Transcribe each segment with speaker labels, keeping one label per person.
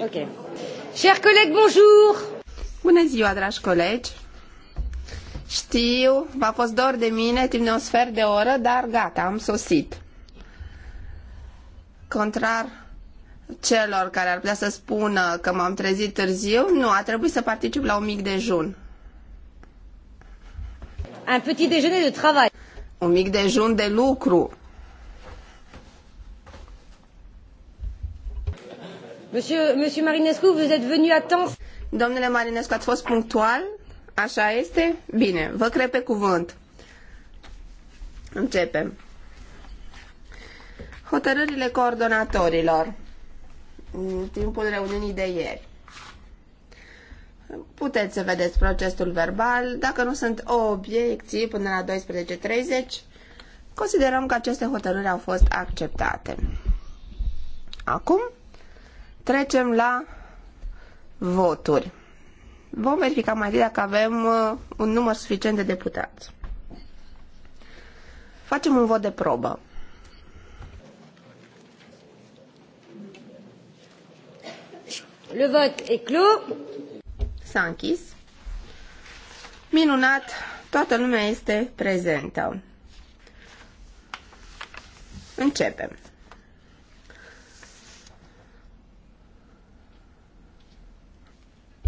Speaker 1: Ok. Chers collègues, bonjour! Bună ziua, dragi colegi! Știu, v-a fost dor de mine timp de un sfert de oră, dar gata, am sosit. Contrar celor care ar putea să spună că m-am trezit târziu, nu, a trebuit să particip la un mic dejun. Un petit déjeuner de travail. Un mic dejun de lucru. Monsieur, Monsieur Marinescu, vous êtes venu à temps. Domnule Marinescu, ați fost punctual? Așa este? Bine, vă cred pe cuvânt. Începem. Hotărârile coordonatorilor în timpul reuniunii de ieri. Puteți să vedeți procesul verbal. Dacă nu sunt obiecții până la 12.30, considerăm că aceste hotărâri au fost acceptate. Acum Trecem la voturi. Vom verifica mai întâi dacă avem uh, un număr suficient de deputați. Facem un vot de probă. Le vot e clos. S-a închis. Minunat, toată lumea este prezentă.
Speaker 2: Începem.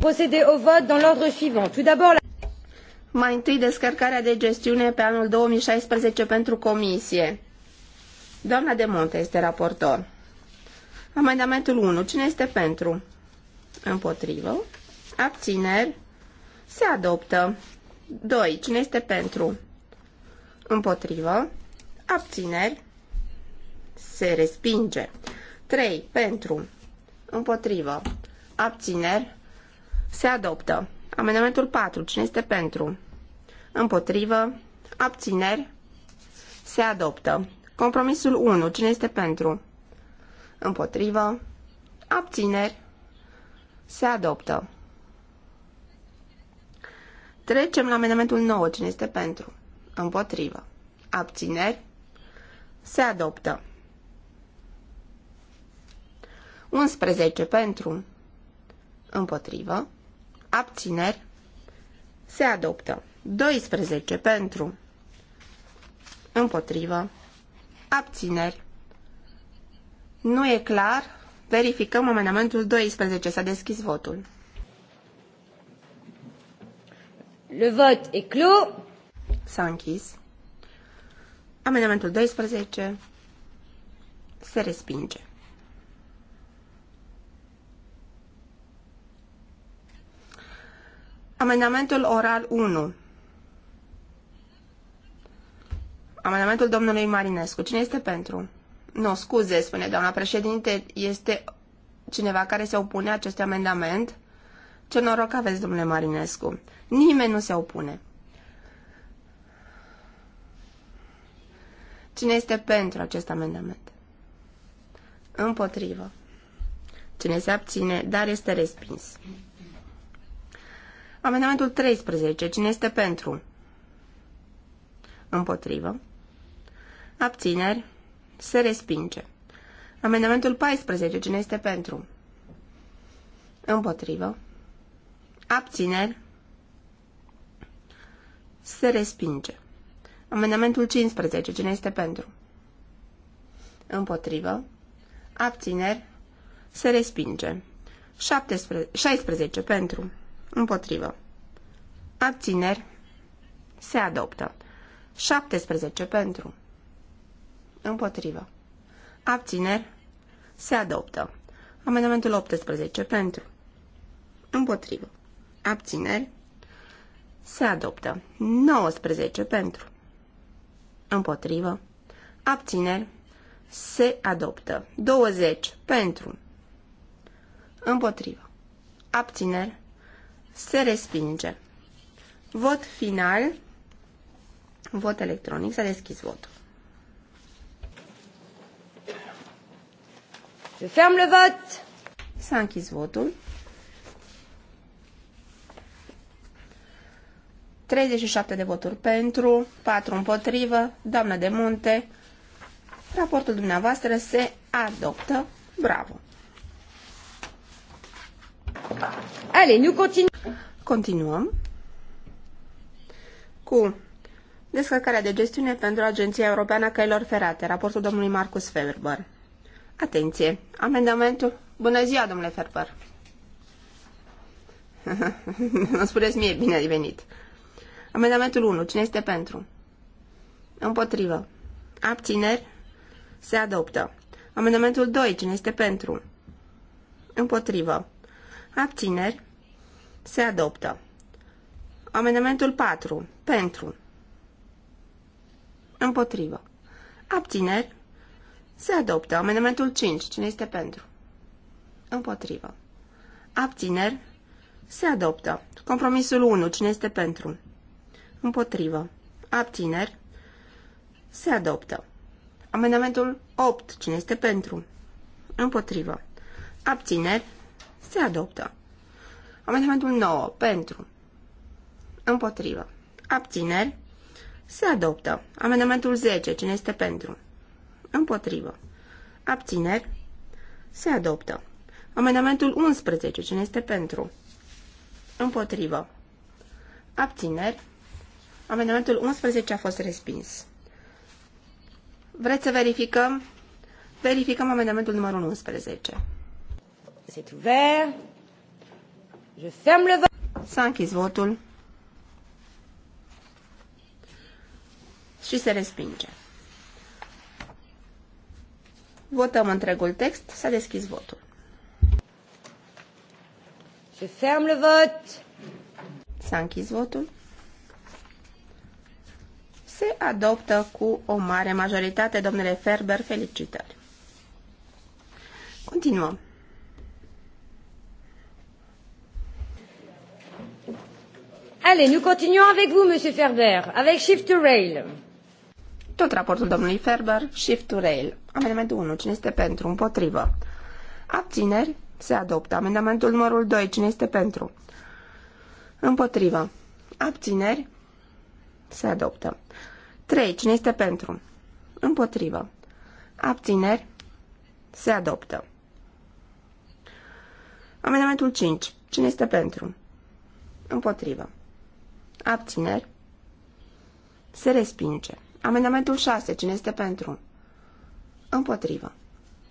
Speaker 2: procéder au vote dans l'ordre suivant. Tout d'abord, la...
Speaker 1: Mai întâi descărcarea de gestiune pe anul 2016 pentru comisie. Doamna de Monte este raportor. Amendamentul 1. Cine este pentru? Împotrivă. Abțineri. Se adoptă. 2. Cine este pentru? Împotrivă. Abțineri. Se respinge. 3. Pentru. Împotrivă. Abțineri. Se adoptă. Amendamentul 4. Cine este pentru? Împotrivă. Abțineri. Se adoptă. Compromisul 1. Cine este pentru? Împotrivă. Abțineri. Se adoptă. Trecem la amendamentul 9. Cine este pentru? Împotrivă. Abțineri. Se adoptă. 11 pentru. Împotrivă abțineri, se adoptă. 12 pentru, împotrivă, abțineri. Nu e clar, verificăm amendamentul 12, s-a deschis votul. Le vot e clos. S-a închis. Amendamentul 12 se respinge. Amendamentul oral 1. Amendamentul domnului Marinescu. Cine este pentru? Nu, scuze, spune doamna președinte, este cineva care se opune acestui amendament? Ce noroc aveți, domnule Marinescu. Nimeni nu se opune. Cine este pentru acest amendament? Împotrivă. Cine se abține, dar este respins. Amendamentul 13. Cine este pentru? Împotrivă. Abțineri. Se respinge. Amendamentul 14. Cine este pentru? Împotrivă. Abțineri. Se respinge. Amendamentul 15. Cine este pentru? Împotrivă. Abțineri. Se respinge. 17, 16. Pentru. Împotrivă. Abțineri. Se adoptă. 17 pentru. Împotrivă. Abțineri. Se adoptă. Amendamentul 18 pentru. Împotrivă. Abțineri. Se adoptă. 19 pentru. Împotrivă. Abțineri. Se adoptă. 20 pentru. Împotrivă. Abțineri. Se respinge. Vot final. Vot electronic. S-a deschis votul. Se ferme le vote. S-a închis votul. 37 de voturi pentru, 4 împotrivă, doamnă de munte. Raportul dumneavoastră se adoptă. Bravo! Allez, nous continuons. Continuăm cu descărcarea de gestiune pentru Agenția Europeană a Căilor Ferate, raportul domnului Marcus Ferber. Atenție! Amendamentul... Bună ziua, domnule Ferber! nu spuneți mie bine ai venit. Amendamentul 1. Cine este pentru? Împotrivă. Abțineri? Se adoptă. Amendamentul 2. Cine este pentru? Împotrivă. Abțineri? Se adoptă. Amendamentul 4. Pentru. Împotrivă. Abțineri. Se adoptă. Amendamentul 5. Cine este pentru? Împotrivă. Abțineri. Se adoptă. Compromisul 1. Cine este pentru? Împotrivă. Abțineri. Se adoptă. Amendamentul 8. Cine este pentru? Împotrivă. Abțineri. Se adoptă. Amendamentul 9. Pentru. Împotrivă. Abțineri. Se adoptă. Amendamentul 10. Cine este pentru? Împotrivă. Abțineri. Se adoptă. Amendamentul 11. Cine este pentru? Împotrivă. Abțineri. Amendamentul 11 a fost respins. Vreți să verificăm? Verificăm amendamentul numărul 11. C'est ouvert. S-a închis votul și se respinge. Votăm întregul text. S-a deschis votul. Se ferme le S-a închis votul. Se adoptă cu o mare majoritate, domnule Ferber, felicitări. Continuăm.
Speaker 2: Allez, nous continuons avec vous, Monsieur Ferber, avec Shift to Rail.
Speaker 1: Tot raportul domnului Ferber, Shift to Rail. Amendamentul 1. Cine este pentru? Împotrivă. Abțineri? Se adoptă. Amendamentul numărul 2. Cine este pentru? Împotrivă. Abțineri? Se adoptă. 3. Cine este pentru? Împotrivă. Abțineri? Se adoptă. Amendamentul 5. Cine este pentru? Împotrivă. Abțineri. Se respinge. Amendamentul 6. Cine este pentru? Împotrivă.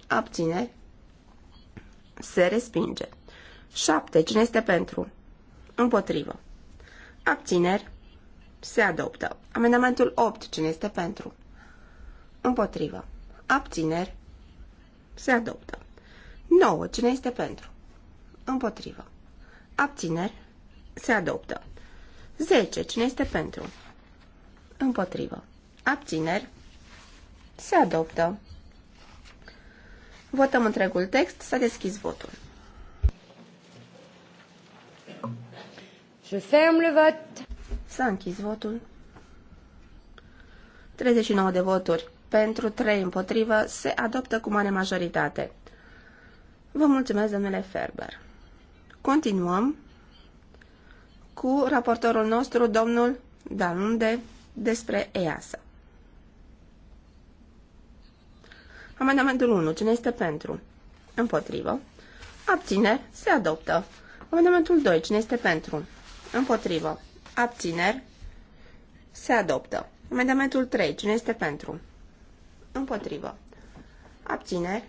Speaker 1: Abțineri. Se respinge. 7. Cine este pentru? Împotrivă. Abțineri. Se adoptă. Amendamentul 8. Cine este pentru? Împotrivă. Abțineri. Se adoptă. 9. Cine este pentru? Împotrivă. Abțineri. Se adoptă. 10. Cine este pentru? Împotrivă. Abțineri. Se adoptă. Votăm întregul text. S-a deschis votul. Je ferme le vot. S-a închis votul. 39 de voturi pentru, 3 împotrivă, se adoptă cu mare majoritate. Vă mulțumesc, domnule Ferber. Continuăm cu raportorul nostru, domnul Dalunde, despre EASA. Amendamentul 1. Cine este pentru? Împotrivă. Abțineri. Se adoptă. Amendamentul 2. Cine este pentru? Împotrivă. Abțineri. Se adoptă. Amendamentul 3. Cine este pentru? Împotrivă. Abțineri.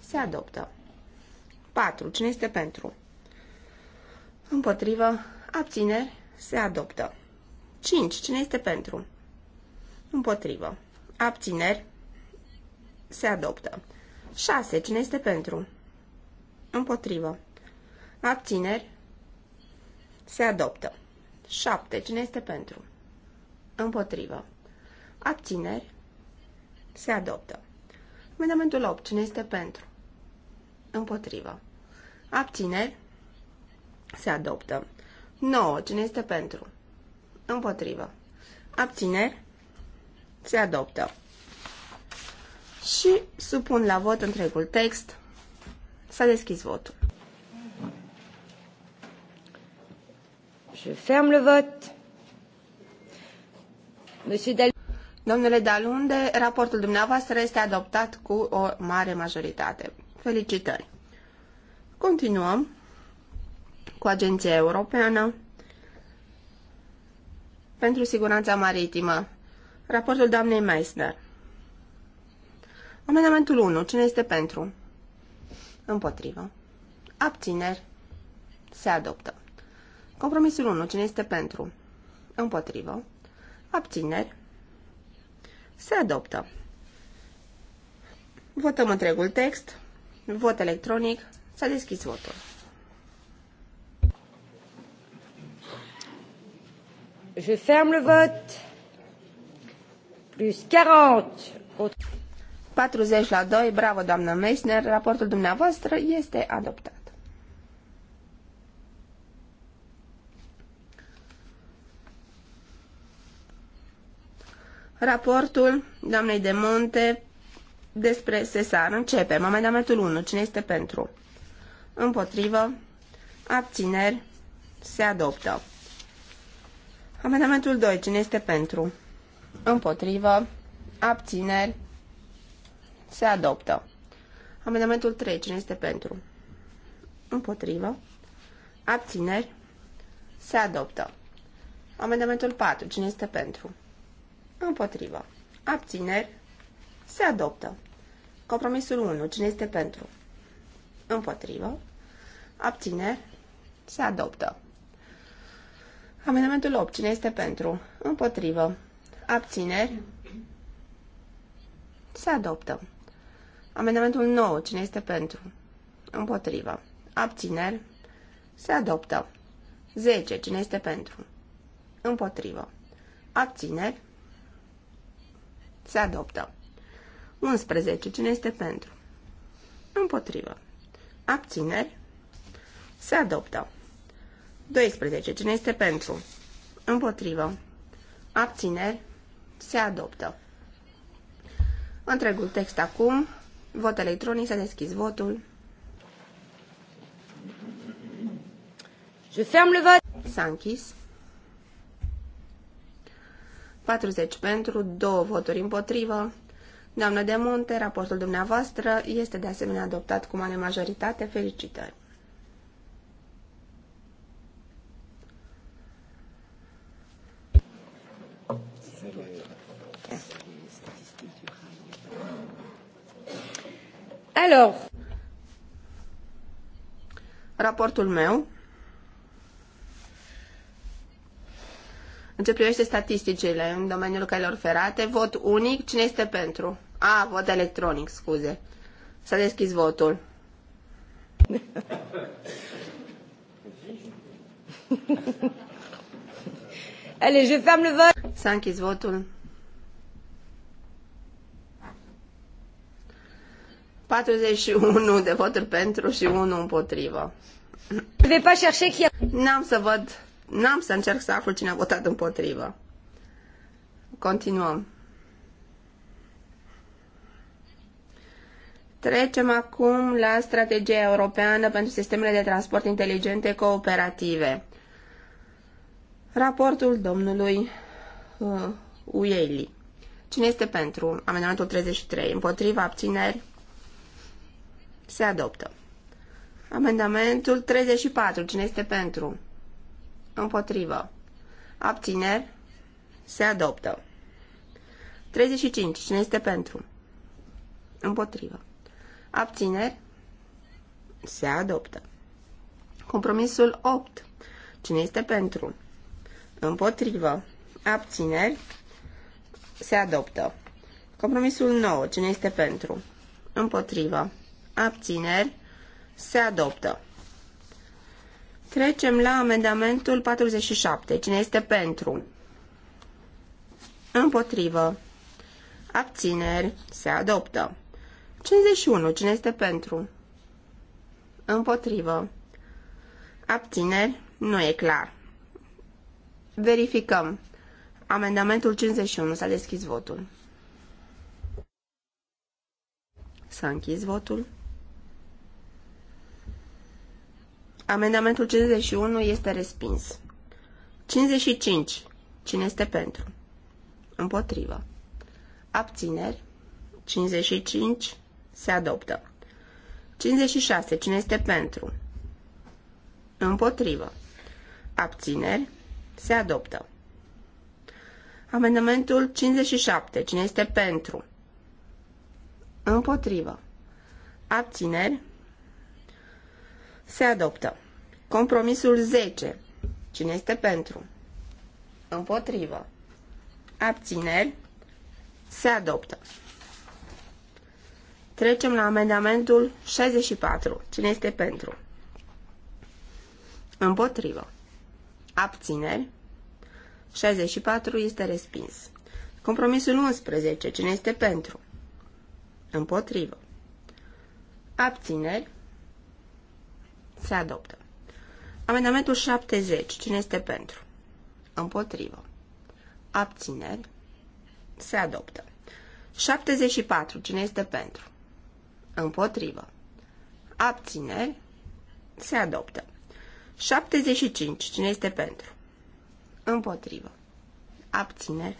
Speaker 1: Se adoptă. 4. Cine este pentru? Împotrivă. Abțineri. Se adoptă. 5. Cine este pentru? Împotrivă. Abțineri. Se adoptă. 6. Cine este pentru? Împotrivă. Abțineri. Se adoptă. 7. Cine este pentru? Împotrivă. Abțineri. Se adoptă. Amendamentul 8. Cine este pentru? Împotrivă. Abțineri. Se adoptă. 9. Cine este pentru? Împotrivă. Abțineri. Se adoptă. Și supun la vot întregul text. S-a deschis votul. Je ferme le vot. Monsieur Dal Domnule Dalunde, raportul dumneavoastră este adoptat cu o mare majoritate. Felicitări! Continuăm cu Agenția Europeană pentru Siguranța Maritimă. Raportul doamnei Meissner. Amendamentul 1. Cine este pentru? Împotrivă. Abțineri. Se adoptă. Compromisul 1. Cine este pentru? Împotrivă. Abțineri. Se adoptă. Votăm întregul text. Vot electronic. S-a deschis votul.
Speaker 2: Je ferme le vote. Plus 40.
Speaker 1: 40 la 2, bravo doamnă Meissner, raportul dumneavoastră este adoptat. Raportul doamnei de Monte despre Sesar începe. Amendamentul 1. Cine este pentru? Împotrivă. Abțineri. Se adoptă. Amendamentul 2. Cine este pentru? Împotrivă. Abțineri. Se adoptă. Amendamentul 3. Cine este pentru? Împotrivă. Abțineri. Se adoptă. Amendamentul 4. Cine este pentru? Împotrivă. Abțineri. Se adoptă. Compromisul 1. Cine este pentru? Împotrivă. Abțineri. Se adoptă. Amendamentul 8. Cine este pentru? Împotrivă. Abțineri. Se adoptă. Amendamentul 9. Cine este pentru? Împotrivă. Abțineri. Se adoptă. 10. Cine este pentru? Împotrivă. Abțineri. Se adoptă. 11. Cine este pentru? Împotrivă. Abțineri. Se adoptă. 12. Cine este pentru? Împotrivă. Abțineri. Se adoptă. Întregul text acum. Vot electronic. S-a deschis votul. Je ferme le vote. S-a închis. 40 pentru, 2 voturi împotrivă. Doamnă de Munte, raportul dumneavoastră este de asemenea adoptat cu mare majoritate. Felicitări! Alors. Raportul meu în ce privește statisticile în domeniul căilor ferate, vot unic, cine este pentru? A, vot electronic, scuze. S-a deschis votul. Allez, je ferme le vote. S-a închis votul. 41 de voturi pentru și 1 împotrivă. N-am să văd, n-am să încerc să aflu cine a votat împotrivă. Continuăm. Trecem acum la strategia europeană pentru sistemele de transport inteligente cooperative. Raportul domnului uh, Ueli. Cine este pentru? Amendamentul 33. Împotriva abțineri? Se adoptă. Amendamentul 34. Cine este pentru? Împotrivă. Abțineri? Se adoptă. 35. Cine este pentru? Împotrivă. Abțineri? Se adoptă. Compromisul 8. Cine este pentru? Împotrivă. Abțineri? Se adoptă. Compromisul 9. Cine este pentru? Împotrivă abțineri, se adoptă. Trecem la amendamentul 47. Cine este pentru? Împotrivă. Abțineri. Se adoptă. 51. Cine este pentru? Împotrivă. Abțineri. Nu e clar. Verificăm. Amendamentul 51. S-a deschis votul. S-a închis votul. Amendamentul 51 este respins. 55. Cine este pentru? Împotrivă. Abțineri. 55. Se adoptă. 56. Cine este pentru? Împotrivă. Abțineri. Se adoptă. Amendamentul 57. Cine este pentru? Împotrivă. Abțineri se adoptă. Compromisul 10. Cine este pentru? Împotrivă. Abțineri. Se adoptă. Trecem la amendamentul 64. Cine este pentru? Împotrivă. Abțineri. 64 este respins. Compromisul 11. Cine este pentru? Împotrivă. Abțineri. Se adoptă. Amendamentul 70. Cine este pentru? Împotrivă. Abțineri. Se adoptă. 74. Cine este pentru? Împotrivă. Abțineri. Se adoptă. 75. Cine este pentru? Împotrivă. Abțineri.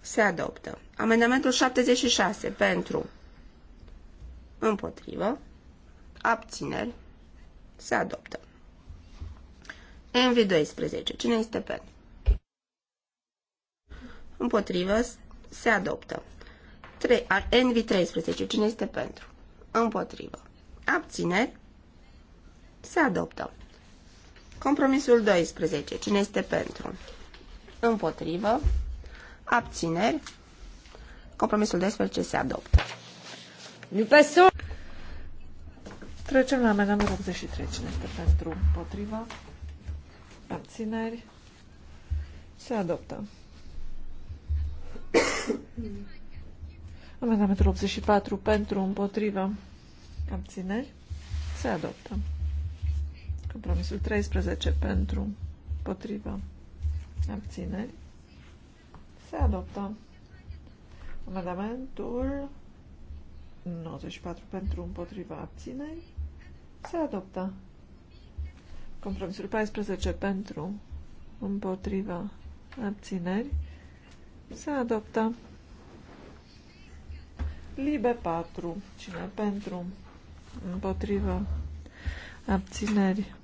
Speaker 1: Se adoptă. Amendamentul 76. Pentru. Împotrivă. Abțineri. Se adoptă. MV12. Cine este pentru? Împotrivă. Se adoptă. 3, NV13. Cine este pentru? Împotrivă. Abțineri. Se adoptă. Compromisul 12. Cine este pentru? Împotrivă. Abțineri. Compromisul 12 se
Speaker 3: adoptă. Nu pasăm. Trecem la amendamentul 83. Cine este pentru? Împotriva? Abțineri? Se adoptă. amendamentul 84. Pentru? Împotriva? Abțineri? Se adoptă. Compromisul 13. Pentru? Împotriva? Abțineri? Se adoptă. Amendamentul 94 pentru împotriva abțineri se adoptă. Compromisul 14 pentru, împotriva, abțineri. Se adoptă. Libe 4. Cine pentru, împotriva, abțineri.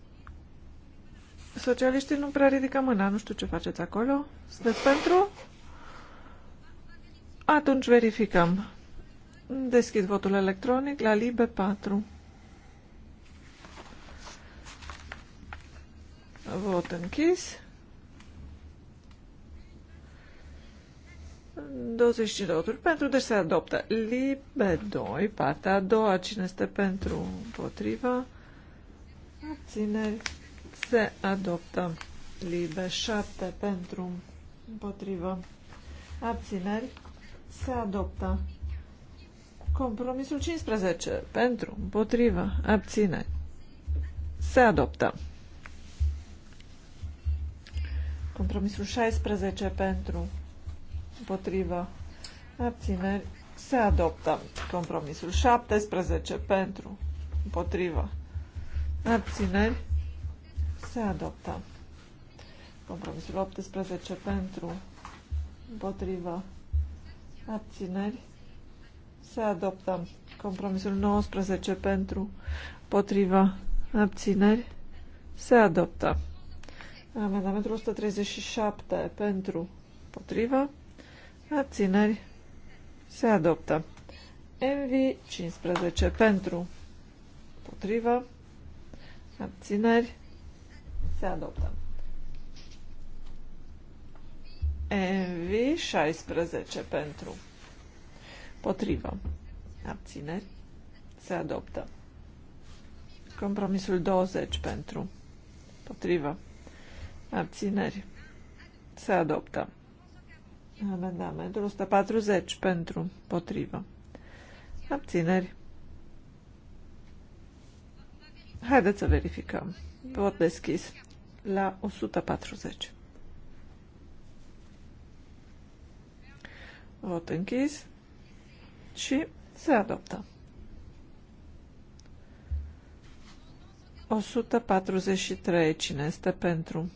Speaker 3: Socialiștii nu prea ridică mâna. Nu știu ce faceți acolo. Sunteți pentru? Atunci verificăm. Deschid votul electronic la LIBE 4. Vot închis. 20 de voturi pentru, deci se adoptă. Libe 2, partea a doua, cine este pentru, împotriva, abțineri, se adoptă. Libe 7 pentru, potriva. abțineri, se adoptă. Compromisul 15 pentru, împotrivă, abțineri, se adoptă. Compromisul 16 pentru, împotrivă, abțineri, se adoptă. Compromisul 17 pentru, împotrivă, abțineri, se adoptă. Compromisul 18 pentru, împotrivă, abțineri, se adoptă. Compromisul 19 pentru, împotrivă, abțineri, se adoptă. Amendamentul 137 pentru potrivă. Abțineri se adoptă. MV 15 pentru potrivă. Abțineri se adoptă. MV 16 pentru potrivă. Abțineri se adoptă. Compromisul 20 pentru potrivă. Abțineri. Se adoptă. Amendamentul 140 pentru, potrivă. Abțineri. Haideți să verificăm. Vot deschis la 140. Vot închis și se adoptă. 143. Cine este pentru?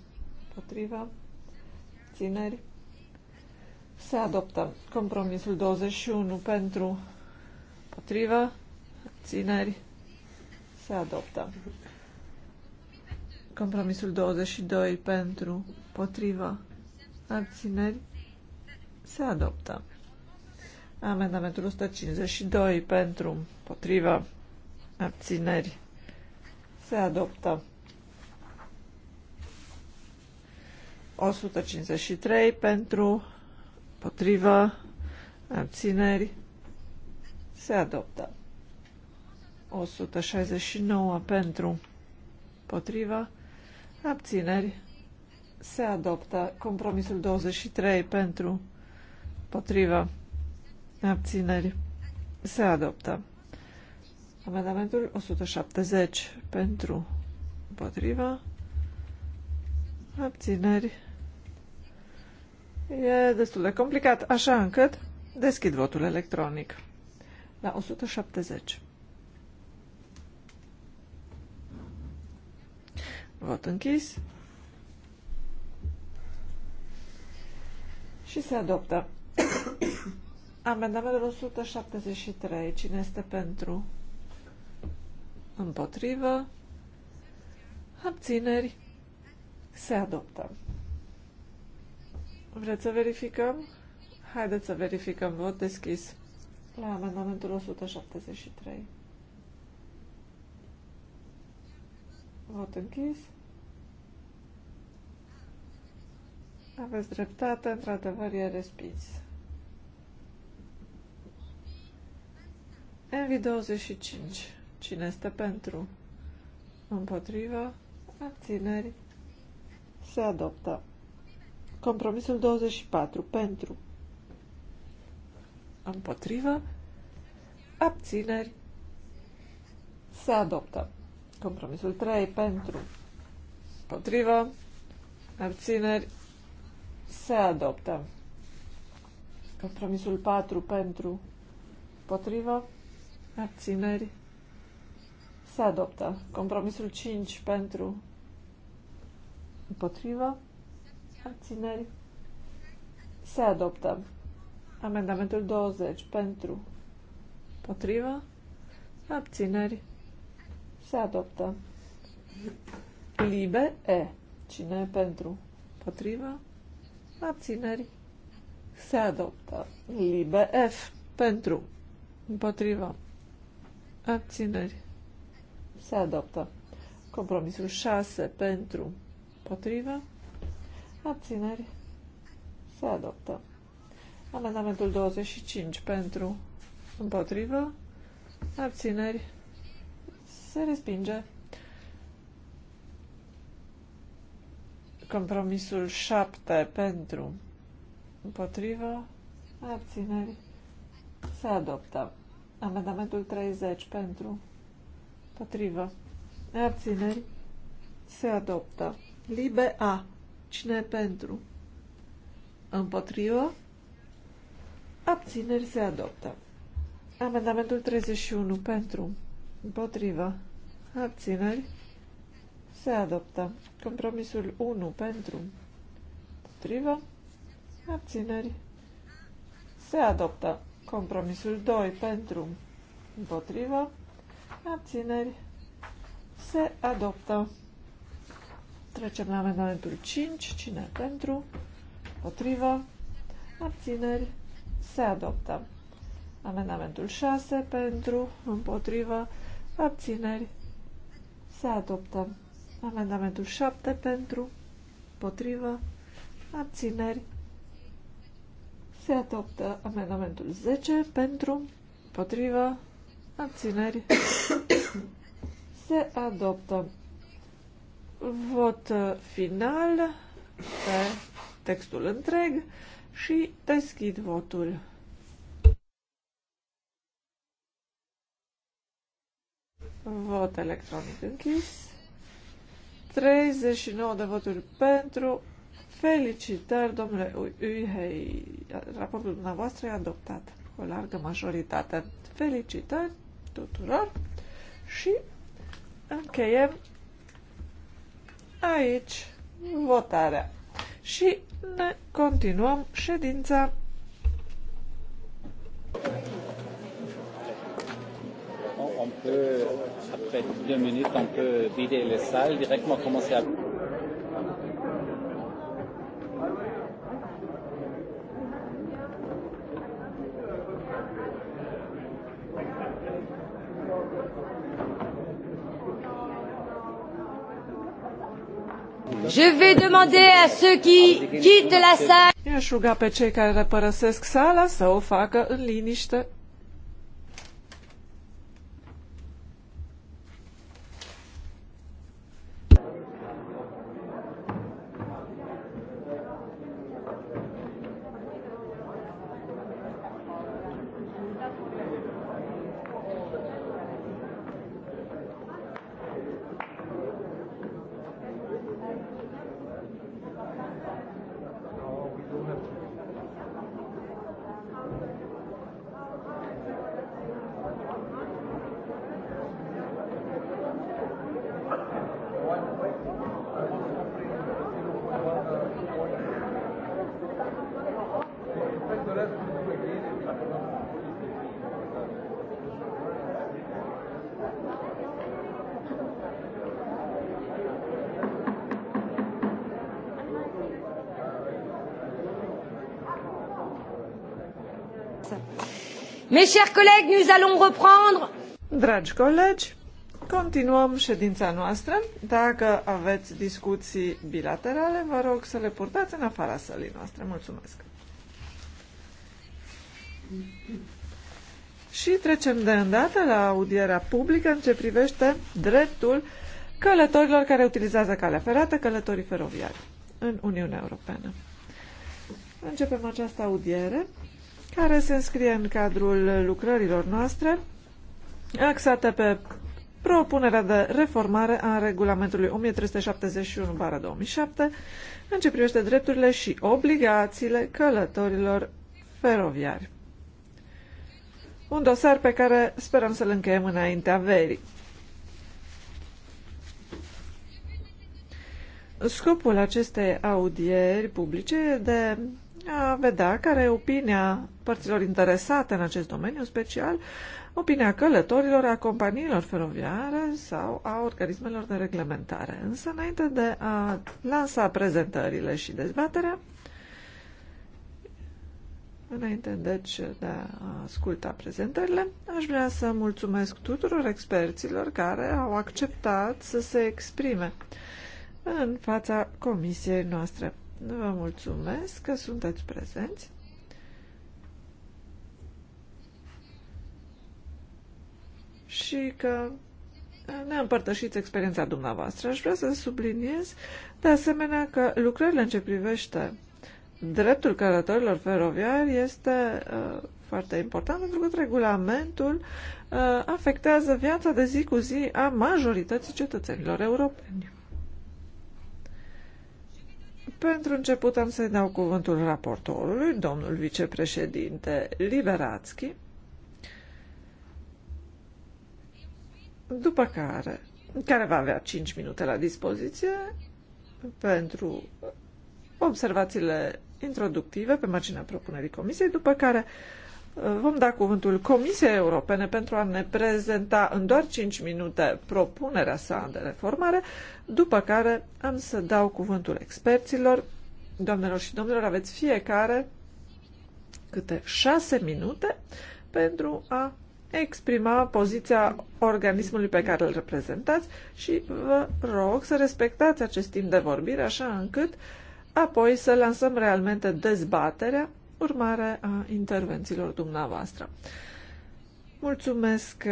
Speaker 3: Împotrivă. Țineri. Se adoptă. Compromisul 21 pentru. potrivă, Țineri. Se adoptă. Compromisul 22 pentru. Potrivă. Abțineri. Se adoptă. Amendamentul 152 pentru. Potrivă. Abțineri. Se adoptă. 153 pentru, potrivă, abțineri, se adoptă. 169 pentru, potrivă, abțineri, se adoptă. Compromisul 23 pentru, potrivă, abțineri, se adoptă. Amendamentul 170 pentru, potrivă, abțineri, E destul de complicat, așa încât deschid votul electronic la 170. Vot închis. Și se adoptă. Amendamentul 173. Cine este pentru? Împotrivă. Abțineri. Se adoptă. Vreți să verificăm? Haideți să verificăm. Vot deschis la amendamentul 173. Vot închis. Aveți dreptate, într-adevăr e respins. MV25. Cine este pentru? Împotrivă? Abțineri? Se adoptă. Compromisul 24. Pentru. Împotrivă. Abțineri. Se adoptă. Compromisul 3. Pentru. Împotrivă. Abțineri. Se adoptă. Compromisul 4. Pentru. Împotrivă. Abțineri. Se adoptă. Compromisul 5 pentru împotrivă abțineri, se adoptă. Amendamentul 20 pentru, potrivă, abțineri, se adoptă. Libe E. Cine pentru? Potrivă? Abțineri. Se adoptă. Libe F. Pentru. Împotrivă. Abțineri. Se adoptă. Compromisul 6. Pentru. Potrivă abțineri, se adoptă. Amendamentul 25 pentru, împotrivă, abțineri, se respinge. Compromisul 7 pentru, împotrivă, abțineri, se adoptă. Amendamentul 30 pentru, împotrivă, abțineri, se adoptă. Libe A Cine pentru? Împotrivă? Abțineri se adoptă. Amendamentul 31 pentru. Împotrivă. Abțineri. Se adoptă. Compromisul 1 pentru. Împotrivă. Abțineri. Se adoptă. Compromisul 2 pentru. Împotrivă. Abțineri. Se adoptă. Trecem la amendamentul 5. Cine pentru? Potrivă. Abțineri. Se adoptă. Amendamentul 6. Pentru. Împotrivă. Abțineri. Se adoptă. Amendamentul 7. Pentru. Potrivă. Abțineri. Se adoptă amendamentul 10 pentru, potrivă, abțineri. Se adoptă Vot final pe textul întreg și deschid votul. Vot electronic închis. 39 de voturi pentru. Felicitări, domnule Uihei. Raportul dumneavoastră e adoptat cu o largă majoritate. Felicitări tuturor și încheiem aici votarea. Și ne continuăm ședința.
Speaker 1: On peut, après deux minutes, on peut vider les
Speaker 2: salles, directement commencer à...
Speaker 3: Je vais demander à ceux qui quittent la salle. I-aș ruga pe cei care părăsesc sala să o facă în liniște.
Speaker 2: Mes chers collègues,
Speaker 3: nous allons reprendre. Dragi colegi, continuăm ședința noastră. Dacă aveți discuții bilaterale, vă rog să le purtați în afara sălii noastre. Mulțumesc. Și trecem de îndată la audierea publică în ce privește dreptul călătorilor care utilizează calea ferată, călătorii feroviari în Uniunea Europeană. Începem această audiere care se înscrie în cadrul lucrărilor noastre, axată pe propunerea de reformare a regulamentului 1371-2007 în ce privește drepturile și obligațiile călătorilor feroviari. Un dosar pe care sperăm să-l încheiem înaintea verii. Scopul acestei audieri publice e de a vedea care e opinia părților interesate în acest domeniu, special opinia călătorilor, a companiilor feroviare sau a organismelor de reglementare. Însă, înainte de a lansa prezentările și dezbaterea, Înainte, deci, de a asculta prezentările, aș vrea să mulțumesc tuturor experților care au acceptat să se exprime în fața comisiei noastre. Vă mulțumesc că sunteți prezenți. Și că ne împărtășiți experiența dumneavoastră. Aș vrea să subliniez de asemenea că lucrările în ce privește dreptul călătorilor feroviari este uh, foarte important pentru că regulamentul uh, afectează viața de zi cu zi a majorității cetățenilor europeni. Pentru început am să-i dau cuvântul raportorului, domnul vicepreședinte Liberațchi. după care, care va avea 5 minute la dispoziție pentru observațiile introductive pe marginea propunerii comisiei, după care uh, Vom da cuvântul Comisiei Europene pentru a ne prezenta în doar 5 minute propunerea sa de reformare, după care am să dau cuvântul experților. Doamnelor și domnilor, aveți fiecare câte 6 minute pentru a exprima poziția organismului pe care îl reprezentați și vă rog să respectați acest timp de vorbire așa încât apoi să lansăm realmente dezbaterea urmare a intervențiilor dumneavoastră. Mulțumesc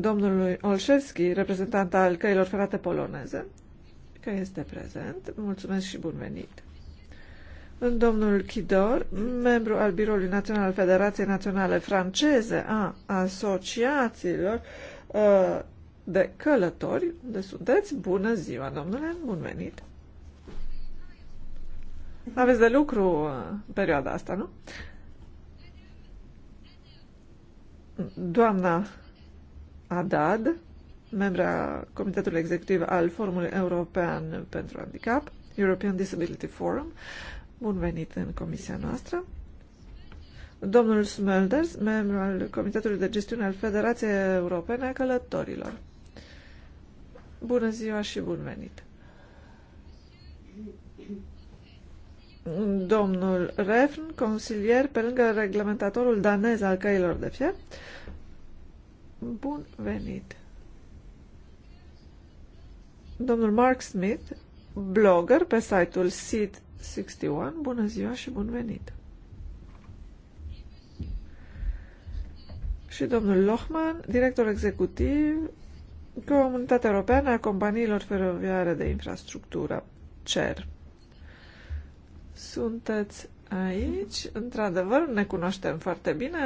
Speaker 3: domnului Olszewski, reprezentant al căilor ferate poloneze, că este prezent. Mulțumesc și bun venit! În Domnul Chidor, membru al Biroului Național al Federației Naționale Franceze a Asociațiilor uh, de Călători, unde sunteți? Bună ziua, domnule, bun venit! Aveți de lucru în uh, perioada asta, nu? Doamna Adad, membra Comitetului Executiv al Forumului European pentru Handicap, European Disability Forum, bun venit în comisia noastră. Domnul Smulders, membru al Comitetului de Gestiune al Federației Europene a Călătorilor. Bună ziua și bun venit! domnul Refn, consilier pe lângă reglementatorul danez al căilor de fier. Bun venit! Domnul Mark Smith, blogger pe site-ul Seed61, bună ziua și bun venit! Și domnul Lohman, director executiv Comunitatea Europeană a Companiilor Feroviare de Infrastructură, CER sunteți aici. Într-adevăr, ne cunoaștem foarte bine.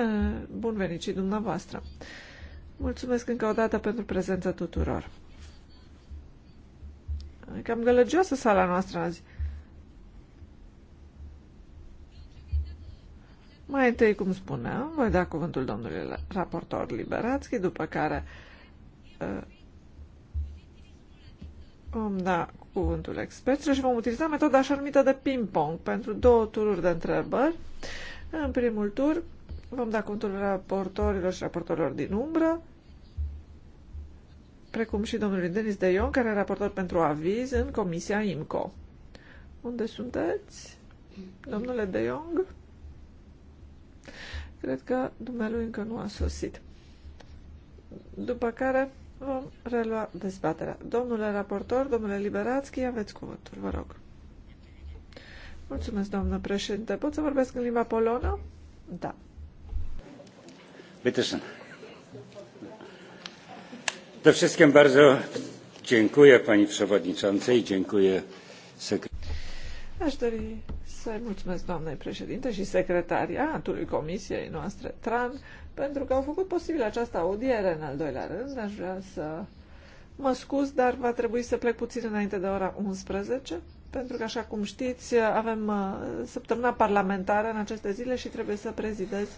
Speaker 3: Bun venit și dumneavoastră. Mulțumesc încă o dată pentru prezența tuturor. E cam gălăgioasă sala noastră azi. Mai întâi, cum spuneam, voi da cuvântul domnului raportor Liberațchi, după care Vom da cuvântul experților și vom utiliza metoda așa numită de ping-pong pentru două tururi de întrebări. În primul tur vom da cuvântul raportorilor și raportorilor din umbră, precum și domnului Denis de Ion, care e raportor pentru aviz în Comisia IMCO. Unde sunteți, domnule de Jong? Cred că dumnealui încă nu a sosit. După care Vom relua dezbaterea. Domnule raportor, domnule Liberațchi, aveți cuvântul, vă rog. Mulțumesc, domnule președinte. Pot să vorbesc în limba polonă? Da. Bine Bitteschön. De wszystkim bardzo dziękuję pani przewodniczącej, dziękuję sekretarzowi. Aș dori să mulțumesc doamnei președinte și secretariatului comisiei noastre TRAN pentru că au făcut posibil această audiere. În al doilea rând, aș vrea să mă scuz, dar va trebui să plec puțin înainte de ora 11, pentru că, așa cum știți, avem uh, săptămâna parlamentară în aceste zile și trebuie să prezidez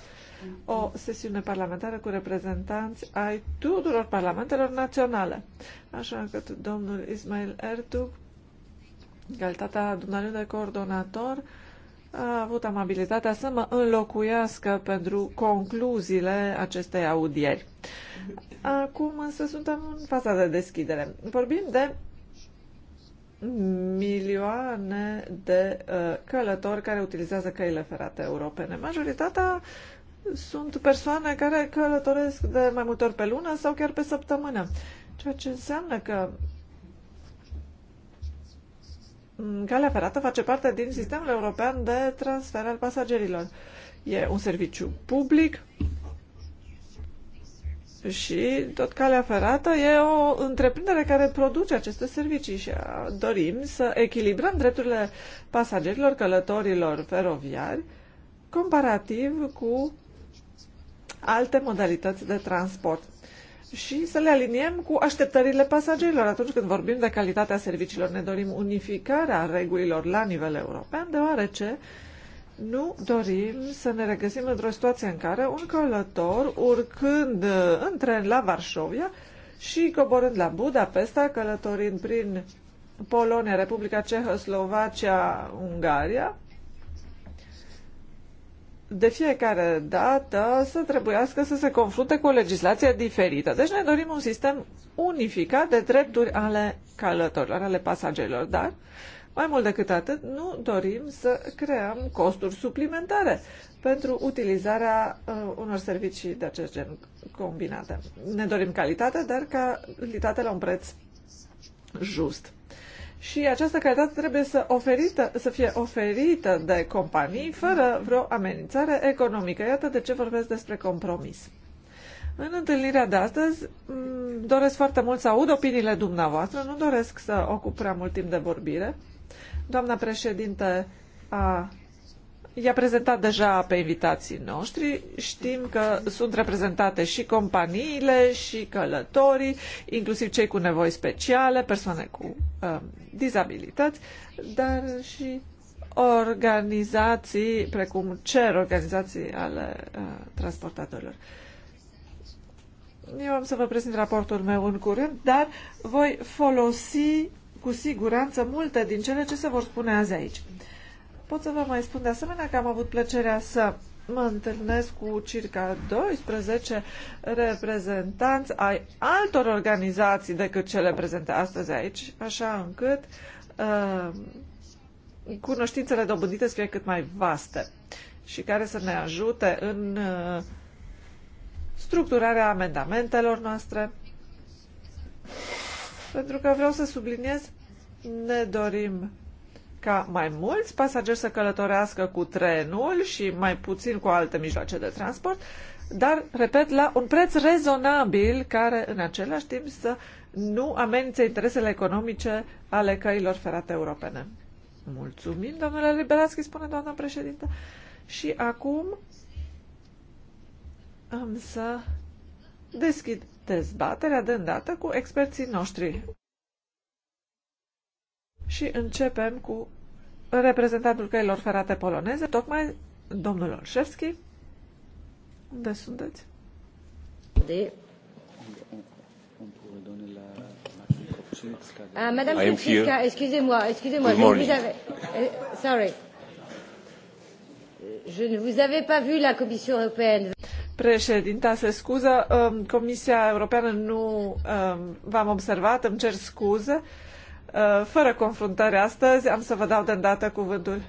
Speaker 3: o sesiune parlamentară cu reprezentanți ai tuturor parlamentelor naționale. Așa că domnul Ismail Ertug, calitatea dumneavoastră de coordonator, a avut amabilitatea să mă înlocuiască pentru concluziile acestei audieri. Acum însă suntem în faza de deschidere. Vorbim de milioane de uh, călători care utilizează căile ferate europene. Majoritatea sunt persoane care călătoresc de mai multe ori pe lună sau chiar pe săptămână, ceea ce înseamnă că Mm, calea ferată face parte din sistemul european de transfer al pasagerilor. E un serviciu public și tot calea ferată e o întreprindere care produce aceste servicii și uh, dorim să echilibrăm drepturile pasagerilor, călătorilor feroviari, comparativ cu alte modalități de transport și să le aliniem cu așteptările pasagerilor. Atunci când vorbim de calitatea serviciilor, ne dorim unificarea regulilor la nivel european, deoarece nu dorim să ne regăsim într-o situație în care un călător, urcând în tren la Varșovia și coborând la Budapesta, călătorind prin Polonia, Republica Cehă, Slovacia, Ungaria, de fiecare dată să trebuiască să se confrunte cu o legislație diferită. Deci ne dorim un sistem unificat de drepturi ale călătorilor, ale pasagerilor, dar mai mult decât atât, nu dorim să creăm costuri suplimentare pentru utilizarea uh, unor servicii de acest gen combinate. Ne dorim calitate, dar calitate la un preț just și această calitate trebuie să, oferită, să fie oferită de companii fără vreo amenințare economică. Iată de ce vorbesc despre compromis. În întâlnirea de astăzi mm, doresc foarte mult să aud opiniile dumneavoastră, nu doresc să ocup prea mult timp de vorbire. Doamna președinte a I-a prezentat deja pe invitații noștri. Știm că sunt reprezentate și companiile, și călătorii, inclusiv cei cu nevoi speciale, persoane cu uh, dizabilități, dar și organizații precum CER, organizații ale uh, transportatorilor. Eu am să vă prezint raportul meu în curând, dar voi folosi cu siguranță multe din cele ce se vor spune azi aici. Uh, Pot să vă mai spun de asemenea că am avut plăcerea să mă întâlnesc cu circa 12 reprezentanți ai altor organizații decât cele prezente astăzi aici, așa încât uh, cunoștințele dobândite să fie cât mai vaste și care să ne ajute în uh, structurarea amendamentelor noastre. Pentru că vreau să subliniez, ne dorim ca mai mulți pasageri să călătorească cu trenul și mai puțin cu alte mijloace de transport, dar, repet, la un preț rezonabil care, în același timp, să nu amenințe interesele economice ale căilor ferate europene. Mulțumim, domnule Liberaschi, spune doamna președintă. Și acum am să deschid dezbaterea de îndată cu experții noștri. Și începem cu reprezentantul căilor ferate poloneze, tocmai domnul Olszewski. Unde sunteți? De...
Speaker 2: Uh, Madame Petrovska, excusez-moi, excusez-moi, je vous avais... Eh, sorry. Je ne vous avais pas vu la Commission européenne.
Speaker 3: Președinta se scuză, um, Comisia Europeană nu um, v-am observat, îmi cer scuze. Uh, Uh, fără confruntări astăzi. Am să vă dau de îndată cuvântul.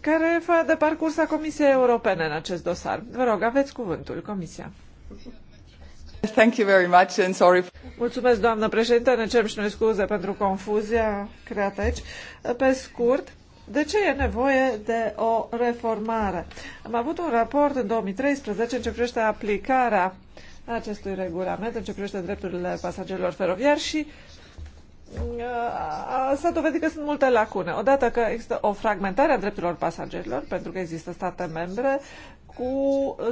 Speaker 3: Care fa de parcurs a Comisiei Europene în acest dosar? Vă rog, aveți cuvântul, Comisia. Thank you very much and sorry. Mulțumesc, doamnă președinte, ne cerem și noi scuze pentru confuzia creată aici. Uh, pe scurt, de ce e nevoie de o reformare? Am avut un raport în 2013 în ce privește aplicarea uh, acestui regulament în ce privește drepturile pasagerilor feroviari și uh, s-a dovedit că sunt multe lacune. Odată că există o fragmentare a drepturilor pasagerilor, pentru că există state membre cu,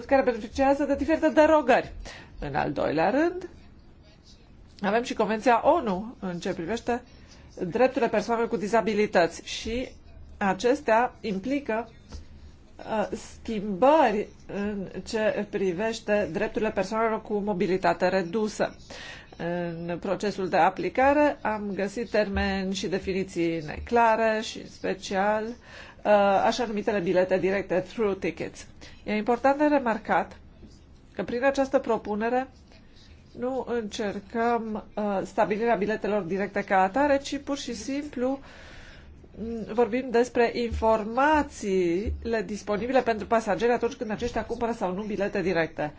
Speaker 3: care beneficiază de diferite derogări. În al doilea rând, avem și Convenția ONU în ce privește drepturile persoanelor cu dizabilități și acestea implică Uh, schimbări în ce privește drepturile persoanelor cu mobilitate redusă. În procesul de aplicare am găsit termeni și definiții neclare și în special uh, așa numitele bilete directe through tickets. E important de remarcat că prin această propunere nu încercăm uh, stabilirea biletelor directe ca atare, ci pur și simplu uh, vorbim despre informațiile disponibile pentru pasageri atunci când aceștia cumpără sau nu bilete directe.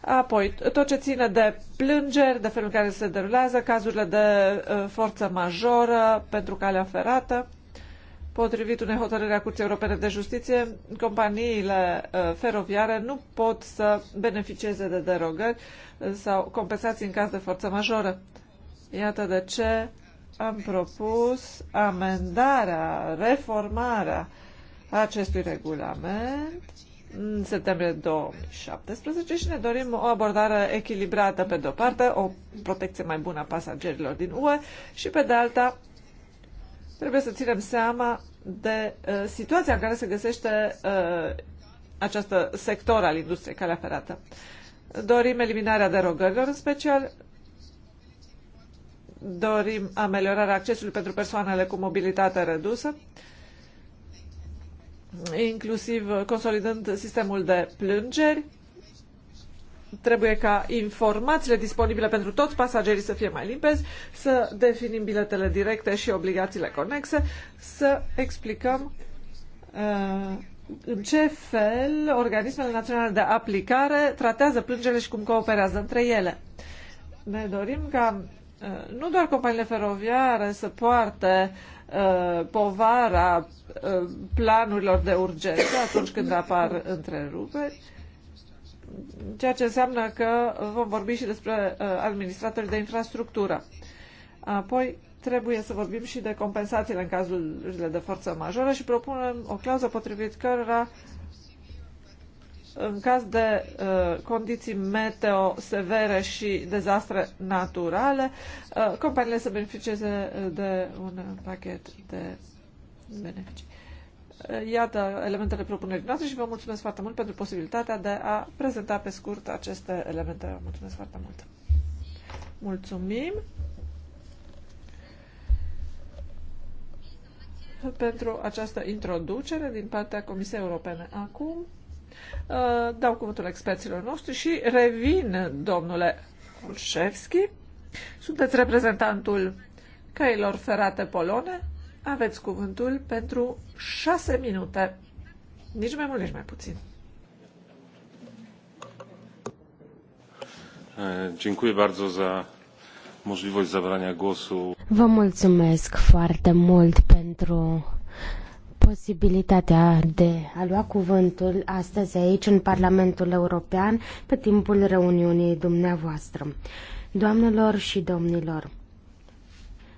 Speaker 3: Apoi, tot ce ține de plângeri, de felul în care se derulează, cazurile de uh, forță majoră pentru calea ferată, Potrivit unei hotărâri a Curții Europene de Justiție, companiile uh, feroviare nu pot să beneficieze de derogări sau compensații în caz de forță majoră. Iată de ce am propus amendarea, reformarea acestui regulament în septembrie 2017 și ne dorim o abordare echilibrată pe de-o parte, o protecție mai bună a pasagerilor din UE și pe de alta trebuie să ținem seama de uh, situația în care se găsește uh, această sector al industriei calea ferată. Dorim eliminarea derogărilor în special dorim ameliorarea accesului pentru persoanele cu mobilitate redusă, inclusiv consolidând sistemul de plângeri. Trebuie ca informațiile disponibile pentru toți pasagerii să fie mai limpezi, să definim biletele directe și obligațiile conexe, să explicăm uh, în ce fel organismele naționale de aplicare tratează plângerile și cum cooperează între ele. Ne dorim ca Eh, nu doar companiile feroviare să poarte eh, povara eh, planurilor de urgență atunci când apar întreruperi, ceea ce înseamnă că vom vorbi și despre administratorii de infrastructură. Apoi trebuie să vorbim și de compensațiile în cazurile de forță majoră și propunem o clauză potrivit cărora în caz de uh, condiții meteo severe și dezastre naturale, uh, companiile să beneficieze uh, de un pachet de beneficii. Uh, iată elementele propunerii noastre și vă mulțumesc foarte mult pentru posibilitatea de a prezenta pe scurt aceste elemente. Vă mulțumesc foarte mult! Mulțumim! pentru această introducere din partea Comisiei Europene. Acum Uh, dau cuvântul experților noștri și revin, domnule Olșevski. Sunteți reprezentantul căilor ferate polone. Aveți cuvântul pentru șase minute. Nici mai mult, nici mai puțin. Dziękuję bardzo za możliwość zabrania głosu.
Speaker 2: Vă mulțumesc foarte mult pentru posibilitatea de a lua cuvântul astăzi aici în Parlamentul European pe timpul reuniunii dumneavoastră. Doamnelor și domnilor,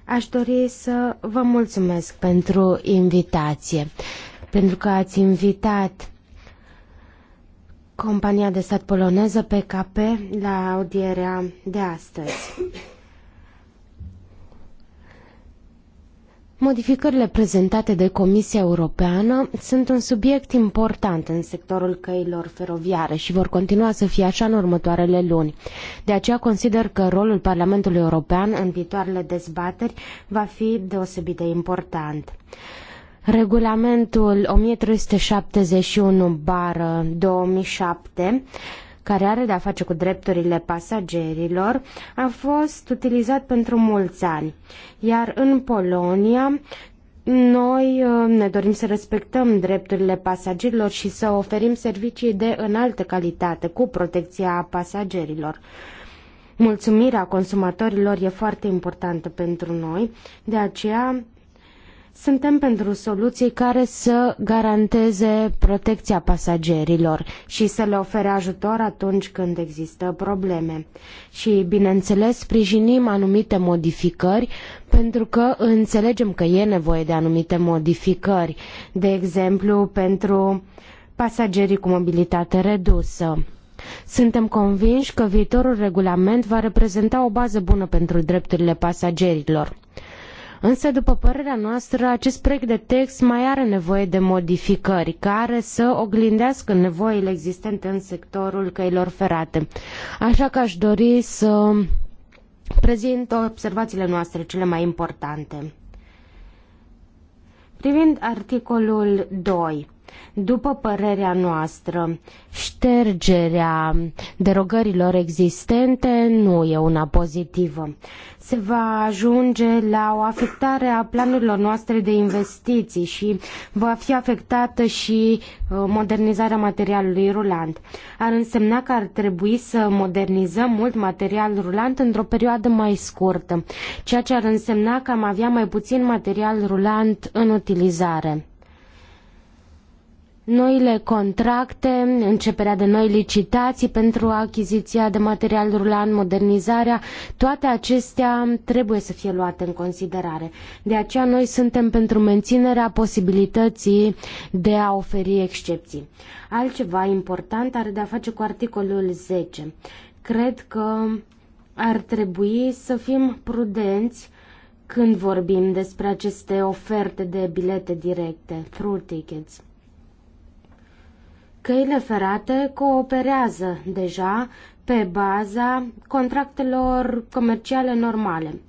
Speaker 2: aș dori să vă mulțumesc pentru invitație, pentru că ați invitat compania de stat poloneză PKP la audierea de astăzi. Modificările prezentate de Comisia Europeană sunt un subiect important în sectorul căilor feroviare și vor continua să fie așa în următoarele luni. De aceea consider că rolul Parlamentului European în viitoarele dezbateri va fi deosebit de important. Regulamentul 1371 2007 care are de-a face cu drepturile pasagerilor, a fost utilizat pentru mulți ani. Iar în Polonia, noi uh, ne dorim să respectăm drepturile pasagerilor și să oferim servicii de înaltă calitate, cu protecția pasagerilor. Mulțumirea consumatorilor e foarte importantă pentru noi, de aceea suntem pentru soluții care să garanteze protecția pasagerilor și să le ofere ajutor atunci când există probleme. Și, bineînțeles, sprijinim anumite modificări pentru că înțelegem că e nevoie de anumite modificări, de exemplu pentru pasagerii cu mobilitate redusă. Suntem convinși că viitorul regulament va reprezenta o bază bună pentru drepturile pasagerilor. Însă, după părerea noastră, acest proiect de text mai are nevoie de modificări care să oglindească nevoile existente în sectorul căilor ferate. Așa că aș dori să prezint observațiile noastre cele mai importante. Privind articolul 2, după părerea noastră, ștergerea derogărilor existente nu e una pozitivă. Se va ajunge la o afectare a planurilor noastre de investiții și va fi afectată și uh, modernizarea materialului rulant. Ar însemna că ar trebui să modernizăm mult material rulant într-o perioadă mai scurtă, ceea ce ar însemna că am avea mai puțin material rulant în utilizare noile contracte, începerea de noi licitații pentru achiziția de material rulant, modernizarea, toate acestea trebuie să fie luate în considerare. De aceea noi suntem pentru menținerea posibilității de a oferi excepții. Altceva important are de-a face cu articolul 10. Cred că ar trebui să fim prudenți când vorbim despre aceste oferte de bilete directe, through tickets Căile ferate cooperează deja pe baza contractelor comerciale normale.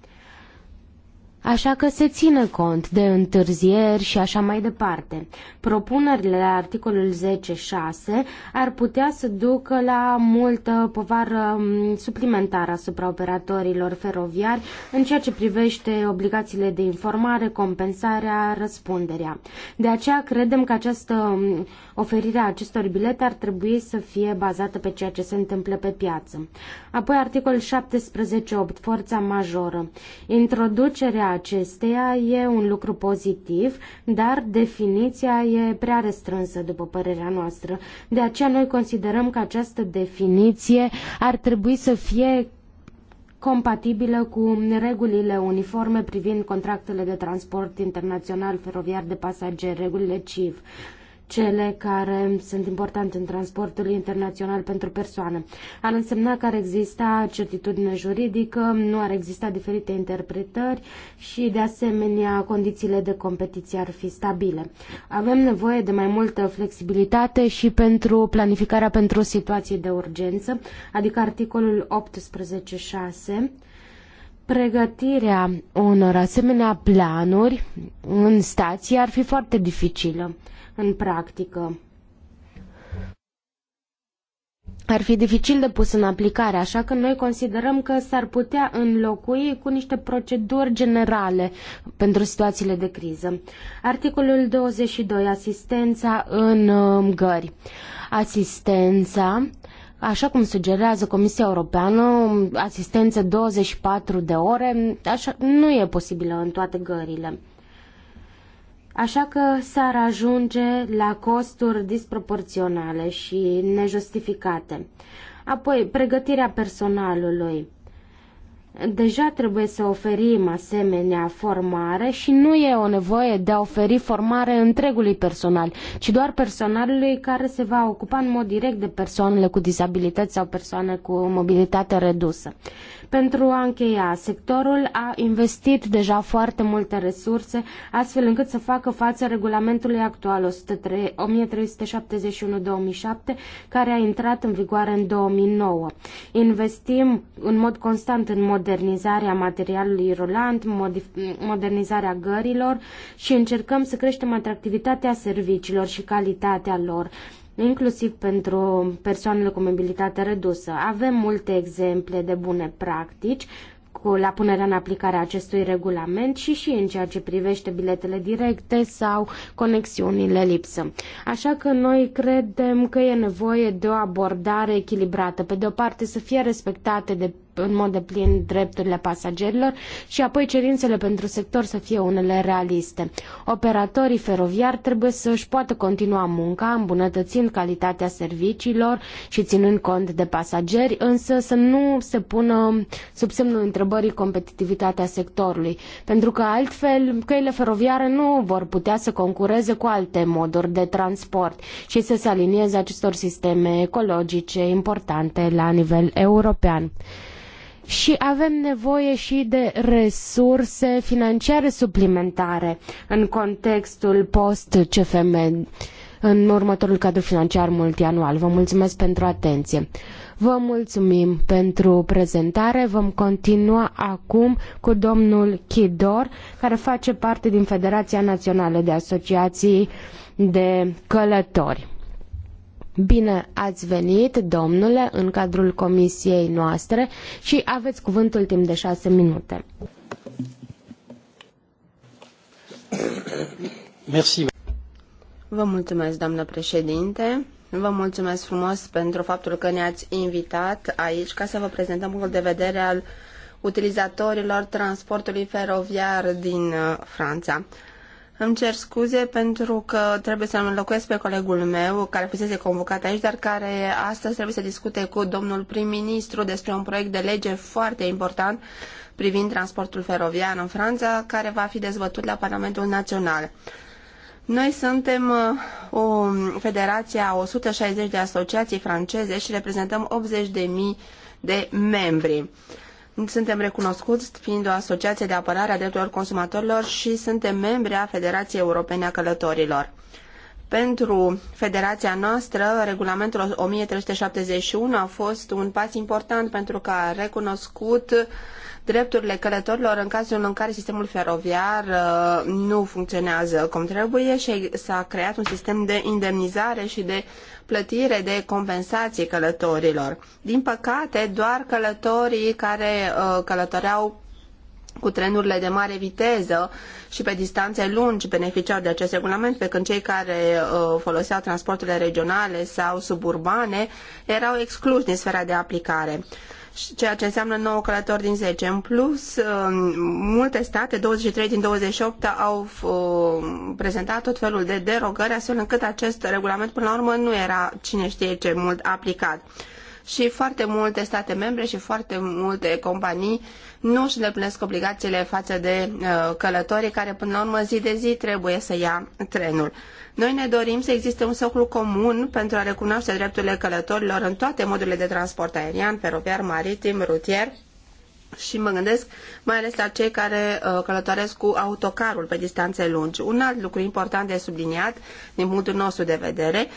Speaker 2: Așa că se ține cont de întârzieri și așa mai departe. Propunerile la articolul 10.6 ar putea să ducă la multă povară mm, suplimentară asupra operatorilor feroviari în ceea ce privește obligațiile de informare, compensarea, răspunderea. De aceea credem că această mm, oferirea acestor bilete ar trebui să fie bazată pe ceea ce se întâmplă pe piață. Apoi articolul 17.8, forța majoră. Introducerea acesteia e un lucru pozitiv, dar definiția e prea restrânsă, după părerea noastră. De aceea noi considerăm că această definiție ar trebui să fie compatibilă cu regulile uniforme privind contractele de transport internațional feroviar de pasageri, regulile CIV cele care sunt importante în transportul internațional pentru persoane. Ar însemna că ar exista certitudine juridică, nu ar exista diferite interpretări și, de asemenea, condițiile de competiție ar fi stabile. Avem nevoie de mai multă flexibilitate și pentru planificarea pentru situații de urgență, adică articolul 18.6 pregătirea unor asemenea planuri în stații ar fi foarte dificilă în practică. Ar fi dificil de pus în aplicare, așa că noi considerăm că s-ar putea înlocui cu niște proceduri generale pentru situațiile de criză. Articolul 22. Asistența în um, gări. Asistența așa cum sugerează Comisia Europeană, um, asistență 24 de ore, așa nu e posibilă în toate gările. Așa că s-ar ajunge la costuri disproporționale și nejustificate. Apoi, pregătirea personalului. Deja trebuie să oferim asemenea formare și nu e o nevoie de a oferi formare întregului personal, ci doar personalului care se va ocupa în mod direct de persoanele cu dizabilități sau persoane cu mobilitate redusă. Pentru a încheia, sectorul a investit deja foarte multe resurse, astfel încât să facă față regulamentului actual 1371-2007, care a intrat în vigoare în 2009. Investim în mod constant în modernizarea materialului rulant, modernizarea gărilor și încercăm să creștem atractivitatea serviciilor și calitatea lor inclusiv pentru persoanele cu mobilitate redusă. Avem multe exemple de bune practici cu la punerea în aplicare a acestui regulament și și în ceea ce privește biletele directe sau conexiunile lipsă. Așa că noi credem că e nevoie de o abordare echilibrată. Pe de o parte să fie respectate de în mod deplin drepturile pasagerilor și apoi cerințele pentru sector să fie unele realiste. Operatorii feroviari trebuie să își poată continua munca, îmbunătățind calitatea serviciilor și ținând cont de pasageri, însă să nu se pună sub semnul întrebării competitivitatea sectorului, pentru că altfel căile feroviare nu vor putea să concureze cu alte moduri de transport și să se alinieze acestor sisteme ecologice importante la nivel european și avem nevoie și de resurse financiare suplimentare în contextul post-CFM în următorul cadru financiar multianual. Vă mulțumesc pentru atenție. Vă mulțumim pentru prezentare. Vom continua acum cu domnul Chidor, care face parte din Federația Națională de Asociații de Călători. Bine ați venit, domnule, în cadrul comisiei noastre și aveți cuvântul timp de șase minute. Merci. Vă mulțumesc, doamnă președinte.
Speaker 1: Vă mulțumesc frumos pentru faptul că ne-ați invitat aici ca să vă prezentăm punctul de vedere al utilizatorilor transportului feroviar din uh, Franța. Îmi cer scuze pentru că trebuie să-l înlocuiesc pe colegul meu, care fusese convocat aici, dar care astăzi trebuie să discute cu domnul prim-ministru despre un proiect de lege foarte important privind transportul feroviar în Franța, care va fi dezbătut la Parlamentul Național. Noi suntem uh, o federație a 160 de asociații franceze și reprezentăm 80.000 de membri. Suntem recunoscuți fiind o asociație de apărare a drepturilor consumatorilor și suntem membri a Federației Europene a Călătorilor. Pentru federația noastră, regulamentul 1371 a fost un pas important pentru că a recunoscut drepturile călătorilor în cazul în care sistemul feroviar uh, nu funcționează cum trebuie și s-a creat un sistem de indemnizare și de plătire de compensații călătorilor. Din păcate, doar călătorii care uh, călătoreau cu trenurile de mare viteză și pe distanțe lungi beneficiau de acest regulament, pe când cei care uh, foloseau transporturile regionale sau suburbane erau excluși din sfera de aplicare ceea ce înseamnă 9 călători din 10. În plus, um, multe state, 23 din 28, au um, prezentat tot felul de derogări, astfel încât acest regulament, până la urmă, nu era cine știe ce mult aplicat și foarte multe state membre și foarte multe companii nu își îndeplinesc obligațiile față de uh, călătorii care până la urmă zi de zi trebuie să ia trenul. Noi ne dorim să existe un soclu comun pentru a recunoaște drepturile călătorilor în toate modurile de transport aerian, feroviar, maritim, rutier, și mă gândesc mai ales la cei care uh, călătoresc cu autocarul pe distanțe lungi. Un alt lucru important de subliniat din punctul nostru de vedere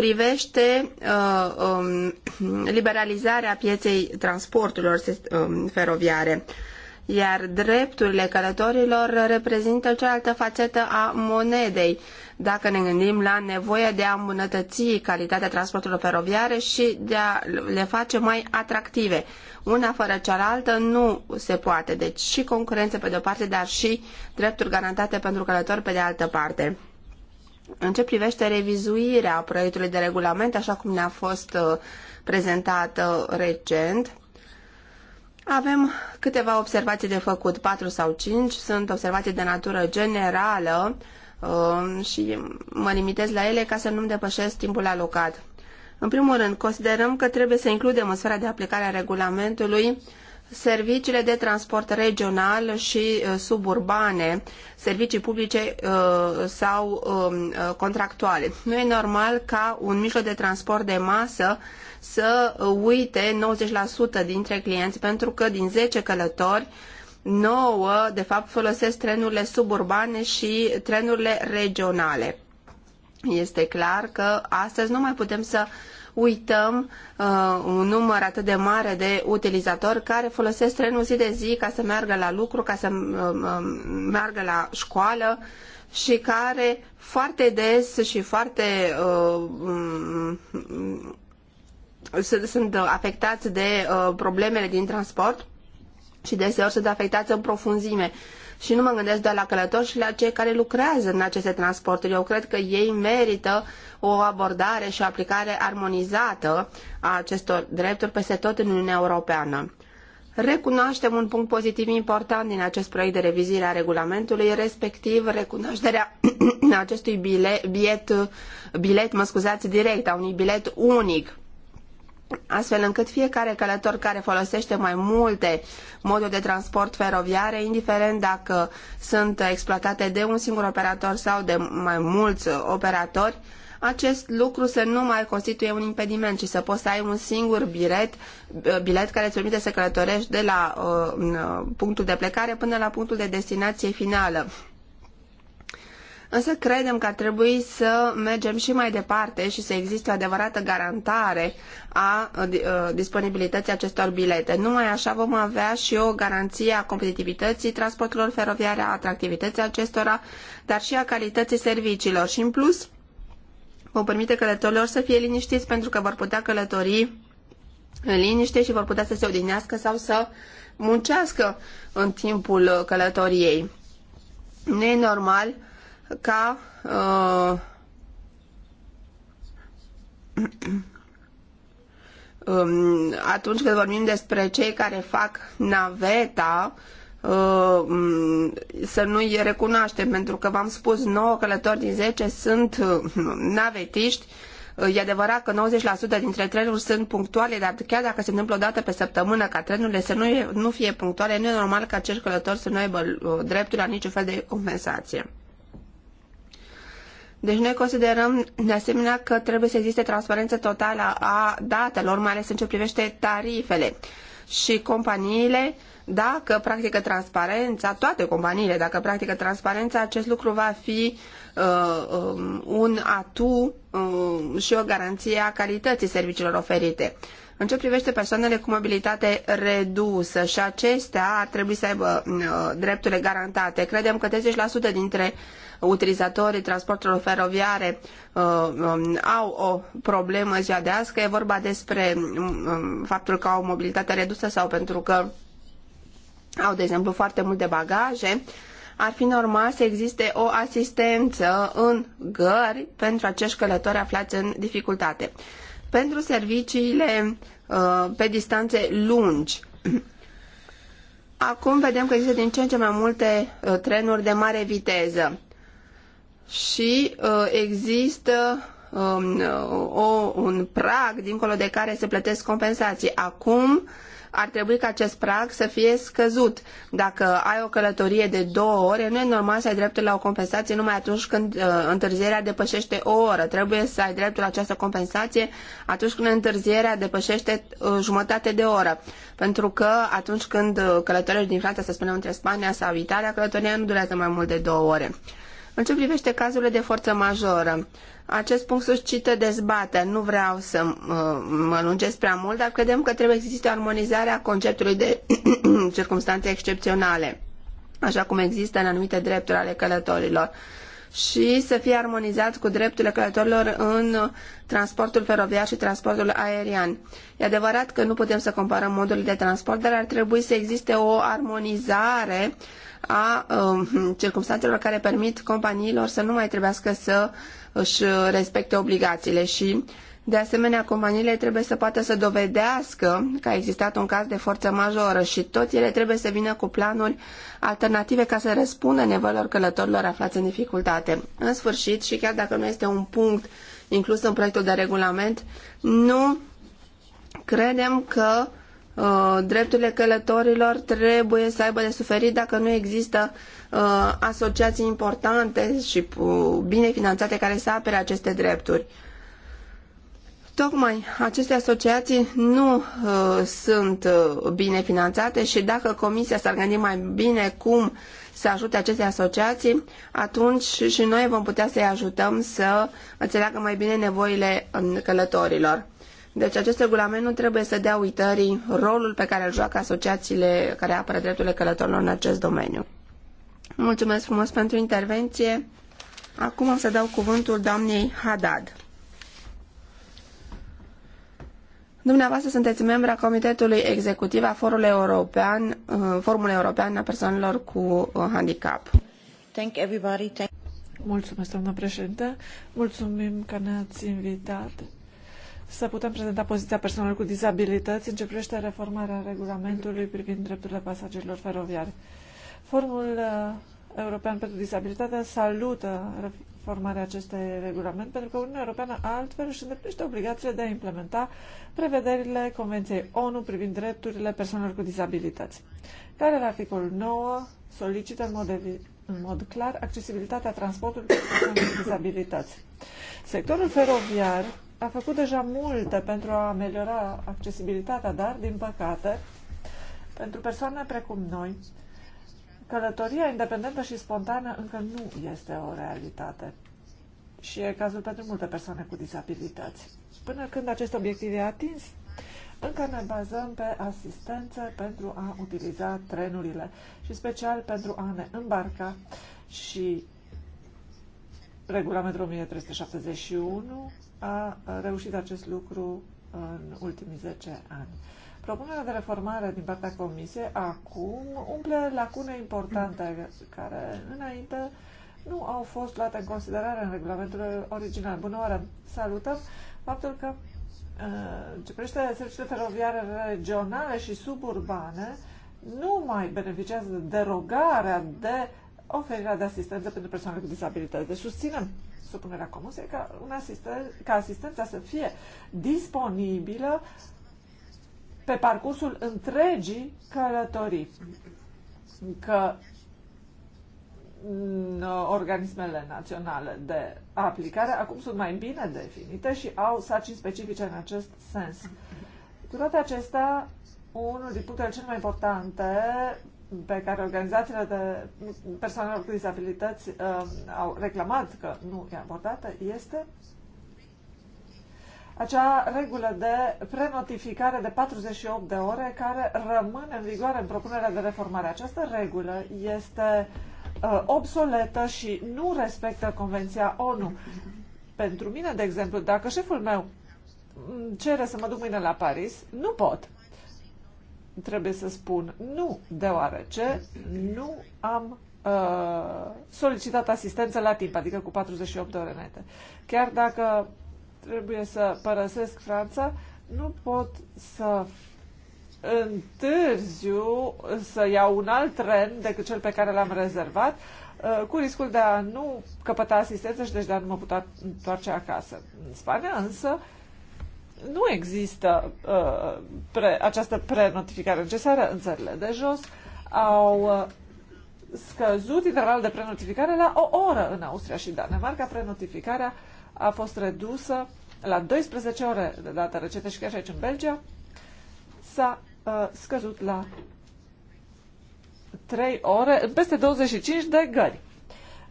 Speaker 1: privește uh, um, liberalizarea pieței transporturilor um, feroviare, iar drepturile călătorilor reprezintă cealaltă fațetă a monedei, dacă ne gândim la nevoia de a îmbunătăți calitatea transporturilor feroviare și de a le face mai atractive. Una fără cealaltă nu se poate, deci și concurență pe de-o parte, dar și drepturi garantate pentru călători pe de altă parte. În ce privește revizuirea proiectului de regulament, așa cum ne-a fost uh, prezentată uh, recent, avem câteva observații de făcut, patru sau cinci sunt observații de natură generală uh, și mă limitez la ele ca să nu-mi depășesc timpul alocat. În primul rând, considerăm că trebuie să includem în sfera de aplicare a regulamentului serviciile de transport regional și uh, suburbane, servicii publice uh, sau um, uh, contractuale. Nu e normal ca un mijloc de transport de masă să uite 90% dintre clienți, pentru că din 10 călători, 9 de fapt folosesc trenurile suburbane și trenurile regionale. Este clar că astăzi nu mai putem să uităm uh, un număr atât de mare de utilizatori care folosesc trenul zi de zi ca să meargă la lucru, ca să uh, uh meargă la școală și care foarte des și foarte uh, um, sunt afectați de uh, problemele din transport și deseori sunt afectați în profunzime. Uh, și nu mă gândesc doar la călători și la cei care lucrează în aceste transporturi. Eu cred că ei merită o abordare și o aplicare armonizată a acestor drepturi peste tot în Uniunea Europeană. Recunoaștem un punct pozitiv important din acest proiect de revizire a regulamentului, respectiv recunoașterea acestui bilet, bilet, bilet mă scuzați, direct, a unui bilet unic astfel încât fiecare călător care folosește mai multe moduri de transport feroviare, indiferent dacă sunt exploatate de un singur operator sau de mai mulți operatori, acest lucru să nu mai constituie un impediment, ci să poți să ai un singur bilet, bilet care îți permite să călătorești de la uh, punctul de plecare până la punctul de destinație finală. Însă credem că ar trebui să mergem și mai departe și să existe o adevărată garantare a uh, uh, disponibilității acestor bilete. Numai așa vom avea și o garanție a competitivității transporturilor feroviare, a atractivității acestora, dar și a calității serviciilor. Și în plus, vom permite călătorilor să fie liniștiți pentru că vor putea călători în liniște și vor putea să se odihnească sau să muncească în timpul călătoriei. Nu e normal ca uh, um, atunci când vorbim despre cei care fac naveta uh, um, să nu-i recunoaștem, pentru că v-am spus 9 călători din 10 sunt uh, navetiști uh, E adevărat că 90% dintre trenuri sunt punctuale, dar chiar dacă se întâmplă o dată pe săptămână ca trenurile să nu, nu fie punctuale, nu e normal ca acești călători să nu aibă uh, dreptul la niciun fel de compensație. Deci noi considerăm de asemenea că trebuie să existe transparență totală a datelor, mai ales în ce privește tarifele și companiile dacă practică transparența, toate companiile, dacă practică transparența, acest lucru va fi uh, um, un atu uh, și o garanție a calității serviciilor oferite. În ce privește persoanele cu mobilitate redusă și acestea ar trebui să aibă uh, drepturile garantate. Credem că 30% dintre utilizatorii transporturilor feroviare uh, um, au o problemă ziua de azi, că e vorba despre um, faptul că au mobilitate redusă sau pentru că au, de exemplu, foarte multe bagaje, ar fi normal să existe o asistență în gări pentru acești călători aflați în dificultate pentru serviciile uh, pe distanțe lungi. Acum vedem că există din ce în ce mai multe uh, trenuri de mare viteză și uh, există um, o, un prag dincolo de care se plătesc compensații. Acum ar trebui ca acest prag să fie scăzut. Dacă ai o călătorie de două ore, nu e normal să ai dreptul la o compensație numai atunci când uh, întârzierea depășește o oră. Trebuie să ai dreptul la această compensație atunci când întârzierea depășește uh, jumătate de oră. Pentru că atunci când uh, călătorești din Franța, să spunem, între Spania sau Italia, călătoria nu durează mai mult de două ore. În ce privește cazurile de forță majoră, acest punct suscită dezbateri. Nu vreau să uh, mă lungesc prea mult, dar credem că trebuie să existe o armonizare a conceptului de circunstanțe excepționale, așa cum există în anumite drepturi ale călătorilor și să fie armonizat cu drepturile călătorilor în transportul feroviar și transportul aerian. E adevărat că nu putem să comparăm modurile de transport, dar ar trebui să existe o armonizare a um, circumstanțelor care permit companiilor să nu mai trebuiască să își respecte obligațiile și de asemenea, companiile trebuie să poată să dovedească că a existat un caz de forță majoră și toți ele trebuie să vină cu planuri alternative ca să răspundă nevoilor călătorilor aflați în dificultate. În sfârșit, și chiar dacă nu este un punct inclus în proiectul de regulament, nu credem că Uh, drepturile călătorilor trebuie să aibă de suferit dacă nu există uh, asociații importante și bine finanțate care să apere aceste drepturi. Tocmai aceste asociații nu uh, sunt uh, bine finanțate și dacă Comisia s-ar gândi mai bine cum să ajute aceste asociații, atunci și noi vom putea să-i ajutăm să înțeleagă mai bine nevoile um, călătorilor. Deci acest regulament nu trebuie să dea uitării rolul pe care îl joacă asociațiile care apără drepturile călătorilor în acest domeniu. Mulțumesc frumos pentru intervenție. Acum o să dau cuvântul doamnei Haddad. Dumneavoastră sunteți membra Comitetului Executiv a Forului European, uh, Forumului European a Persoanelor cu uh, Handicap.
Speaker 3: Thank everybody. Thank... Mulțumesc, doamna președinte. Mulțumim că ne-ați invitat să putem prezenta poziția persoanelor cu dizabilități în ce privește reformarea regulamentului privind drepturile pasagerilor feroviari. Forumul uh, European pentru Disabilitate salută reformarea acestui regulament pentru că Uniunea Europeană altfel își îndeplinește obligațiile de a implementa prevederile Convenției ONU privind drepturile persoanelor cu dizabilități, care la articolul 9 solicită în mod, în mod clar accesibilitatea transportului pentru persoanelor cu dizabilități. Sectorul feroviar a făcut deja multe pentru a ameliora accesibilitatea, dar, din păcate, pentru persoane precum noi, călătoria independentă și spontană încă nu este o realitate. Și e cazul pentru multe persoane cu dizabilități. Până când acest obiectiv e atins, încă ne bazăm pe asistențe pentru a utiliza trenurile și special pentru a ne îmbarca și regulamentul 1371 a reușit acest lucru în ultimii 10 ani. Propunerea de reformare din partea Comisiei acum umple lacune importante care înainte nu au fost luate în considerare în regulamentul original. Bună oară! Salutăm faptul că uh, ce privește serviciile feroviare regionale și suburbane, nu mai beneficiază de derogarea de oferirea de asistență pentru persoane cu dizabilități. Deci susținem supunerea comisiei ca, un asisten, ca asistența să fie disponibilă pe parcursul întregii călătorii. Că mm, organismele naționale de aplicare acum sunt mai bine definite și au sarcini specifice în acest sens. Cu toate acestea, unul din punctele cele mai importante pe care organizațiile de persoane cu dizabilități uh, au reclamat că nu e abordată este acea regulă de prenotificare de 48 de ore care rămâne în vigoare în propunerea de reformare. Această regulă este uh, obsoletă și nu respectă Convenția ONU. Pentru mine, de exemplu, dacă șeful meu cere să mă duc mâine la Paris, nu pot trebuie să spun nu, deoarece nu am uh, solicitat asistență la timp, adică cu 48 de ore înainte. Chiar dacă trebuie să părăsesc Franța, nu pot să întârziu să iau un alt tren decât cel pe care l-am rezervat, uh, cu riscul de a nu căpăta asistență și deci de a nu mă putea întoarce acasă. În Spania însă uh, nu există uh, pre, această prenotificare necesară în țările de jos. Au uh, scăzut intervalul de prenotificare la o oră în Austria și Danemarca. Prenotificarea a fost redusă la 12 ore de data recentă și chiar și aici în Belgia s-a uh, scăzut la 3 ore în peste 25 de gări.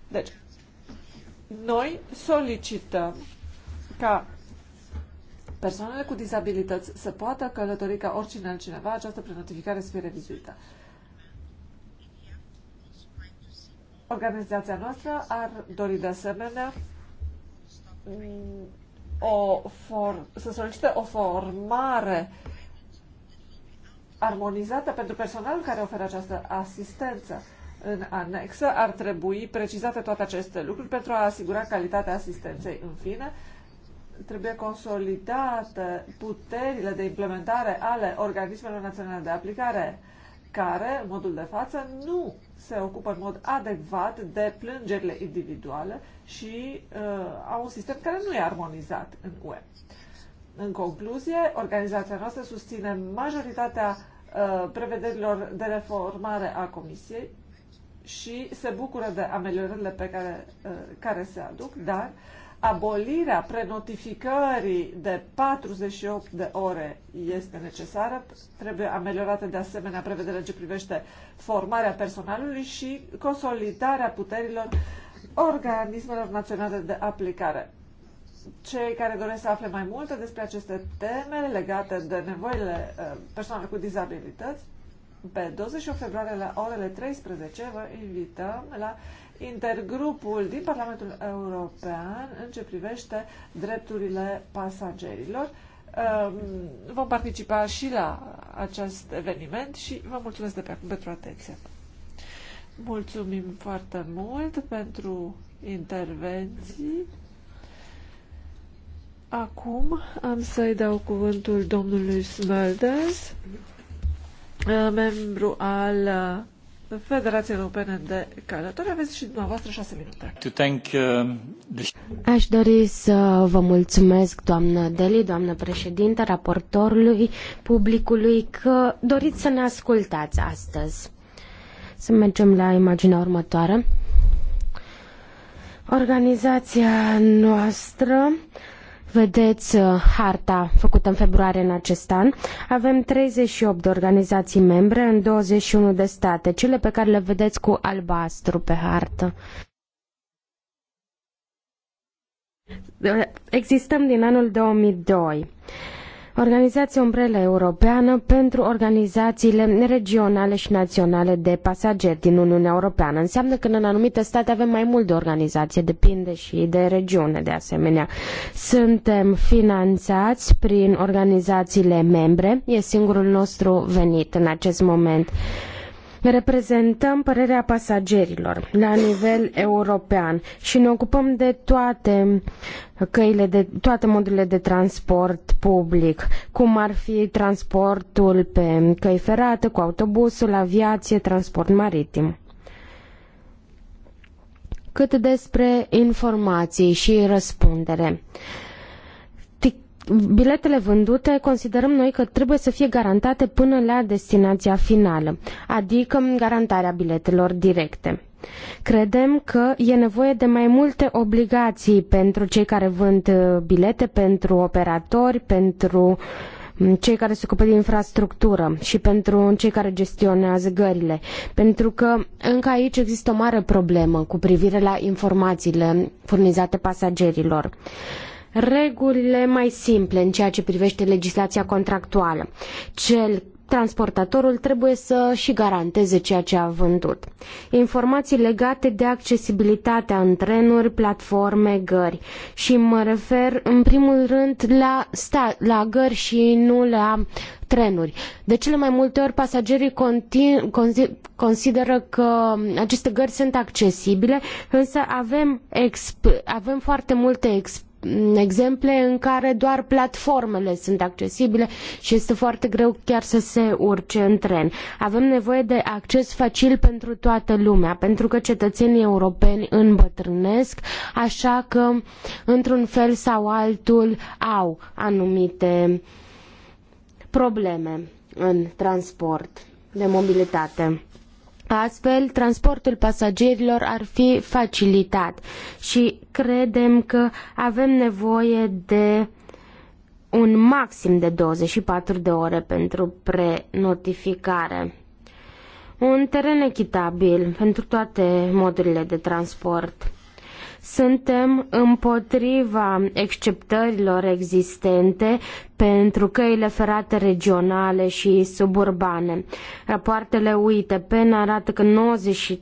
Speaker 3: Deci, noi solicităm ca persoanele cu dizabilități să poată călători ca oricine altcineva, această prenotificare să fie revizuită. Organizația noastră ar dori de asemenea mm, o for- să solicite o formare armonizată pentru personalul care oferă această asistență. În anexă ar trebui precizate toate aceste lucruri pentru a asigura calitatea asistenței. În fine, trebuie consolidate puterile de implementare ale organismelor naționale de aplicare, care, în modul de față, nu se ocupă în mod adecvat de plângerile individuale și uh, au un sistem care nu e armonizat în UE. În concluzie, organizația noastră susține majoritatea uh, prevederilor de reformare a Comisiei și se bucură de ameliorările pe care, uh, care se aduc, dar uh, abolirea prenotificării de 48 de ore este necesară. Trebuie ameliorată de asemenea prevederea ce privește formarea personalului și consolidarea puterilor organismelor naționale de aplicare. Cei care doresc să afle mai multe despre aceste teme legate de nevoile uh, persoanelor cu dizabilități, pe 28 februarie la orele 13 vă invităm la intergrupul din Parlamentul European în ce privește drepturile pasagerilor. Um, vom participa și la acest eveniment și vă mulțumesc de pe acum pentru atenție. Mulțumim foarte mult pentru intervenții. Acum am să-i dau cuvântul domnului Smulders, membru al Federației Europene de Călători. Aveți și dumneavoastră șase minute. To thank, uh,
Speaker 2: Aș dori să vă mulțumesc, doamnă Deli, doamnă președinte, raportorului, publicului, că doriți să ne ascultați astăzi. Să mergem la imaginea următoare. Organizația noastră Vedeți uh, harta făcută în februarie în acest an. Avem 38 de organizații membre în 21 de state, cele pe care le vedeți cu albastru pe hartă. Existăm din anul 2002. Organizația Umbrela Europeană pentru organizațiile regionale și naționale de pasageri din Uniunea Europeană. Înseamnă că în anumite state avem mai mult de organizație, depinde și de regiune de asemenea. Suntem finanțați prin organizațiile membre, e singurul nostru venit în acest moment. Reprezentăm părerea pasagerilor la nivel european și ne ocupăm de toate căile de toate modurile de transport public, cum ar fi transportul pe căi ferate, cu autobuzul, aviație, transport maritim cât despre informații și răspundere biletele vândute considerăm noi că trebuie să fie garantate până la destinația finală, adică garantarea biletelor directe. Credem că e nevoie de mai multe obligații pentru cei care vând uh, bilete, pentru operatori, pentru mm, cei care se ocupă de infrastructură și pentru cei care gestionează gările. Pentru că încă aici există o mare problemă cu privire la informațiile furnizate pasagerilor regulile mai simple în ceea ce privește legislația contractuală. Cel transportatorul trebuie să și garanteze ceea ce a vândut. Informații legate de accesibilitatea în trenuri, platforme, gări. Și mă refer în primul rând la, sta, la gări și nu la trenuri. De cele mai multe ori pasagerii consideră că aceste gări sunt accesibile, însă avem, avem foarte multe exp- exemple în care doar platformele sunt accesibile și este foarte greu chiar să se urce în tren. Avem nevoie de acces facil pentru toată lumea, pentru că cetățenii europeni îmbătrânesc, așa că într-un fel sau altul au anumite probleme în transport de mobilitate. Astfel, transportul pasagerilor ar fi facilitat și credem că avem nevoie de un maxim de 24 de ore pentru prenotificare. Un teren echitabil pentru toate modurile de transport. Suntem împotriva exceptărilor existente pentru căile ferate regionale și suburbane. Rapoartele UITP ne arată că 90,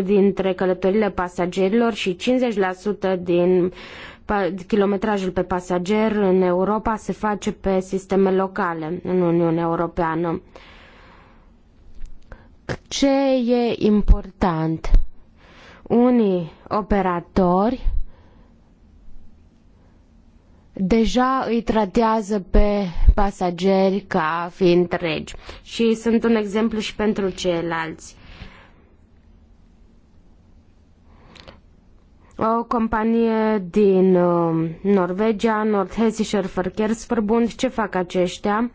Speaker 2: 90% dintre călătorile pasagerilor și 50% din kilometrajul pe pasager în Europa se face pe sisteme locale în Uniunea Europeană. Ce e important? unii operatori deja îi tratează pe pasageri ca fiind regi și sunt un exemplu și pentru ceilalți. O companie din uh, Norvegia, Nordhessischer Verkehrsverbund, ce fac aceștia?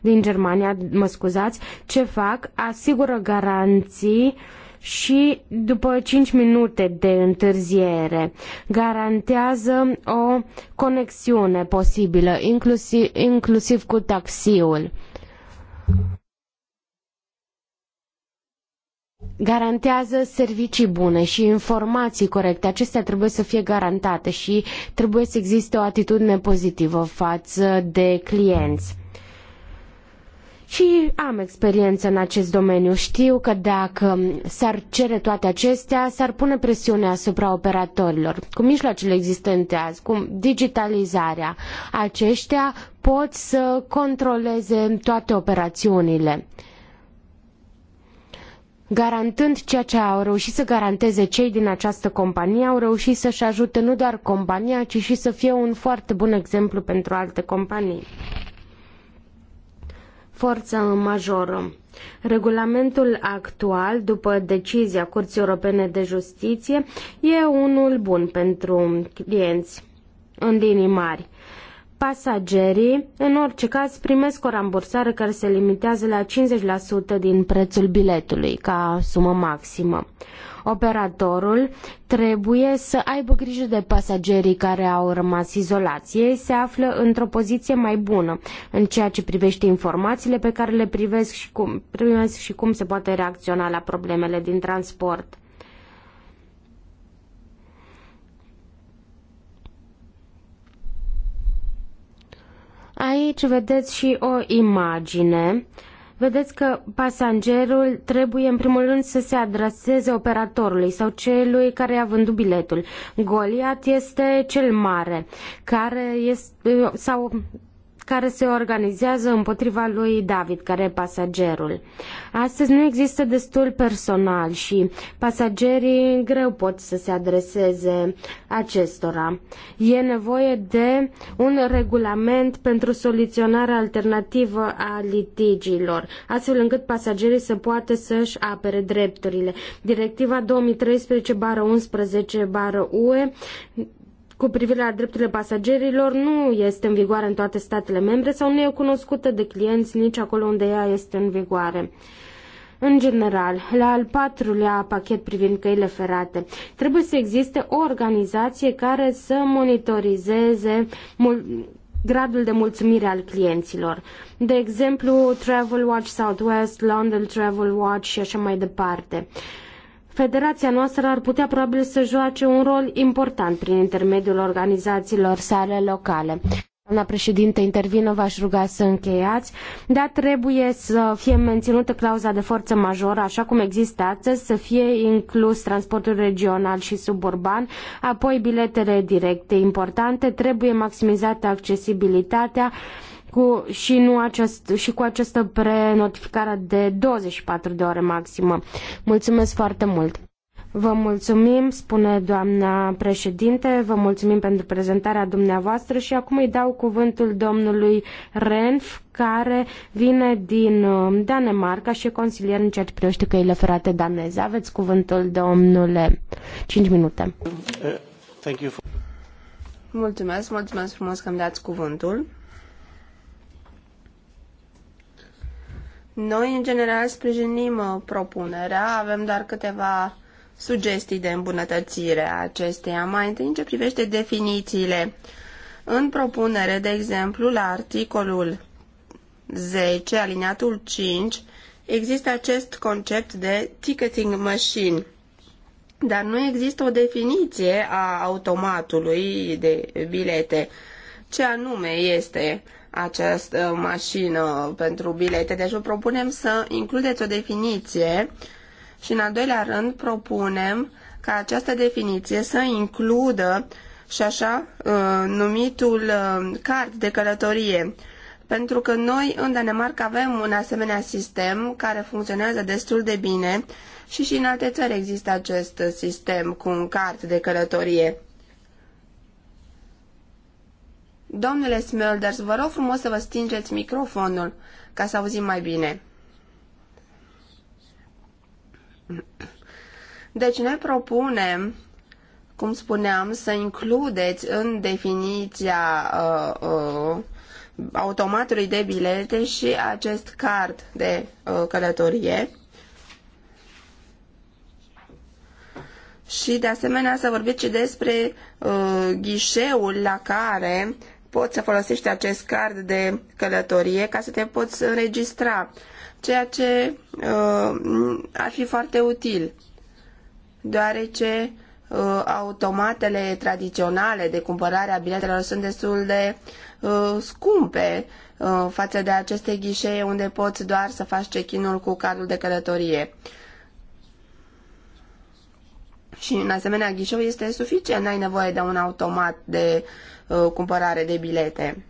Speaker 2: Din Germania, mă scuzați, ce fac? Asigură garanții uh, și după 5 minute de întârziere. Garantează o conexiune posibilă, inclusiv, inclusiv cu taxiul. garantează servicii bune și informații corecte. Acestea trebuie să fie garantate și trebuie să existe o atitudine pozitivă față de clienți și am experiență în acest domeniu. Știu că dacă s-ar cere toate acestea, s-ar pune presiune asupra operatorilor. Cu mijloacele existente azi, cu digitalizarea, aceștia pot să controleze toate operațiunile garantând ceea ce au reușit să garanteze cei din această companie, au reușit să-și ajute nu doar compania, ci și să fie un foarte bun exemplu pentru alte companii forța majoră. Regulamentul actual, după decizia Curții Europene de Justiție, e unul bun pentru clienți în linii mari. Pasagerii, în orice caz, primesc o rambursare care se limitează la 50% din prețul biletului, ca sumă maximă. Operatorul trebuie să aibă grijă de pasagerii care au rămas izolați. Ei se află într-o poziție mai bună în ceea ce privește informațiile pe care le privesc și cum, primesc și cum se poate reacționa la problemele din transport. Aici vedeți și o imagine. Vedeți că pasagerul trebuie în primul rând să se adreseze operatorului sau celui care a vândut biletul. Goliat este cel mare, care este, sau care se organizează împotriva lui David, care e pasagerul. Astăzi nu există destul personal și pasagerii greu pot să se adreseze acestora. E nevoie de un regulament pentru soluționarea alternativă a litigiilor, astfel încât pasagerii să poată să-și apere drepturile. Directiva 2013-11-UE cu privire la drepturile pasagerilor nu este în vigoare în toate statele membre sau nu e cunoscută de clienți nici acolo unde ea este în vigoare. În general, la al patrulea pachet privind căile ferate, trebuie să existe o organizație care să monitorizeze gradul de mulțumire al clienților. De exemplu, Travel Watch Southwest, London Travel Watch și așa mai departe. Uh, Federația noastră ar putea probabil să joace un rol important prin intermediul organizațiilor sale locale. Doamna președinte, intervină, v-aș ruga să încheiați, dar trebuie să fie menținută clauza de forță majoră, așa cum există astăzi, să fie inclus transportul regional și suburban, apoi biletele directe importante, trebuie maximizată accesibilitatea, uh, cu, și, nu acest, și cu această prenotificare de 24 de ore maximă. Mulțumesc foarte mult! Vă mulțumim, spune doamna președinte, vă mulțumim pentru prezentarea dumneavoastră și acum îi dau cuvântul domnului Renf, care vine din um, Danemarca și e consilier în ceea ce privește căile ferate daneze. Aveți cuvântul, domnule. 5 minute. Uh,
Speaker 1: mulțumesc, mulțumesc frumos că îmi dați cuvântul. Noi, în general, sprijinim uh, propunerea, avem doar câteva sugestii de îmbunătățire a acesteia. Mai întâi, în ce privește definițiile. În propunere, de exemplu, la articolul 10, aliniatul 5, există acest concept de ticketing machine. Dar nu există o definiție a automatului de bilete. Ce anume este această mașină pentru bilete. Deci vă propunem să includeți o definiție și în al doilea rând propunem ca această definiție să includă și așa uh, numitul uh, card de călătorie. Pentru că noi în Danemarca avem un asemenea sistem care funcționează destul de bine și și în alte țări există acest sistem cu un card de călătorie. Domnule Smulders, vă rog frumos să vă stingeți microfonul ca să auzim mai bine. Deci noi propunem, cum spuneam, să includeți în definiția uh, uh, automatului de bilete și acest card de uh, călătorie. Și de asemenea să vorbiți și despre uh, ghișeul la care poți să folosești acest card de călătorie ca să te poți înregistra, ceea ce uh, ar fi foarte util, deoarece uh, automatele tradiționale de cumpărare a biletelor sunt destul de uh, scumpe uh, față de aceste ghișee unde poți doar să faci check-in-ul cu cardul de călătorie. Și în asemenea ghișeul este suficient, n-ai nevoie de un automat de uh, cumpărare de bilete.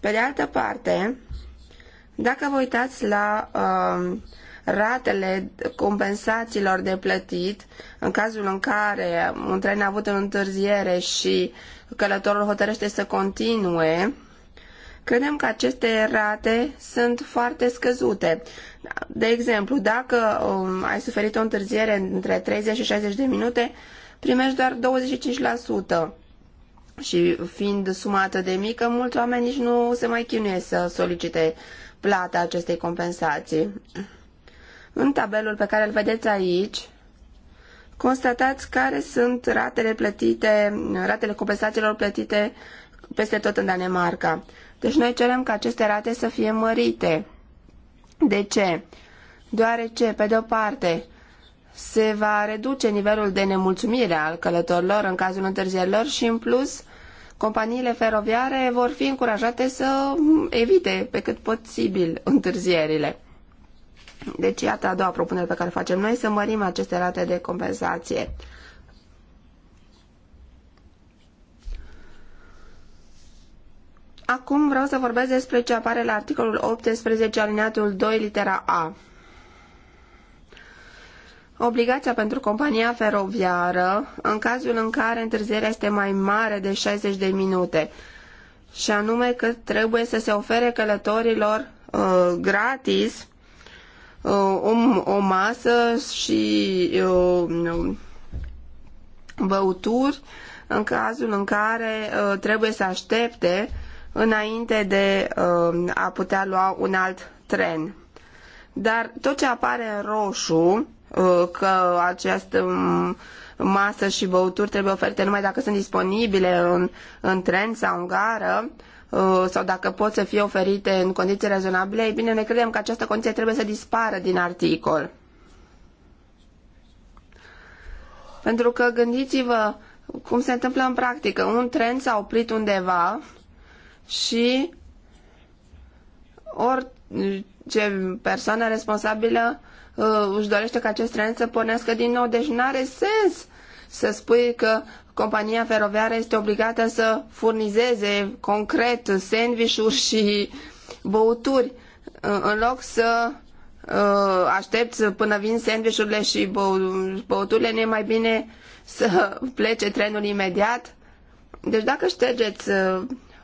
Speaker 1: Pe de altă parte, dacă vă uitați la uh, ratele compensațiilor de plătit, în cazul în care un tren a avut o întârziere și călătorul hotărăște să continue, credem că aceste rate sunt foarte scăzute. De exemplu, dacă um, ai suferit o întârziere între 30 și 60 de minute, primești doar 25% și fiind suma atât de mică, mulți oameni nici nu se mai chinuie să solicite plata acestei compensații. În tabelul pe care îl vedeți aici, constatați care sunt ratele plătite, ratele compensațiilor plătite peste tot în Danemarca. Deci noi cerem ca aceste rate să fie mărite. De ce? Deoarece, pe de o parte, se va reduce nivelul de nemulțumire al călătorilor în cazul întârzierilor și, în plus, companiile feroviare vor fi încurajate să evite pe cât posibil întârzierile. Deci, iată a doua propunere pe care o facem noi, să mărim aceste rate de compensație. Acum vreau să vorbesc despre ce apare la articolul 18, alineatul 2, litera A. Obligația pentru compania feroviară, în cazul în care întârzierea este mai mare de 60 de minute, și anume că trebuie să se ofere călătorilor uh, gratis uh, o, o masă și uh, băuturi în cazul în care uh, trebuie să aștepte înainte de uh, a putea lua un alt tren. Dar tot ce apare în roșu Uh, că această um, masă și băuturi trebuie oferite numai dacă sunt disponibile în, în tren sau în gară uh, sau dacă pot să fie oferite în condiții rezonabile, ei bine, ne credem că această condiție trebuie să dispară din articol. Pentru că gândiți-vă cum se întâmplă în practică. Un tren s-a oprit undeva și orice persoană responsabilă Uh, își dorește ca acest tren să pornească din nou. Deci nu are sens să spui că compania feroviară este obligată să furnizeze concret sandvișuri și băuturi uh, în loc să uh, aștepți până vin sandvișurile și băuturile, nu e mai bine să plece trenul imediat. Deci dacă ștergeți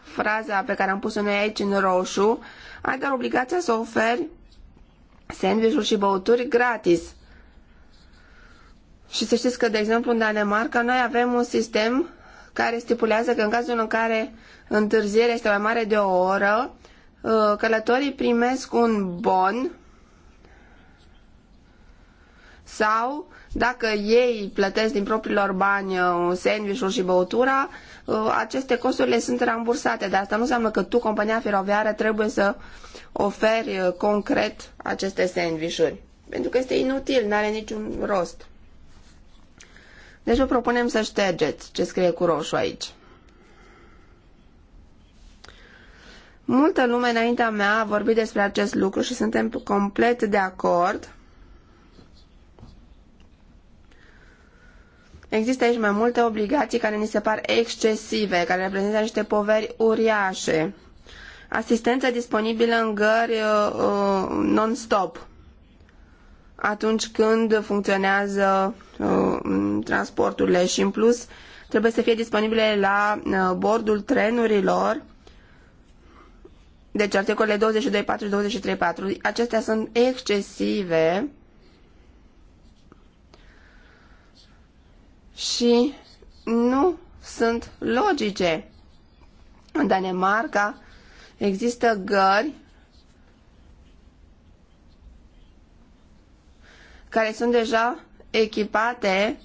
Speaker 1: fraza pe care am pus-o noi aici în roșu, ai doar obligația să oferi sandvișuri și băuturi gratis. Și să știți că, de exemplu, în Danemarca noi avem un sistem care stipulează că în cazul în care întârzierea este mai mare de o oră, uh, călătorii primesc un bon sau dacă ei plătesc din propriilor bani un uh, sandvișuri și băutura, Uh, aceste costuri le sunt rambursate, dar asta nu înseamnă că tu, compania feroviară, trebuie să oferi uh, concret aceste sandvișuri. Pentru că este inutil, nu are niciun rost. Deci vă propunem să ștergeți ce scrie cu roșu aici. Multă lume înaintea mea a vorbit despre acest lucru și suntem complet de acord Există aici mai multe obligații care ni se par excesive, care reprezintă niște poveri uriașe. Asistență disponibilă în gări uh, uh non-stop atunci când funcționează uh, transporturile și în plus trebuie să fie disponibile la uh, bordul trenurilor deci articolele 22.4 și 23.4 acestea sunt excesive și nu sunt logice. În Danemarca există gări care sunt deja echipate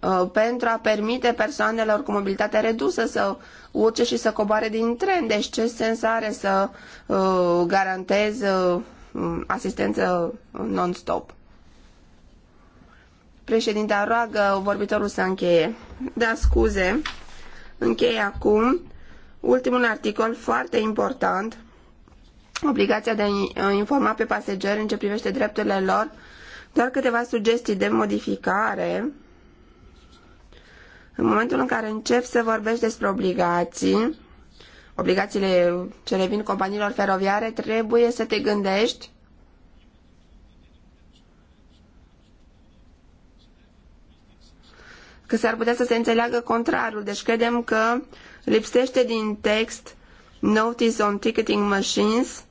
Speaker 1: uh, pentru a permite persoanelor cu mobilitate redusă să urce și să coboare din tren. Deci ce sens are să uh, garantez uh, asistență non-stop? Președinta roagă vorbitorul să încheie. Da, scuze. Încheie acum. Ultimul articol foarte important. Obligația de a informa pe pasageri în ce privește drepturile lor. Doar câteva sugestii de modificare. În momentul în care încep să vorbești despre obligații, obligațiile ce revin companiilor feroviare, trebuie să te gândești că s-ar putea să se înțeleagă contrarul. Deci credem că lipsește din text notice on ticketing machines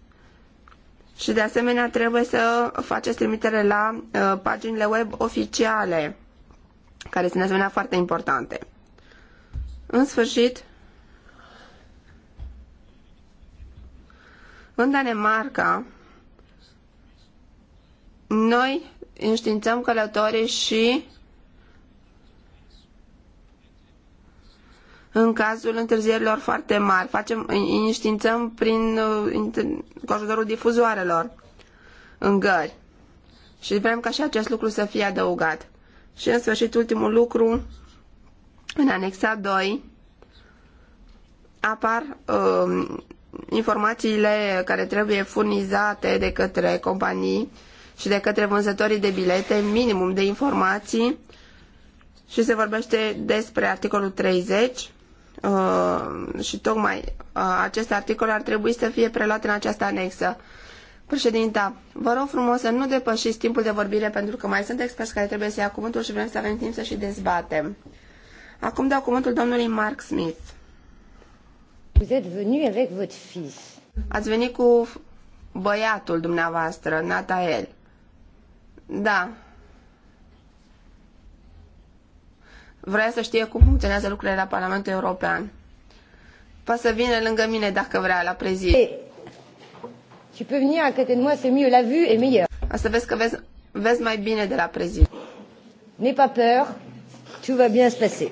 Speaker 1: și de asemenea trebuie să faceți trimitere la uh, paginile web oficiale, care sunt de asemenea foarte importante. În sfârșit, în Danemarca, noi înștiințăm călătorii și în cazul întârzierilor foarte mari. Facem, înștiințăm prin uh, cu ajutorul difuzoarelor în gări. Și vrem ca și acest lucru să fie adăugat. Și în sfârșit, ultimul lucru, în anexa 2 apar uh, informațiile care trebuie furnizate de către companii și de către vânzătorii de bilete, minimum de informații și se vorbește despre articolul 30 Uh, și tocmai uh, acest articol ar trebui să fie preluat în această anexă. Președinta, vă rog frumos să nu depășiți timpul de vorbire pentru că mai sunt experți care trebuie să ia cuvântul și vrem să avem timp să și dezbatem. Acum dau cuvântul domnului Mark Smith. Vous êtes venu avec votre fils. Ați venit cu băiatul dumneavoastră, Natael. Da, vrea să știe cum funcționează lucrurile la Parlamentul European. Poate să vină lângă mine dacă vrea la prezid. Tu peux venir à côté de moi, c'est mieux, la vue est meilleure. A să vezi că vezi, vezi mai bine de la prezid. N'ai pas peur, tout va bien se passer.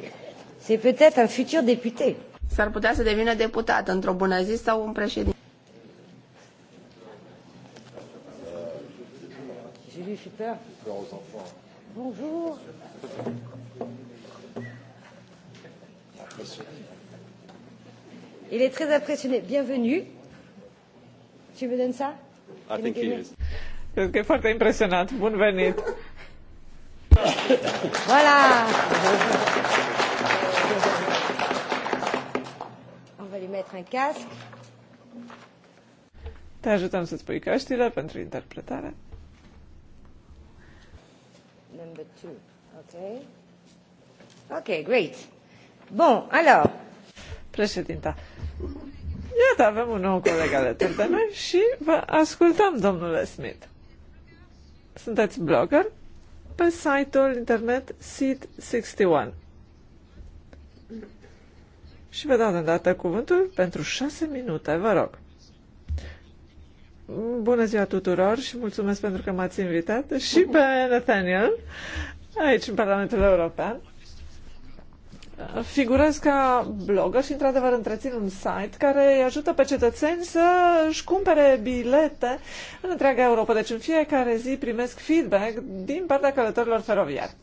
Speaker 1: C'est peut-être un futur député. S-ar putea să devină deputat într-o bună zi sau un președinte.
Speaker 2: Je lui fais peur. Bonjour. Il est très impressionné. Bienvenue. Tu me donnes ça?
Speaker 3: I think he is. Cred că e foarte impresionat. Bun venit!
Speaker 2: Voilà! On va lui mettre un casque.
Speaker 3: Te ajutăm să-ți pui căștile pentru interpretare.
Speaker 2: Number two. ok? Ok, great.
Speaker 3: Bun, Președinta. Iată, avem un nou coleg alături de noi și vă ascultăm, domnule Smith. Sunteți blogger pe site-ul internet Seed61. Și vă dau de cuvântul pentru șase minute, vă rog. Bună ziua tuturor și mulțumesc pentru că m-ați invitat și pe Nathaniel aici în Parlamentul European figurez ca blogger și, într-adevăr, întrețin un site care îi ajută pe cetățeni să își cumpere bilete în întreaga Europa. Deci, în fiecare zi primesc feedback din partea călătorilor feroviari.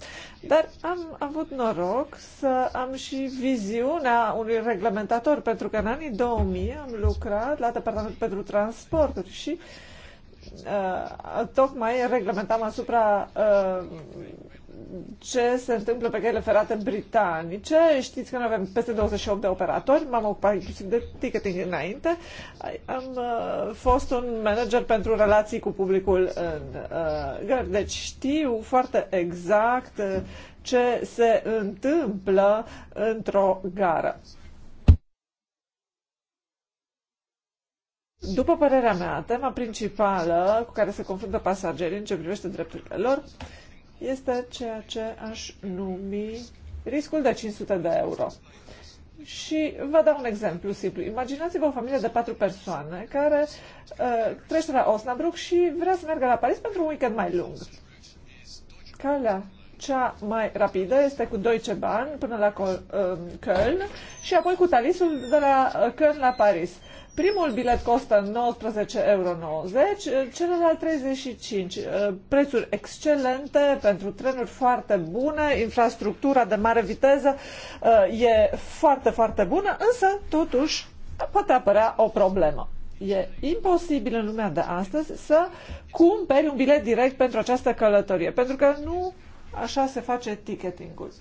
Speaker 3: Dar am avut noroc să am și viziunea unui reglementator, pentru că în anii 2000 am lucrat la Departamentul pentru Transporturi și uh, tocmai reglementam asupra uh, ce se întâmplă pe căile ferate britanice. Știți că noi avem peste 28 de operatori, m-am ocupat inclusiv de ticketing înainte. Am uh, fost un manager pentru relații cu publicul în uh, gări, deci știu foarte exact uh, ce se întâmplă într-o gară. După părerea mea, tema principală cu care se confruntă pasagerii în ce privește drepturile lor este ceea ce aș numi riscul de 500 de euro. Și vă dau un exemplu simplu. Imaginați-vă o familie de patru persoane care uh, trece la Osnabrück și vrea să meargă la Paris pentru un weekend mai lung. Calea cea mai rapidă este cu Deutsche Bahn până la uh, Köln și apoi cu Talisul de la uh, Köln la Paris. Uh, Primul bilet costă 19,90 euro, eh, celălalt 35. Eh, prețuri excelente pentru trenuri foarte bune, infrastructura de mare viteză eh, e foarte, foarte bună, însă totuși poate apărea o problemă. E imposibil în lumea de astăzi să cumperi un bilet direct pentru această călătorie, pentru că nu așa se face ticketingul.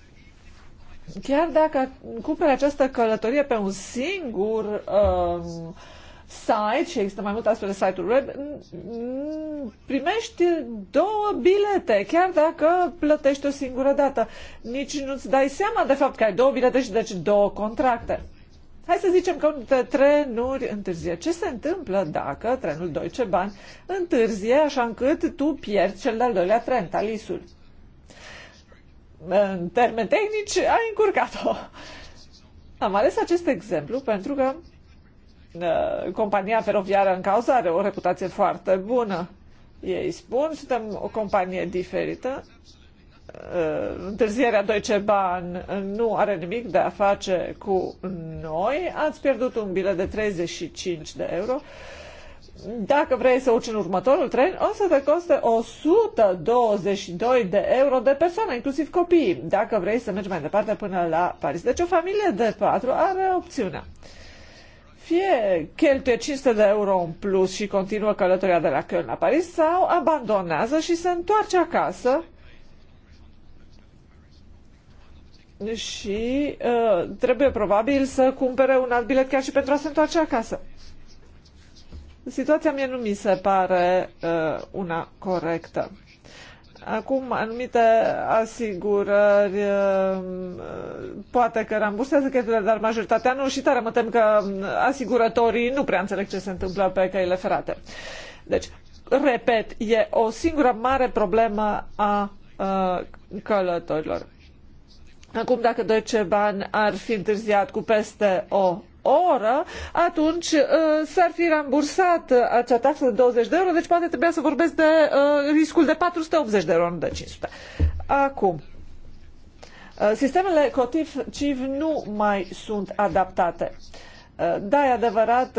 Speaker 3: Chiar dacă cumperi această călătorie pe un singur um, site și există mai multe astfel de site-uri web, primești două bilete, chiar dacă plătești o singură dată. Nici nu-ți dai seama de fapt că ai două bilete și deci două contracte. Hai să zicem că un dintre trenuri întârzie. Ce se întâmplă dacă trenul ce bani, întârzie așa încât tu pierzi cel de-al doilea tren, talisul? în termeni tehnici, a încurcat-o. Am ales acest exemplu pentru că uh, compania feroviară în cauză are o reputație foarte bună. Ei spun, suntem o companie diferită, uh, întârzierea Deutsche Bahn nu are nimic de a face cu noi, ați pierdut un bilet de 35 de euro, dacă vrei să urci în următorul tren, o să te coste 122 de euro de persoană, inclusiv copiii, dacă vrei să mergi mai departe până la Paris. Deci o familie de patru are opțiunea. Fie cheltuie 500 de euro în plus și continuă călătoria de la Köln la Paris, sau abandonează și se întoarce acasă și uh, trebuie probabil să cumpere un alt bilet chiar și pentru a se întoarce acasă. Situația mie nu mi se pare uh, una corectă. Acum, anumite asigurări uh, poate că rambursează cheltuielile, dar majoritatea nu și tare mă tem că um, asigurătorii nu prea înțeleg ce se întâmplă pe căile ferate. Deci, repet, e o singură mare problemă a a uh, călătorilor. Acum, dacă ce bani ar fi întârziat cu peste o oră, atunci uh, s-ar fi rambursat uh, acea taxă de 20 de euro, deci poate trebuia să vorbesc de uh, riscul de 480 de euro, nu de 500. Acum, sistemele COTIF CIV nu mai sunt adaptate. Da, e adevărat,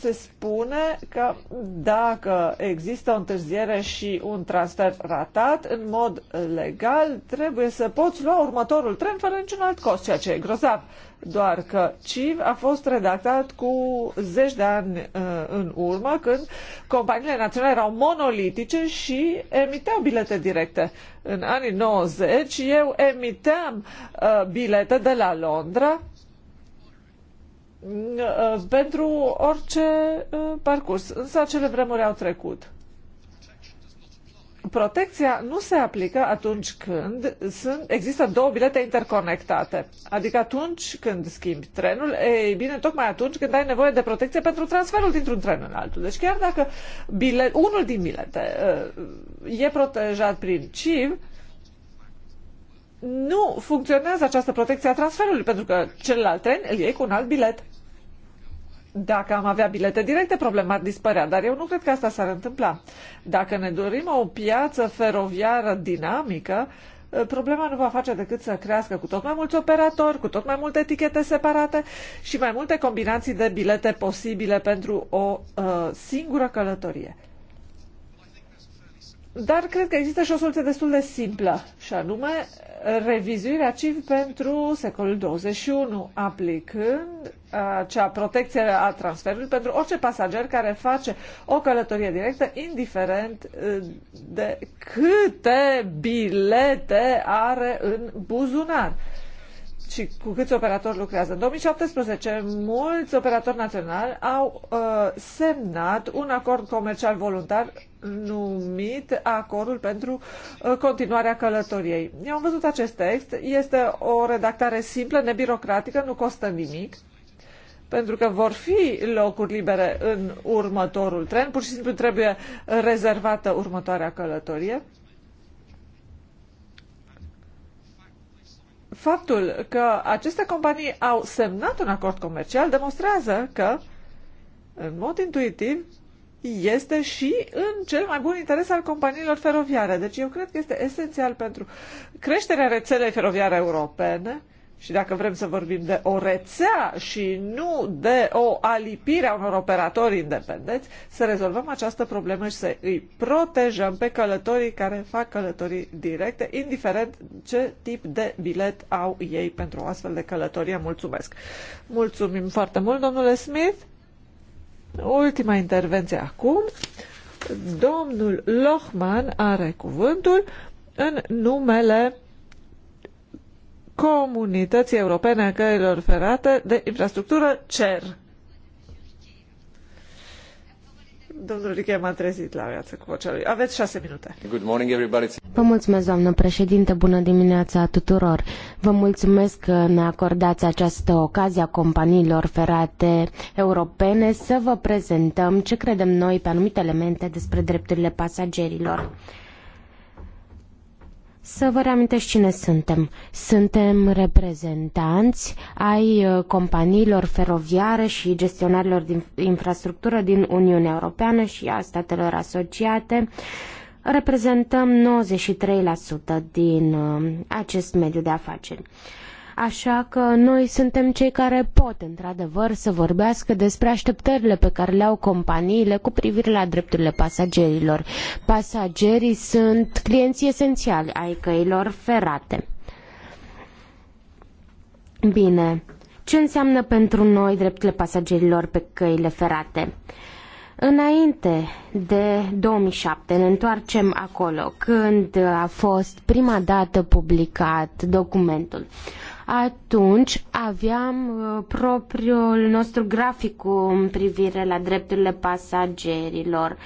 Speaker 3: se spune că dacă există o întârziere și un transfer ratat, în mod legal trebuie să poți lua următorul tren fără niciun alt cost, ceea ce e grozav doar că CIV a fost redactat cu zeci de ani uh, în urmă, când companiile naționale erau monolitice și emiteau bilete directe. În anii 90 eu emiteam uh, bilete de la Londra uh, pentru orice uh, parcurs. Însă acele vremuri au trecut protecția nu se aplică atunci când sunt, există două bilete interconectate. Adică atunci când schimbi trenul, e bine, tocmai atunci când ai nevoie de protecție pentru transferul dintr-un tren în altul. Deci chiar dacă bilet, unul din bilete uh, e protejat prin CIV, nu funcționează această protecție a transferului, pentru că celălalt tren îl iei cu un alt bilet. Dacă am avea bilete directe, problema ar dispărea, dar eu nu cred că asta s-ar întâmpla. Dacă ne dorim o piață feroviară dinamică, problema nu va face decât să crească cu tot mai mulți operatori, cu tot mai multe etichete separate și mai multe combinații de bilete posibile pentru o uh, singură călătorie. Dar cred că există și o soluție destul de simplă, și anume revizuirea CIV pentru secolul 21, aplicând uh, acea protecție a transferului pentru orice pasager care face o călătorie directă, indiferent uh, de câte bilete are în buzunar și cu câți operatori lucrează. În 2017, mulți operatori naționali au uh, semnat un acord comercial voluntar numit Acordul pentru uh, continuarea călătoriei. Eu am văzut acest text, este o redactare simplă, nebirocratică, nu costă nimic pentru că vor fi locuri libere în următorul tren, pur și simplu trebuie rezervată următoarea călătorie Faptul că aceste companii au semnat un acord comercial demonstrează că, în mod intuitiv, este și în cel mai bun interes al companiilor feroviare. Deci eu cred că este esențial pentru creșterea rețelei feroviare europene și dacă vrem să vorbim de o rețea și nu de o alipire a unor operatori independenți, să rezolvăm această problemă și să îi protejăm pe călătorii care fac călătorii directe, indiferent ce tip de bilet au ei pentru o astfel de călătorie. Mulțumesc! Mulțumim foarte mult, domnule Smith! Ultima intervenție acum. Domnul Lohman are cuvântul în numele Comunității Europene a Căilor Ferate de Infrastructură CER. Domnul Riche m-a trezit la viață cu vocea lui. Aveți șase minute.
Speaker 2: Good morning, everybody. Vă mulțumesc, doamnă președinte. Bună dimineața tuturor. Vă mulțumesc că ne acordați această ocazie a companiilor ferate europene să vă prezentăm ce credem noi pe anumite elemente despre drepturile pasagerilor. Să vă reamintesc cine suntem. Suntem reprezentanți ai uh, companiilor feroviare și gestionarilor din infrastructură din Uniunea Europeană și a statelor asociate. Reprezentăm 93% din uh, acest mediu de afaceri. Așa că noi suntem cei care pot, într-adevăr, să vorbească despre așteptările pe care le au companiile cu privire la drepturile pasagerilor. Pasagerii sunt clienții esențiali ai căilor ferate. Bine, ce înseamnă pentru noi drepturile pasagerilor pe căile ferate? Înainte de 2007, ne întoarcem acolo, când a fost prima dată publicat documentul. Atunci aveam uh, propriul nostru grafic cu privire la drepturile pasagerilor.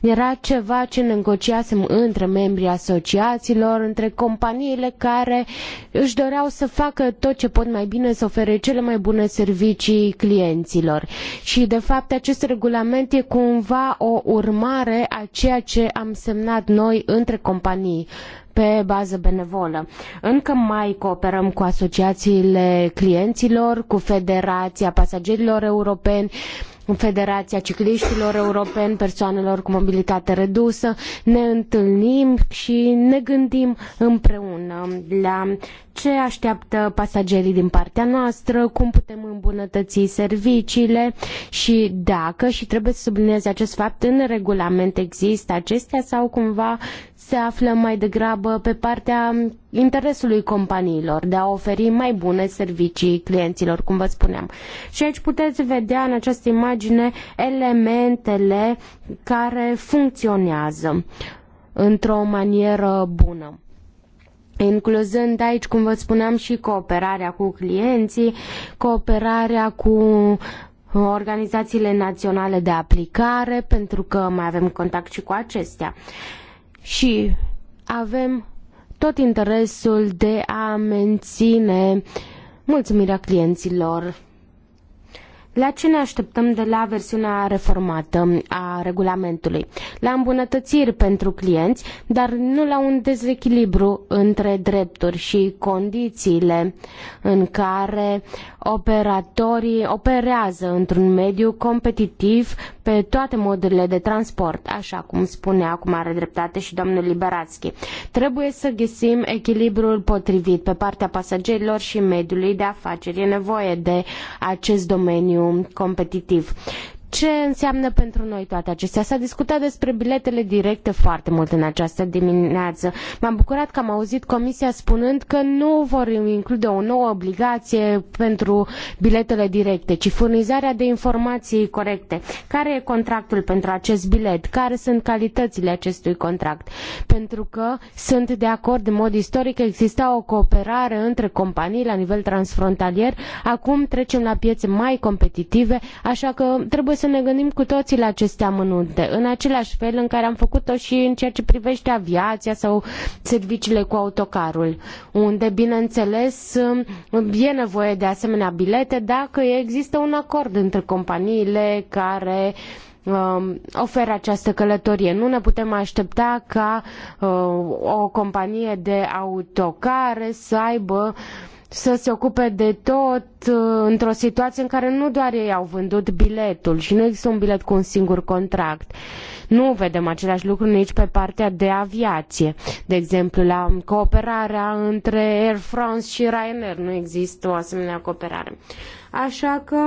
Speaker 2: Era ceva ce negociasem între membrii asociațiilor, între companiile care își doreau să facă tot ce pot mai bine, să ofere cele mai bune servicii clienților. Și, de fapt, acest regulament e cumva o urmare a ceea ce am semnat noi între companii pe bază benevolă. Încă mai cooperăm cu asociațiile clienților, cu Federația Pasagerilor Europeni, Federația Cicliștilor Europeni, persoanelor cu mobilitate redusă, ne întâlnim și ne gândim împreună la ce așteaptă pasagerii din partea noastră, cum putem îmbunătăți serviciile și dacă, și trebuie să subliniez acest fapt, în regulament există acestea sau cumva se află mai degrabă pe partea interesului companiilor de a oferi mai bune servicii clienților, cum vă spuneam. Și aici puteți vedea în această imagine elementele care funcționează într-o manieră bună incluzând aici, cum vă spuneam, și cooperarea cu clienții, cooperarea cu organizațiile naționale de aplicare, pentru că mai avem contact și cu acestea și avem tot interesul de a menține mulțumirea clienților la ce ne așteptăm de la versiunea reformată a regulamentului? La îmbunătățiri pentru clienți, dar nu la un dezechilibru între drepturi și condițiile în care operatorii operează într-un mediu competitiv pe toate modurile de transport, așa cum spune acum are dreptate și domnul Liberațchi. Trebuie să găsim echilibrul potrivit pe partea pasagerilor și mediului de afaceri. E nevoie de acest domeniu competitiv ce înseamnă pentru noi toate acestea. S-a discutat despre biletele directe foarte mult în această dimineață. M-am bucurat că am auzit Comisia spunând că nu vor include o nouă obligație pentru biletele directe, ci furnizarea de informații corecte. Care e contractul pentru acest bilet? Care sunt calitățile acestui contract? Pentru că sunt de acord în mod istoric exista o cooperare între companii la nivel transfrontalier. Acum trecem la piețe mai competitive, așa că trebuie să să ne gândim cu toții la aceste amănunte, în același fel în care am făcut-o și în ceea ce privește aviația sau serviciile cu autocarul, unde, bineînțeles, um, e nevoie de asemenea bilete dacă există un acord între companiile care um, oferă această călătorie. Nu ne putem aștepta ca uh, o companie de autocare să aibă uh, să se ocupe de tot uh, într-o situație în care nu doar ei au vândut biletul și nu există un bilet cu un singur contract. Nu vedem același lucru nici pe partea de aviație. De exemplu, la cooperarea între Air France și Ryanair nu există o asemenea cooperare. Așa că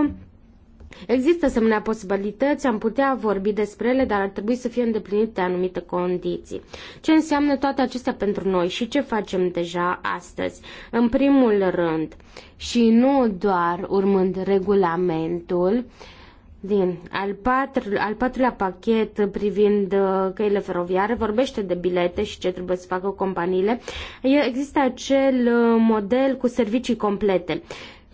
Speaker 2: Există asemenea posibilități, am putea vorbi despre ele, dar ar trebui să fie îndeplinite anumite condiții. Ce înseamnă toate acestea pentru noi și ce facem deja astăzi? În primul rând, și nu doar urmând regulamentul, din al, patru, al patrulea pachet privind uh, căile feroviare vorbește de bilete și ce trebuie să facă companiile. Există acel uh, model cu servicii complete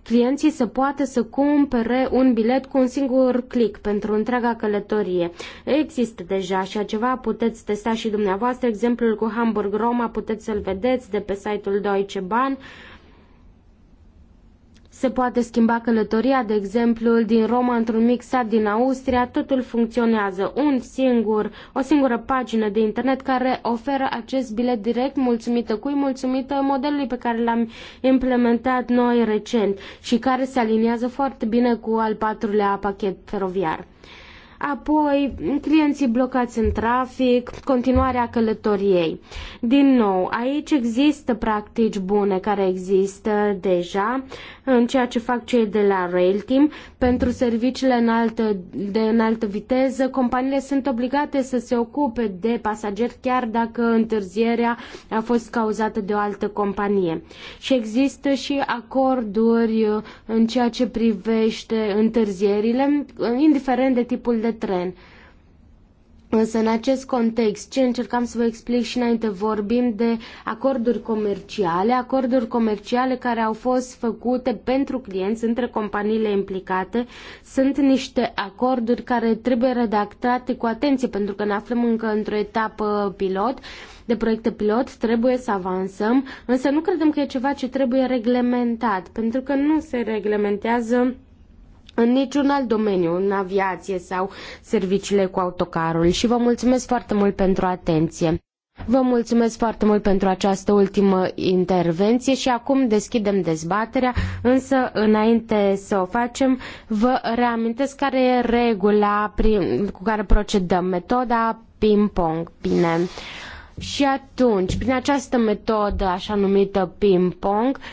Speaker 2: clienții să poată să cumpere un bilet cu un singur click pentru întreaga călătorie. Există deja așa ceva, puteți testa și dumneavoastră. Exemplul cu Hamburg-Roma puteți să-l vedeți de pe site-ul Deutsche Bahn. Se poate schimba călătoria, de exemplu, din Roma într-un mic sat din Austria, totul funcționează. Un singur, o singură pagină de internet care oferă acest bilet direct mulțumită cui mulțumită modelului pe care l-am implementat noi recent și care se aliniază foarte bine cu al patrulea pachet feroviar apoi clienții blocați în trafic, continuarea călătoriei. Din nou, aici există practici bune care există deja în ceea ce fac cei de la Rail Team. Pentru serviciile altă, de înaltă viteză, companiile sunt obligate să se ocupe de pasageri chiar dacă întârzierea a fost cauzată de o altă companie. Și există și acorduri uh, în ceea ce privește întârzierile, uh, indiferent de tipul de de tren. Însă în acest context, ce încercam să vă explic și înainte, vorbim de acorduri comerciale, acorduri comerciale care au fost făcute pentru clienți între companiile implicate. Sunt niște acorduri care trebuie redactate cu atenție pentru că ne aflăm încă într-o etapă pilot de proiecte pilot, trebuie să avansăm, însă nu credem că e ceva ce trebuie reglementat, pentru că nu se reglementează în niciun alt domeniu, în aviație sau serviciile cu autocarul. Și vă mulțumesc foarte mult pentru atenție. Vă mulțumesc foarte mult pentru această ultimă intervenție și acum deschidem dezbaterea, însă înainte să o facem, vă reamintesc care e regula cu care procedăm, metoda ping-pong. Bine. Și atunci, prin această metodă așa numită ping-pong, uh,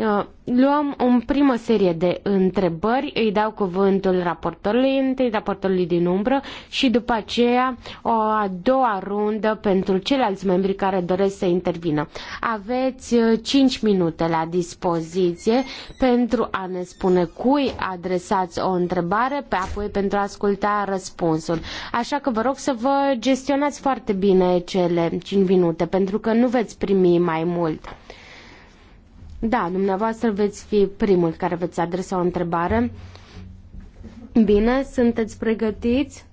Speaker 2: Uh, luăm o primă serie de întrebări, îi dau cuvântul raportorului, întâi raportorului din umbră și după aceea o a doua rundă pentru ceilalți membri care doresc să intervină. Aveți 5 uh, minute la dispoziție pentru a ne spune cui adresați o întrebare, pe apoi pentru a asculta răspunsul. Așa că vă rog să vă gestionați foarte bine cele 5 minute, pentru că nu veți primi mai mult. Da, dumneavoastră veți fi primul care veți adresa o întrebare. Bine, sunteți pregătiți?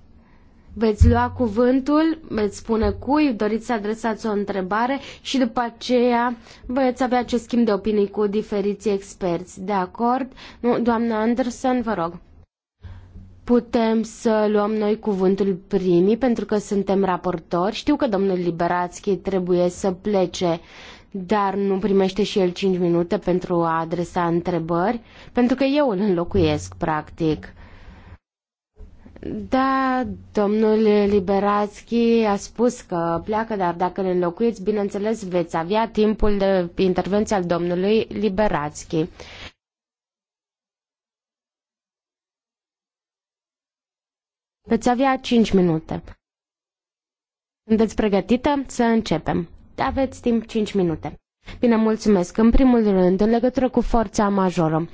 Speaker 2: Veți lua cuvântul, veți spune cui, doriți să adresați o întrebare și după aceea veți avea acest schimb de opinii cu diferiți experți. De acord? Nu, doamna Anderson, vă rog. Putem să luăm noi cuvântul primii pentru că suntem raportori. Știu că domnul Liberațchi trebuie să plece dar nu primește și el 5 minute pentru a adresa întrebări, pentru că eu îl înlocuiesc, practic. Da, domnul Liberațchi a spus că pleacă, dar dacă îl înlocuiți, bineînțeles, veți avea timpul de intervenție al domnului Liberațchi. Veți avea 5 minute. Sunteți pregătită să începem? Aveți timp 5 minute. Bine, mulțumesc. În primul rând, în legătură cu forța majoră.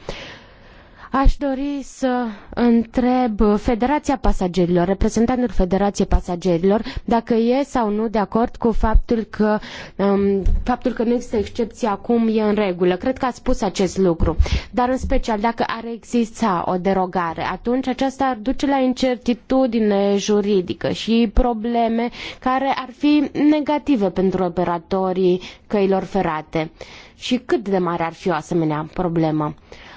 Speaker 2: Aș dori să întreb Federația Pasagerilor, reprezentantul Federației Pasagerilor, dacă e sau nu de acord cu faptul că, um, faptul că nu există excepție acum e în regulă. Cred că a spus acest lucru. Dar în special, dacă ar exista o derogare, atunci aceasta ar duce la incertitudine juridică și probleme care ar fi negative pentru operatorii căilor ferate. Și cât de mare ar fi o asemenea problemă?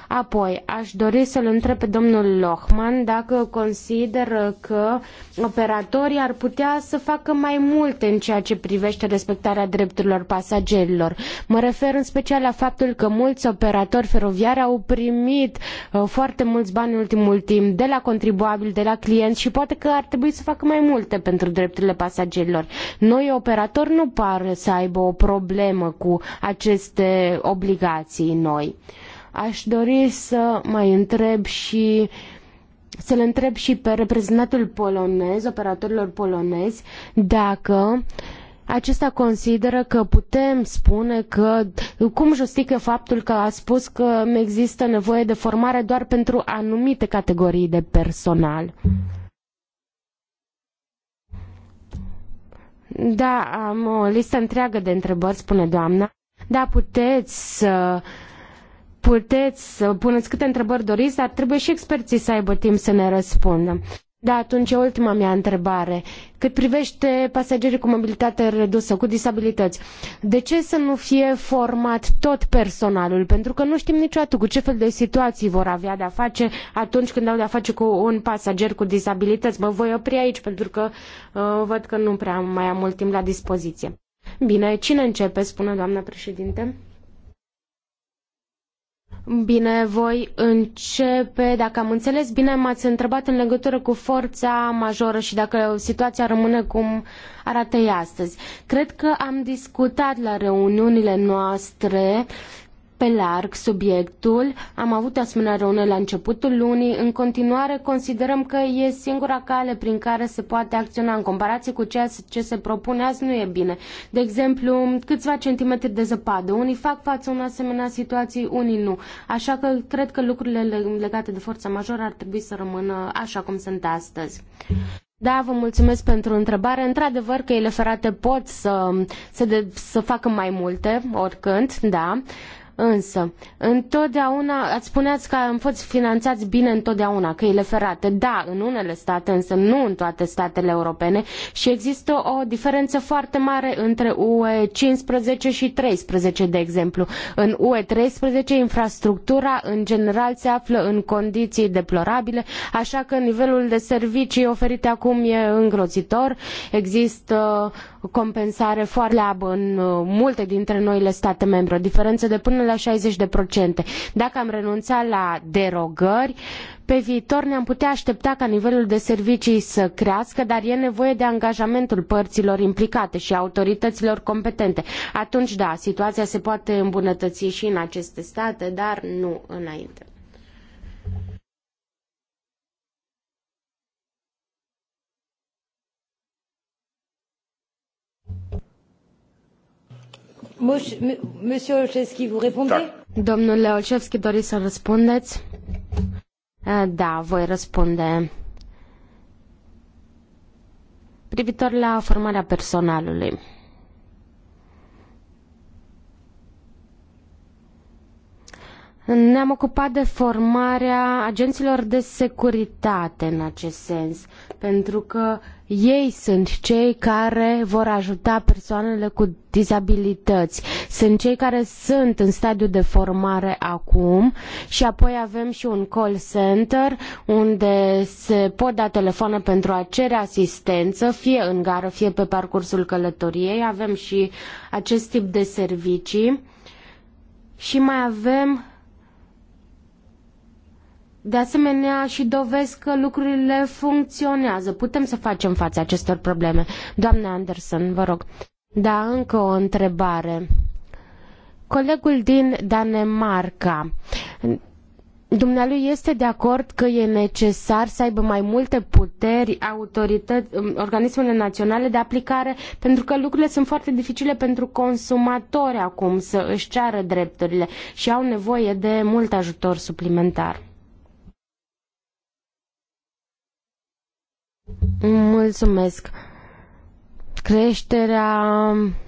Speaker 2: Apoi, aș dori să-l întreb pe domnul Lohman dacă consideră că operatorii ar putea să facă mai multe în ceea ce privește respectarea drepturilor pasagerilor. Mă refer în special la faptul că mulți operatori feroviari au primit uh, foarte mulți bani în ultimul timp de la contribuabili, de la clienți și poate că ar trebui să facă mai multe pentru drepturile pasagerilor. Noi operatori nu par să aibă o problemă cu aceste obligații noi. Aș dori să mai întreb și să l întreb și pe reprezentantul polonez, operatorilor polonezi, dacă acesta consideră că putem spune că cum justifică faptul că a spus că există nevoie de formare doar pentru anumite categorii de personal. Da, am o listă întreagă de întrebări, spune doamna. Da, puteți să uh, puteți să puneți câte întrebări doriți, dar trebuie și experții să aibă timp să ne răspundă. Da, atunci ultima mea întrebare. Cât privește pasagerii cu mobilitate redusă, cu disabilități, de ce să nu fie format tot personalul? Pentru că nu știm niciodată cu ce fel de situații vor avea de-a face atunci când au de-a face cu un pasager cu disabilități. Mă voi opri aici pentru că uh, văd că nu prea mai am mult timp la dispoziție. Bine, cine începe, spune doamna președinte? Bine, voi începe, dacă am înțeles bine, m-ați întrebat în legătură cu forța majoră și dacă situația rămâne cum arată ea astăzi. Cred că am discutat la reuniunile noastre uh, pe larg subiectul. Am avut asemenea reuniune la începutul lunii. În continuare considerăm că e singura cale prin care se poate acționa în comparație cu ceea ce se propune azi nu e bine. De exemplu, câțiva centimetri de zăpadă. Unii fac față unor asemenea situații, unii nu. Așa că cred că lucrurile legate de forța majoră ar trebui să rămână așa cum sunt astăzi. Da, vă mulțumesc pentru întrebare. Într-adevăr, căile ferate pot să, să, de, să facă mai multe, oricând, da. Însă, întotdeauna, ați spuneați că am fost finanțați bine întotdeauna, căile ferate. Da, în unele state, însă nu în toate statele europene și există o diferență foarte mare între UE 15 și 13, de exemplu. În UE 13, infrastructura în general se află în condiții deplorabile, așa că nivelul de servicii oferite acum e îngrozitor. Există uh, compensare foarte slabă în uh, multe dintre noile state membre, o diferență de până la 60%. Dacă am renunțat la derogări, pe viitor ne-am putea aștepta ca nivelul de servicii să crească, dar e nevoie de angajamentul părților implicate și autorităților competente. Atunci, da, situația se poate îmbunătăți și în aceste state, dar nu înainte. Da. Domnule Olszewski, doriți să răspundeți? Da, voi răspunde. Privitor la formarea personalului. Ne-am ocupat de formarea agenților de securitate în acest sens, pentru că ei sunt cei care vor ajuta persoanele cu dizabilități. Sunt cei care sunt în stadiu de formare acum și apoi avem și un call center unde se pot da telefoane pentru a cere asistență, fie în gară, fie pe parcursul călătoriei. Avem și acest tip de servicii. Și mai avem de asemenea, și dovesc că lucrurile funcționează. Putem să facem față acestor probleme. Doamne Anderson, vă rog. Da, încă o întrebare. Colegul din Danemarca, dumnealui este de acord că e necesar să aibă mai multe puteri autorități, um, organismele naționale de aplicare, pentru că lucrurile sunt foarte dificile pentru consumatori acum să își ceară drepturile și au nevoie de mult ajutor suplimentar. Mulțumesc. Creșterea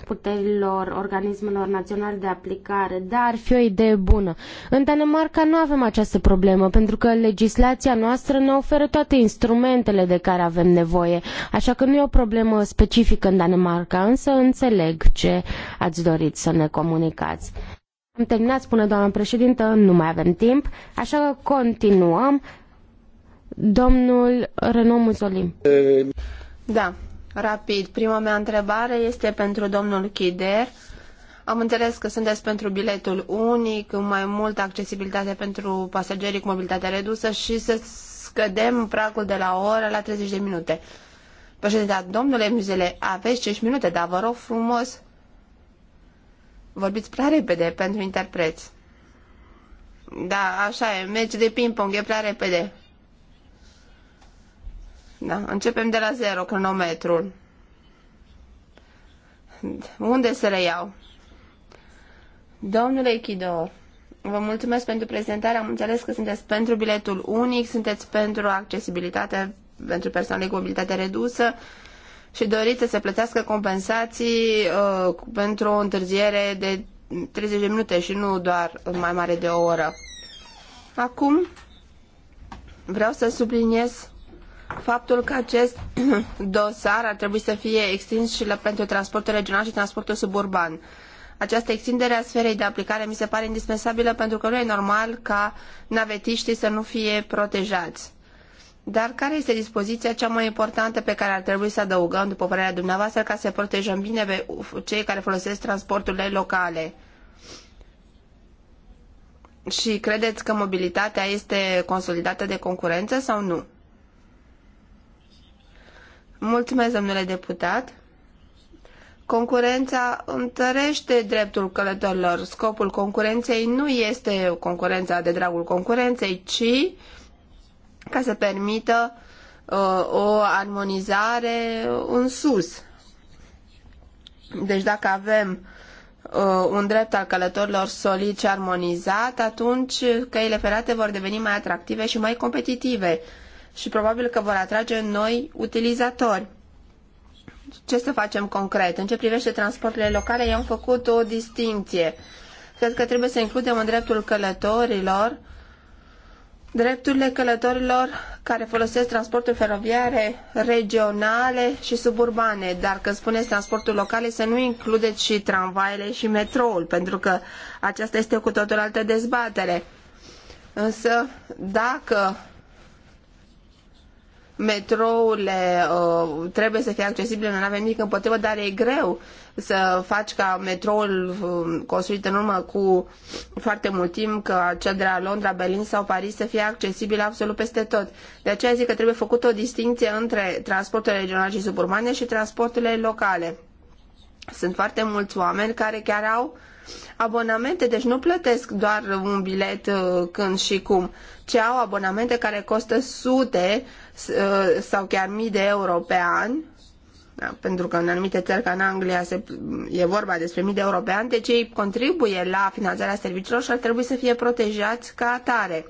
Speaker 2: puterilor organismelor naționale de aplicare, dar ar fi o idee bună. În Danemarca nu avem această problemă, pentru că legislația noastră ne oferă toate instrumentele de care avem nevoie, așa că nu e o problemă specifică în Danemarca, însă înțeleg ce ați dorit să ne comunicați. Am terminat, spune doamna președintă, nu mai avem timp, așa că continuăm. Domnul Renaud Muzolim. Da,
Speaker 1: rapid. Prima mea întrebare este
Speaker 2: pentru domnul
Speaker 1: Chider. Am înțeles că sunteți pentru biletul unic, mai multă accesibilitate pentru pasagerii cu mobilitate redusă și să scădem pragul de la o oră la 30 de minute. Președinte, domnule Muzele, aveți 5 minute, dar vă rog frumos, vorbiți prea repede pentru interpreți. Da, așa e, meci de ping-pong e prea repede. Da, începem de la zero cronometrul. Unde să le iau? Domnule Echidor, vă mulțumesc pentru prezentare. Am înțeles că sunteți pentru biletul unic, sunteți pentru accesibilitate pentru persoanele cu mobilitate redusă și doriți să se plătească compensații uh, pentru o întârziere de 30 de minute și nu doar mai mare de o oră. Acum vreau să subliniez faptul că acest dosar ar trebui să fie extins și pentru transportul regional și transportul suburban. Această extindere a sferei de aplicare mi se pare indispensabilă pentru că nu e normal ca navetiștii să nu fie protejați. Dar care este dispoziția cea mai importantă pe care ar trebui să adăugăm, după părerea dumneavoastră, ca să protejăm bine pe cei care folosesc transporturile locale? Și credeți că mobilitatea este consolidată de concurență sau nu? Mulțumesc, domnule deputat. Concurența întărește dreptul călătorilor. Scopul concurenței nu este concurența de dragul concurenței, ci ca să permită uh, o armonizare în sus. Deci dacă avem uh, un drept al călătorilor solid și armonizat, atunci căile ferate vor deveni mai atractive și mai competitive. Uh, și probabil că vor atrage noi utilizatori. Ce să facem concret? În ce privește transporturile locale, i-am făcut o distinție. Cred că trebuie să includem în dreptul călătorilor drepturile călătorilor care folosesc transportul feroviare regionale și suburbane, dar când spuneți transportul locale să nu includeți și tramvaile și metroul, pentru că aceasta este cu totul altă dezbatere. Însă, dacă metrourile uh, trebuie să fie accesibile, noi nu avem nimic împotrivă, dar e greu să faci ca metroul um, construit în urmă cu foarte mult timp, ca cel de la Londra, Berlin sau Paris să fie accesibil absolut peste tot. De aceea zic că trebuie făcută o distinție între transporturile regionale și suburbane și transporturile locale. Sunt foarte mulți oameni care chiar au abonamente, deci nu plătesc doar un bilet uh, când și cum, ci au abonamente care costă sute sau chiar mii de euro pe an, da, pentru că în anumite țări ca în Anglia se, e vorba despre mii de euro pe an, deci ei contribuie la finanțarea serviciilor și ar trebui să fie protejați ca atare.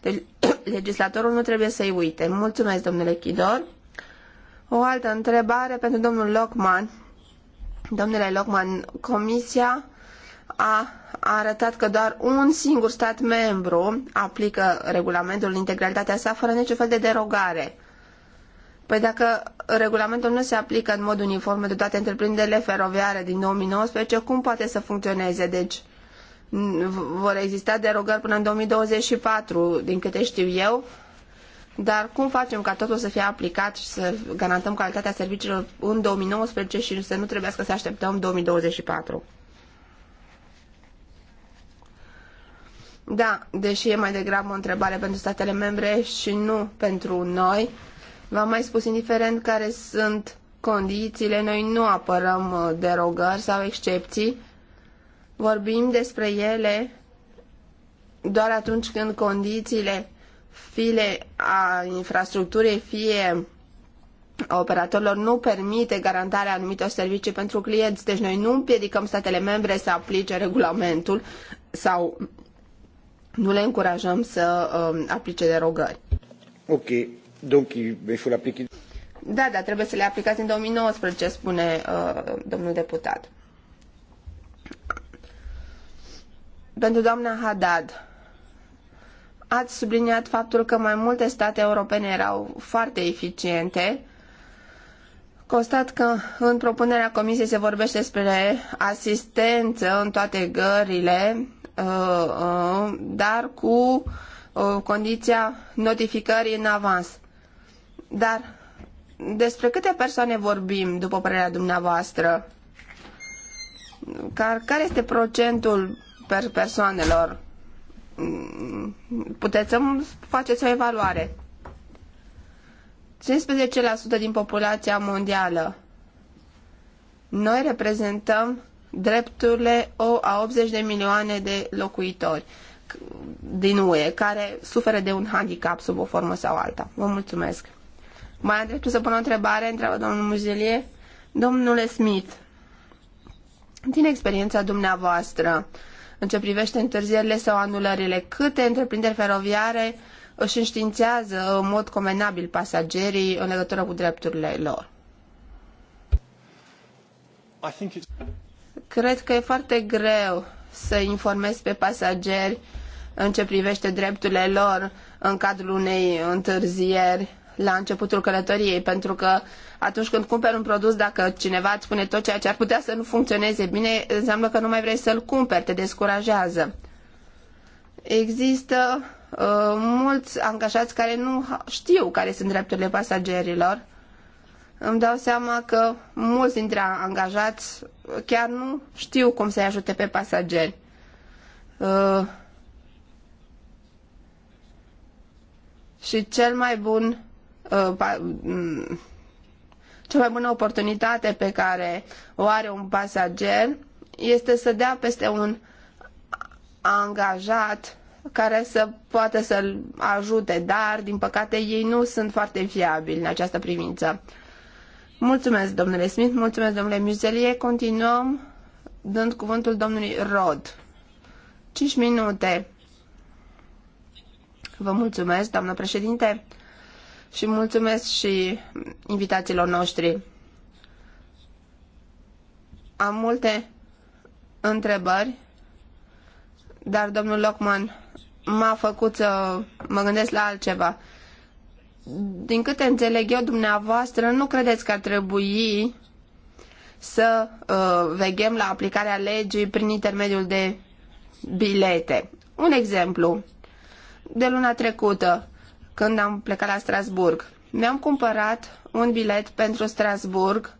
Speaker 1: Deci legislatorul nu trebuie să-i uite. Mulțumesc, domnule Chidor. O altă întrebare pentru domnul Lockman Domnule Lockman Comisia a arătat că doar un singur stat membru aplică regulamentul în integralitatea sa fără niciun fel de derogare. Păi dacă regulamentul nu se aplică în mod uniform de toate întreprinderile feroviare din 2019, cum poate să funcționeze? Deci vor exista derogări până în 2024, din câte știu eu, dar cum facem ca totul să fie aplicat și să garantăm calitatea serviciilor în 2019 și să nu trebuiască să așteptăm 2024? Da, deși e mai degrabă o întrebare pentru statele membre și nu pentru noi, v-am mai spus, indiferent care sunt condițiile, noi nu apărăm uh, derogări sau excepții, vorbim despre ele doar atunci când condițiile fie a infrastructurii, fie a operatorilor nu permite garantarea anumitor servicii pentru clienți. Deci noi nu împiedicăm statele membre să aplice regulamentul sau nu le încurajăm să uh, aplice derogări.
Speaker 3: Ok, donc il faut l'appliquer.
Speaker 1: Da, da, trebuie să le aplicați în 2019, spune uh, domnul deputat. Pentru doamna Haddad, ați subliniat faptul că mai multe state europene erau foarte eficiente. Constat că în propunerea comisiei se vorbește despre asistență în toate gările Uh, uh, dar cu uh, condiția notificării în avans. Dar despre câte persoane vorbim, după părerea dumneavoastră? Car, care este procentul per persoanelor? Puteți să faceți o evaluare. 15% din populația mondială. Noi reprezentăm drepturile o, a 80 de milioane de locuitori din UE care suferă de un handicap sub o formă sau alta. Vă mulțumesc. Mai am dreptul să pun o întrebare? Întreabă domnul Muzelie. Domnule Smith, din experiența dumneavoastră, în ce privește întârzierile sau anulările, câte întreprinderi feroviare își înștiințează în mod convenabil pasagerii în legătură cu drepturile lor? Cred că e foarte greu să informezi pe pasageri în ce privește drepturile lor în cadrul unei întârzieri la începutul călătoriei, pentru că atunci când cumperi un produs, dacă cineva îți spune tot ceea ce ar putea să nu funcționeze bine, înseamnă că nu mai vrei să-l cumperi, te descurajează. Există uh, mulți angajați care nu știu care sunt drepturile pasagerilor îmi dau seama că mulți dintre angajați chiar nu știu cum să-i ajute pe pasageri. Uh, și cel mai bun uh, pa, mm, cea mai bună oportunitate pe care o are un pasager este să dea peste un angajat care să poată să-l ajute, dar din păcate ei nu sunt foarte fiabili în această privință. Mulțumesc, domnule Smith, mulțumesc, domnule Muzelie. Continuăm dând cuvântul domnului Rod. 5 minute. Vă mulțumesc, doamnă președinte, și mulțumesc și invitațiilor noștri. Am multe întrebări, dar domnul Lockman m-a făcut să mă gândesc la altceva din câte înțeleg eu, dumneavoastră nu credeți că ar trebui să uh, veghem la aplicarea legii prin intermediul de bilete. Un exemplu. De luna trecută, când am plecat la Strasburg, mi-am cumpărat un bilet pentru Strasburg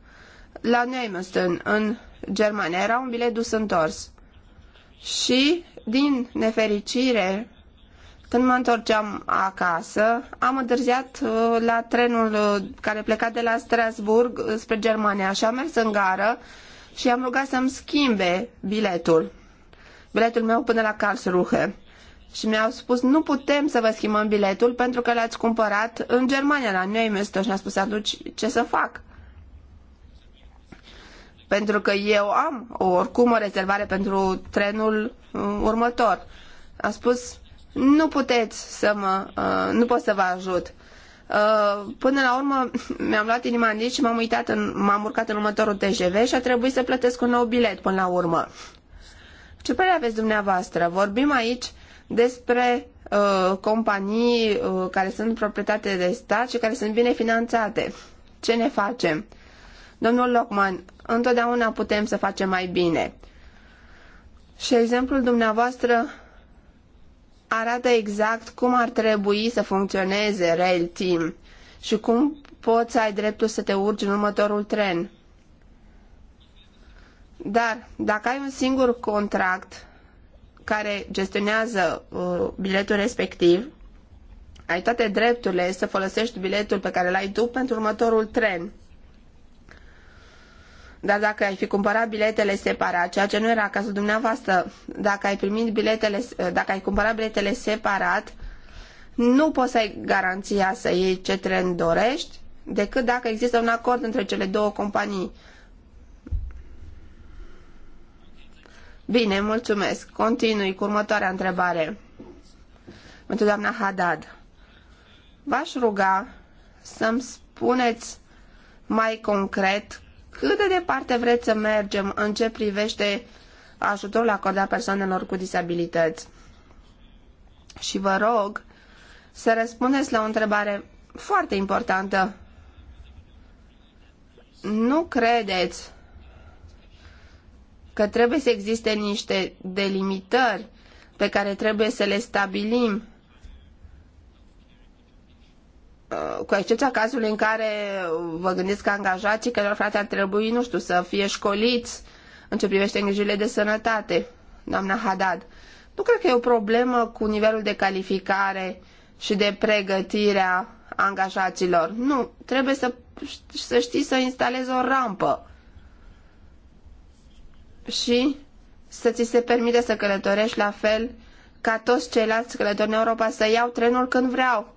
Speaker 1: la Neumünster, în Germania. Era un bilet dus întors. Și, din nefericire, când mă întorceam acasă, am întârziat uh, la trenul uh, care pleca de la Strasburg uh, spre Germania și am mers în gară și am rugat să-mi schimbe biletul. Biletul meu până la Karlsruhe. Și mi-au spus, nu putem să vă schimbăm biletul pentru că l-ați cumpărat în Germania, la Neumestor. Și am a spus, atunci ce să fac? Pentru că eu am oricum o rezervare pentru trenul următor. A spus, nu puteți să mă, uh, nu pot să vă ajut. Uh, până la urmă mi-am luat inima în și m-am uitat, m-am urcat în următorul TGV și a trebuit să plătesc un nou bilet până la urmă. Ce părere aveți dumneavoastră? Vorbim aici despre uh, companii uh, care sunt proprietate de stat și care sunt bine finanțate. Ce ne facem? Domnul Locman, întotdeauna putem să facem mai bine. Și exemplul dumneavoastră arată exact cum ar trebui să funcționeze rail team și cum poți să ai dreptul să te urci în următorul tren. Dar dacă ai un singur contract care gestionează uh, biletul respectiv, ai toate drepturile să folosești biletul pe care l-ai tu pentru următorul tren. Dar dacă ai fi cumpărat biletele separat, ceea ce nu era cazul dumneavoastră, dacă ai primit biletele, dacă ai cumpărat biletele separat, nu poți să ai garanția să iei ce tren dorești, decât dacă există un acord între cele două companii. Bine, mulțumesc. Continui cu următoarea întrebare. Pentru doamna Haddad. V-aș ruga să-mi spuneți mai concret cât de departe vreți să mergem în ce privește ajutorul acordat persoanelor cu disabilități. Și vă rog să răspundeți la o întrebare foarte importantă. Nu credeți că trebuie să existe niște delimitări pe care trebuie să le stabilim Uh, cu excepția cazului în care vă gândiți că angajații căror frate ar trebui, nu știu, să fie școliți în ce privește îngrijirile de sănătate, doamna Haddad. Nu cred că e o problemă cu nivelul de calificare și de pregătire a angajaților. Nu, trebuie să, să știi să instalezi o rampă și să ți se permite să călătorești la fel ca toți ceilalți călători în Europa să iau trenul când vreau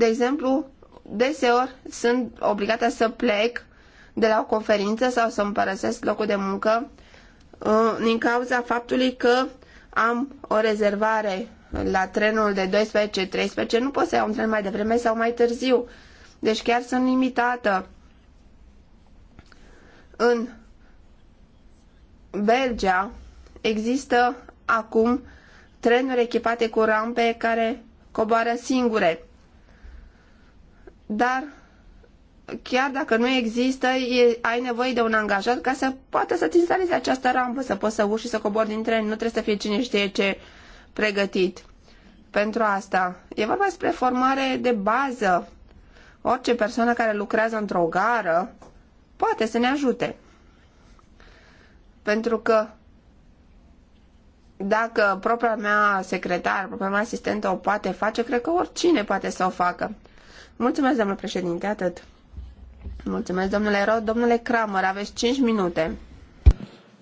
Speaker 1: de exemplu, deseori sunt obligată să plec de la o conferință sau să-mi părăsesc locul de muncă uh, din cauza faptului că am o rezervare la trenul de 12-13, nu pot să iau un tren mai devreme sau mai târziu. Deci chiar sunt limitată. În Belgia există acum trenuri echipate cu rampe care coboară singure dar chiar dacă nu există, e, ai nevoie de un angajat ca să poată să-ți instalezi această rampă, să poți să urci și să cobori din tren. Nu trebuie să fie cine știe ce pregătit pentru asta. E vorba despre formare de bază. Orice persoană care lucrează într-o gară poate să ne ajute. Pentru că dacă propria mea secretar, propria mea asistentă o poate face, cred că oricine poate să o facă. Mulțumesc, domnul președinte, atât. Mulțumesc, domnule Rod. Domnule Kramer, aveți 5 minute.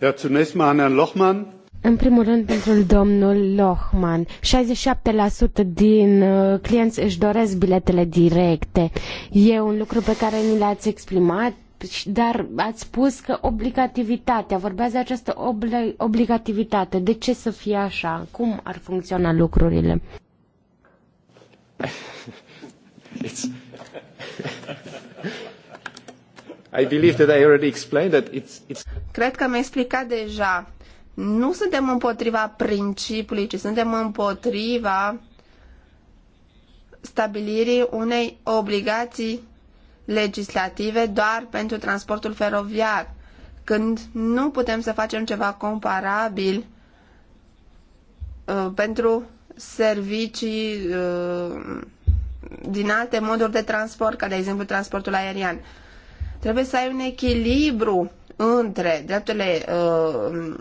Speaker 1: Ja, zunächst mal an Herrn Lochmann.
Speaker 2: În primul rând pentru domnul Lohman. 67% din uh, clienți își doresc biletele directe. E un lucru pe care ni l-ați exprimat, dar ați spus că obligativitatea, vorbeați de această obli obligativitate. De ce să fie așa? Cum ar funcționa lucrurile? it's
Speaker 3: I believe that I already explained that it's, it's...
Speaker 1: Cred că mi explicat deja. Nu suntem împotriva principiului, ci suntem împotriva stabilirii unei obligații legislative doar pentru transportul feroviar, când nu putem să facem ceva comparabil uh, pentru servicii uh, din alte moduri de transport, ca de exemplu transportul aerian. Trebuie să ai un echilibru între drepturile uh,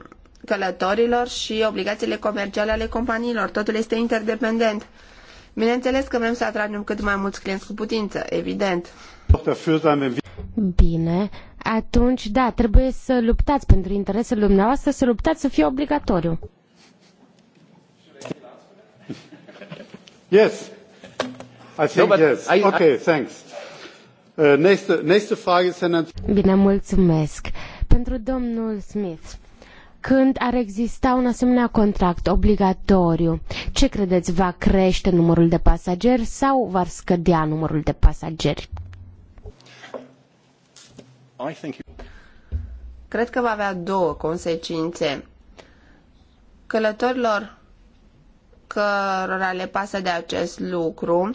Speaker 1: călătorilor și obligațiile comerciale ale companiilor. Totul este interdependent. Bineînțeles că vrem să atragem cât mai mulți clienți cu putință, evident.
Speaker 2: Bine, atunci da, trebuie să luptați pentru interesele dumneavoastră, să luptați să fie obligatoriu.
Speaker 3: Yes. I think no, yes. I, okay, I... thanks. Uh, Frage ist Herrn
Speaker 2: Bine, mulțumesc. Pentru domnul Smith, când ar exista un asemenea contract obligatoriu, ce credeți, va crește numărul de pasageri sau va scădea numărul de pasageri? I think
Speaker 1: Cred că va avea două consecințe. Călătorilor cărora le pasă de acest lucru,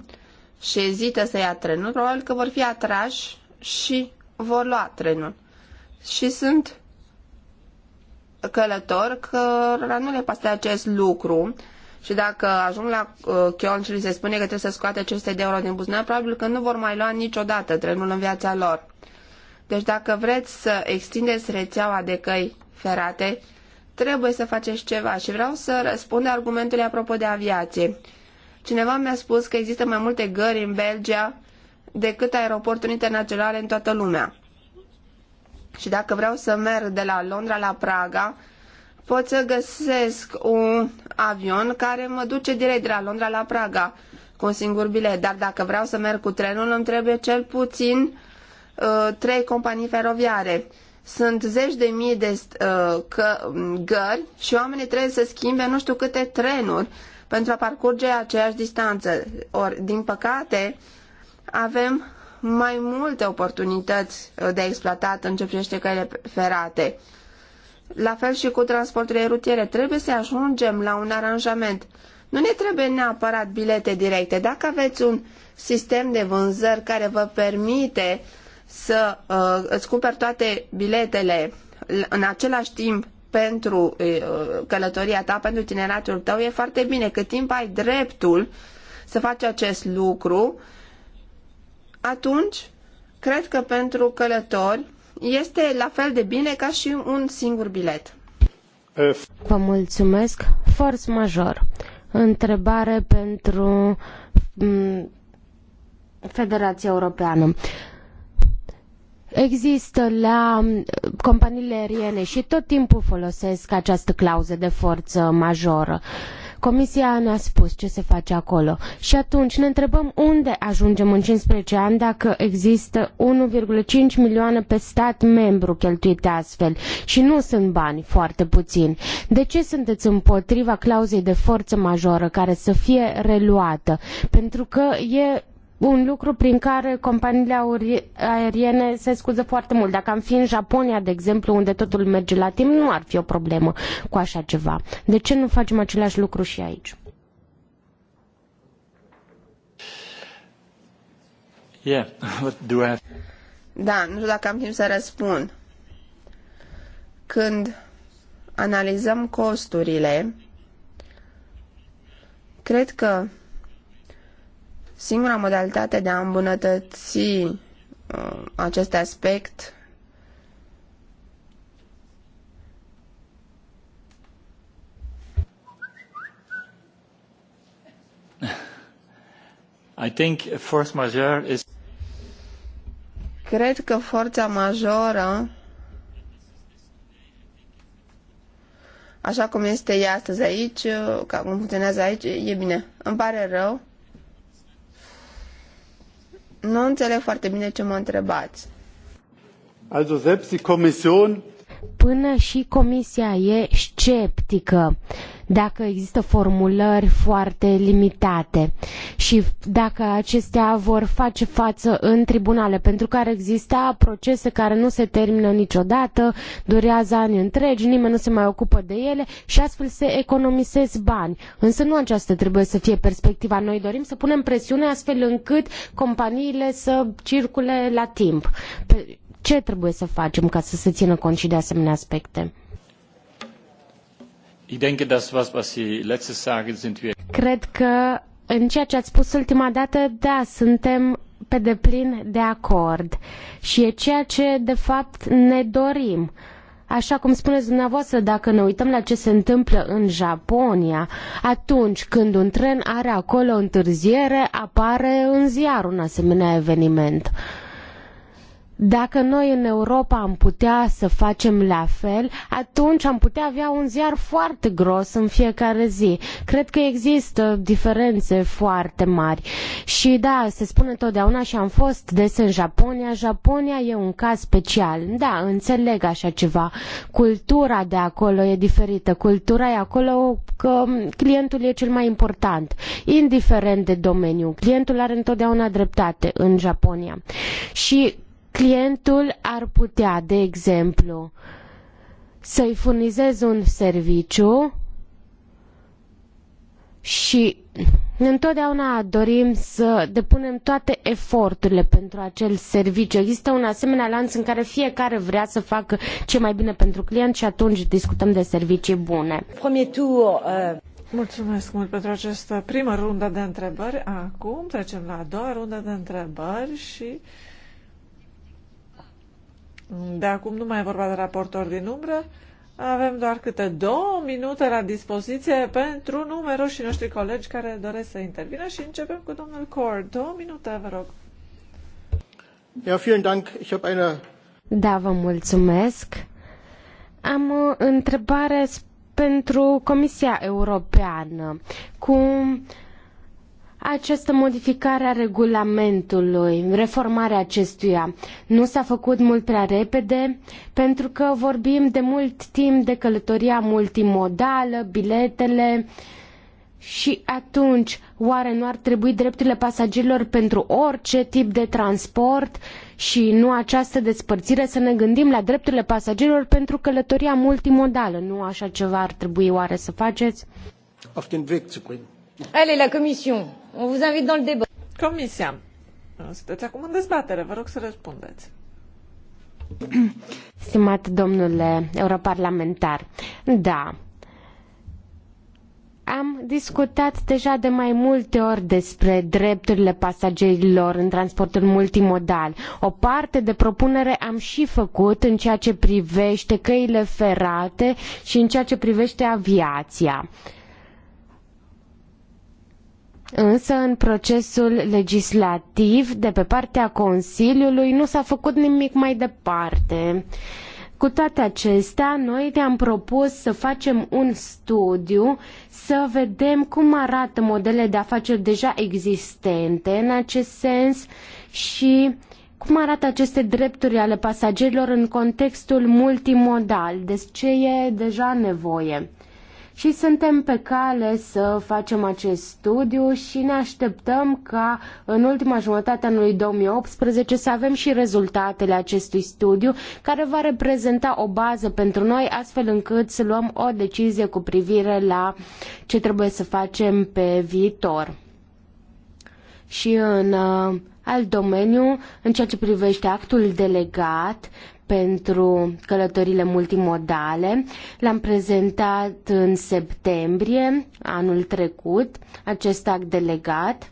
Speaker 1: și ezită să ia trenul, probabil că vor fi atrași și vor lua trenul. Și sunt călători că nu le pasă acest lucru și dacă ajung la uh, Chion și li se spune că trebuie să scoate 500 de euro din buzunar, probabil că nu vor mai lua niciodată trenul în viața lor. Deci dacă vreți să extindeți rețeaua de căi ferate, trebuie să faceți ceva și vreau să răspund argumentului apropo de aviație. Cineva mi-a spus că există mai multe gări în Belgia decât aeroporturi internaționale în toată lumea. Și dacă vreau să merg de la Londra la Praga, pot să găsesc un avion care mă duce direct de la Londra la Praga cu un singur bilet. Dar dacă vreau să merg cu trenul, îmi trebuie cel puțin uh, trei companii feroviare. Sunt zeci de mii de uh, că, gări și oamenii trebuie să schimbe nu știu câte trenuri pentru a parcurge aceeași distanță. Ori, din păcate, avem mai multe oportunități uh, de exploatat în ce privește căile ferate. La fel și cu transporturile rutiere, trebuie să ajungem la un aranjament. Nu ne trebuie neapărat bilete directe. Dacă aveți un sistem de vânzări care vă permite să uh, îți cumperi toate biletele în același timp pentru călătoria ta, pentru tineratul tău, e foarte bine. Cât timp ai dreptul să faci acest lucru, atunci cred că pentru călători este la fel de bine ca și un singur bilet.
Speaker 2: Vă mulțumesc. Forț major. Întrebare pentru Federația Europeană există la mm, companiile aeriene și tot timpul folosesc această clauză de forță majoră. Comisia ne-a spus ce se face acolo și atunci ne întrebăm unde ajungem în 15 ani dacă există 1,5 milioane pe stat membru cheltuite astfel și nu sunt bani foarte puțini. De ce sunteți împotriva clauzei de forță majoră care să fie reluată? Pentru că e un lucru prin care companiile aeriene se scuză foarte mult. Dacă am fi în Japonia, de exemplu, unde totul merge la timp, nu ar fi o problemă cu așa ceva. De ce nu facem același lucru și aici?
Speaker 3: Yeah. Do I...
Speaker 1: Da, nu știu dacă am timp să răspund. Când analizăm costurile, cred că Singura modalitate de a îmbunătăți uh, acest aspect
Speaker 3: I think force majeure is
Speaker 1: Cred că forța majoră așa cum este ea astăzi aici, uh, ca cum funcționează aici, e bine. Îmi pare rău. Nu înțeleg foarte bine ce mă întrebați. Also selbst die Kommission
Speaker 2: Până și comisia e sceptică dacă există formulări foarte limitate și dacă acestea vor face față în tribunale, pentru că ar exista procese care nu se termină niciodată, durează ani întregi, nimeni nu se mai ocupă de ele și astfel se economisesc bani. Însă nu aceasta trebuie să fie perspectiva. Noi dorim să punem presiune astfel încât companiile să circule la timp. Ce trebuie să facem ca să se țină cont și de asemenea aspecte? Cred că în ceea ce ați spus ultima dată, da, suntem pe deplin de acord. Și e ceea ce, de fapt, ne dorim. Așa cum spuneți dumneavoastră, dacă ne uităm la ce se întâmplă în Japonia, atunci când un tren are acolo întârziere, apare în ziar un asemenea eveniment. Dacă noi în Europa am putea să facem la fel, atunci am putea avea un ziar foarte gros în fiecare zi. Cred că există diferențe foarte mari. Și da, se spune totdeauna și am fost des în Japonia. Japonia e un caz special. Da, înțeleg așa ceva. Cultura de acolo e diferită. Cultura e acolo că clientul e cel mai important. Indiferent de domeniu, clientul are întotdeauna dreptate în Japonia. Și clientul ar putea, de exemplu, să-i furnizezi un serviciu și întotdeauna dorim să depunem toate eforturile pentru acel serviciu. Există un asemenea lanț în care fiecare vrea să facă ce mai bine pentru client și atunci discutăm de servicii bune.
Speaker 3: Uh. Mulțumesc mult pentru această primă rundă de întrebări. Acum trecem la a doua rundă de întrebări și uh, de acum nu mai e vorba de raportor din umbră. Avem doar câte două minute la dispoziție pentru numeroșii noștri colegi care doresc să intervină și începem cu domnul Cor. Două minute, vă rog. Ja, vielen Dank.
Speaker 2: Ich habe eine... Da, vă mulțumesc. Am o întrebare pentru Comisia Europeană. Cum această modificare a regulamentului, reformarea acestuia, nu s-a făcut mult prea repede pentru că vorbim de mult timp de călătoria multimodală, biletele și atunci oare nu ar trebui drepturile pasagerilor pentru orice tip de transport și nu această despărțire să ne gândim la drepturile pasagerilor pentru călătoria multimodală? Nu așa ceva ar trebui oare să faceți? Auf den Weg zu bringen. Allez, la Commission,
Speaker 3: on vous invite dans le débat. Comisia, sunteți acum în dezbatere, vă rog să răspundeți.
Speaker 2: Stimat domnule europarlamentar, da, am discutat deja de mai multe ori despre drepturile pasagerilor în transportul multimodal. O parte de propunere am și făcut în ceea ce privește căile ferate și în ceea ce privește aviația. Însă în procesul legislativ de pe partea Consiliului nu s-a făcut nimic mai departe. Cu toate acestea, noi ne-am propus să facem un studiu, să vedem cum arată modele de afaceri deja existente în acest sens și cum arată aceste drepturi ale pasagerilor în contextul multimodal, deci ce e deja nevoie și suntem pe cale să facem acest studiu și ne așteptăm ca în ultima jumătate a anului 2018 să avem și rezultatele acestui studiu care va reprezenta o bază pentru noi astfel încât să luăm o decizie cu privire la ce trebuie să facem pe viitor. Și în uh, alt domeniu, în ceea ce privește actul delegat, pentru călătorile multimodale. L-am prezentat în septembrie anul trecut, acest act delegat.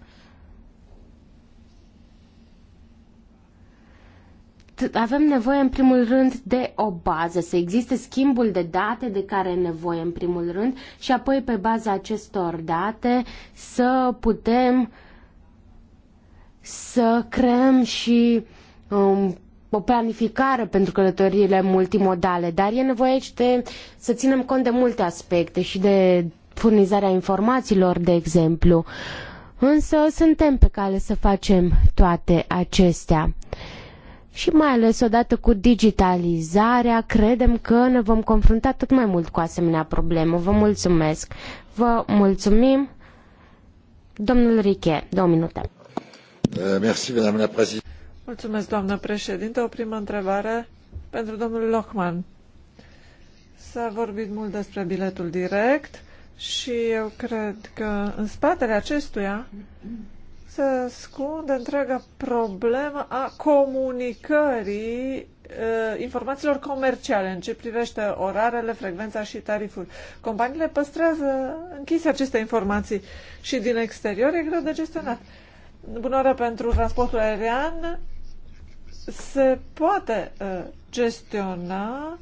Speaker 2: avem nevoie în primul rând de o bază, să existe schimbul de date de care e nevoie în primul rând și apoi pe baza acestor date să putem să creăm și um, o planificare pentru călătoriile multimodale, dar e nevoie aici de, să ținem cont de multe aspecte și de furnizarea informațiilor, de exemplu. Însă suntem pe cale să facem toate acestea. Și mai ales odată cu digitalizarea, credem că ne vom confrunta tot mai mult cu asemenea problemă. Vă mulțumesc. Vă mulțumim. Domnul Riche, două minute.
Speaker 3: Uh, merci, Mulțumesc, doamnă președinte. O primă întrebare pentru domnul Lochman. S-a vorbit mult despre biletul direct și eu cred că în spatele acestuia se ascunde întreaga problemă a comunicării uh, informațiilor comerciale în ce privește orarele, frecvența și tariful. Companiile păstrează închise aceste informații și din exterior e greu de gestionat. Bună oră pentru transportul aerian, se poate uh, gestiona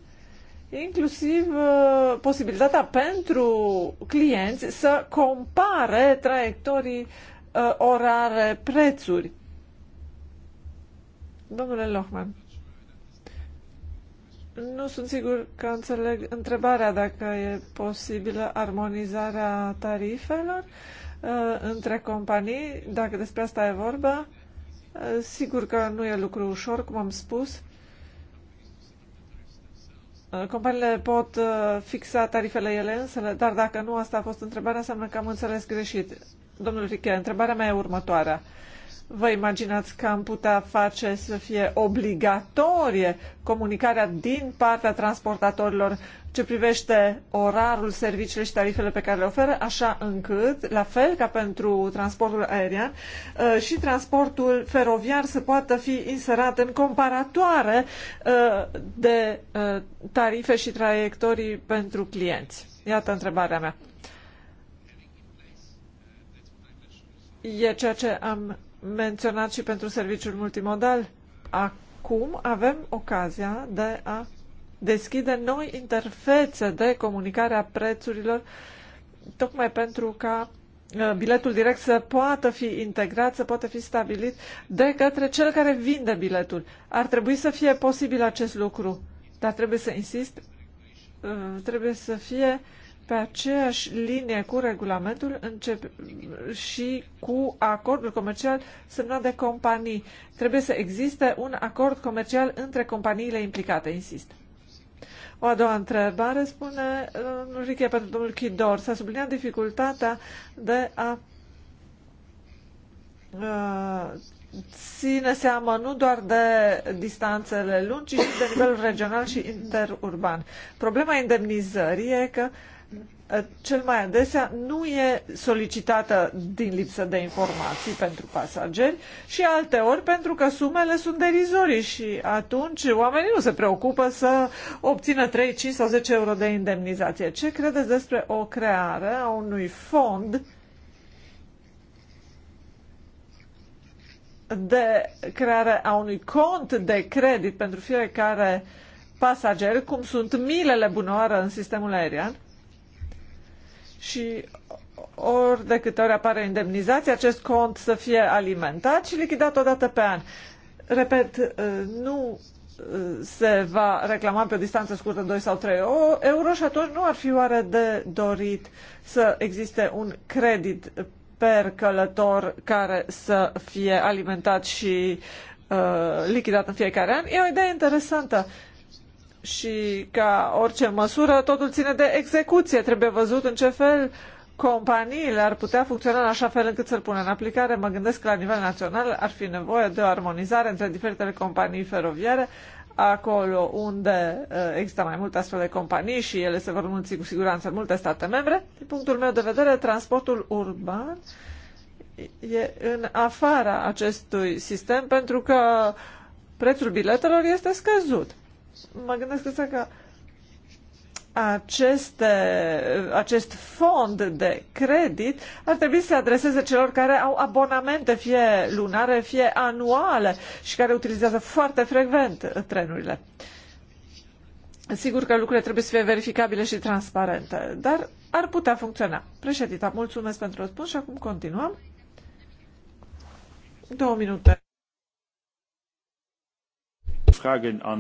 Speaker 3: inclusiv uh, posibilitatea pentru clienți să compare traiectorii uh, orare, prețuri. Domnule Lohman, nu sunt sigur că înțeleg întrebarea dacă e posibilă armonizarea tarifelor uh, între companii, dacă despre asta e vorba. Eh, sigur că nu e lucru ușor, cum am spus. Eh, companiile pot eh, fixa tarifele ele însele, dar dacă nu asta a fost întrebarea, înseamnă că am înțeles greșit. Domnul Riche, întrebarea mea e următoarea. Vă imaginați că am putea face să fie obligatorie comunicarea din partea transportatorilor ce privește orarul, serviciile și tarifele pe care le oferă, așa încât, la fel ca pentru transportul aerian, uh, și transportul feroviar să poată fi inserat în comparatoare uh, de uh, tarife și traiectorii pentru clienți. Iată întrebarea mea. E ceea ce am menționat și pentru serviciul multimodal. Acum avem ocazia de a deschide noi interfețe de comunicare a prețurilor, tocmai pentru ca uh, biletul direct să poată fi integrat, să poată fi stabilit de către cel care vinde biletul. Ar trebui să fie posibil acest lucru, dar trebuie să insist, uh, trebuie să fie pe aceeași linie cu regulamentul încep și cu acordul comercial semnat de companii. Trebuie să existe un acord comercial între companiile implicate, insist. O a doua întrebare spune știu, uh, Riche pentru domnul Chidor. S-a subliniat dificultatea de a uh, ține seamă nu doar de distanțele lungi, ci și de nivel regional și interurban. Problema indemnizării e că uh, cel mai adesea nu e solicitată din lipsă de informații pentru pasageri și alte ori pentru că sumele sunt derizorii și atunci oamenii nu se preocupă să obțină 3, 5 sau 10 euro de indemnizație. Ce credeți despre o creare a unui fond de creare a unui cont de credit pentru fiecare pasager, cum sunt milele bunoară în sistemul aerian? și ori de câte ori apare indemnizație, acest cont să fie alimentat și lichidat odată pe an. Repet, uh, nu uh, se va reclama pe o distanță scurtă 2 sau 3 euro și atunci nu ar fi oare de dorit să existe un credit per călător care să fie alimentat și uh, lichidat în fiecare an. E o idee interesantă și ca orice măsură, totul ține de execuție. Trebuie văzut în ce fel companiile ar putea funcționa în așa fel încât să-l pună în aplicare. Mă gândesc că la nivel național ar fi nevoie de o armonizare între diferitele companii feroviare, acolo unde eh, există mai multe astfel de companii și ele se vor mulți cu siguranță în multe state membre. Din punctul meu de vedere, transportul urban e în afara acestui sistem pentru că prețul biletelor este scăzut mă gândesc că aceste, acest fond de credit ar trebui să se adreseze celor care au abonamente fie lunare, fie anuale și care utilizează foarte frecvent trenurile. Sigur că lucrurile trebuie să fie verificabile și transparente, dar ar putea funcționa. Președinta, mulțumesc pentru răspuns și acum continuăm. Două minute.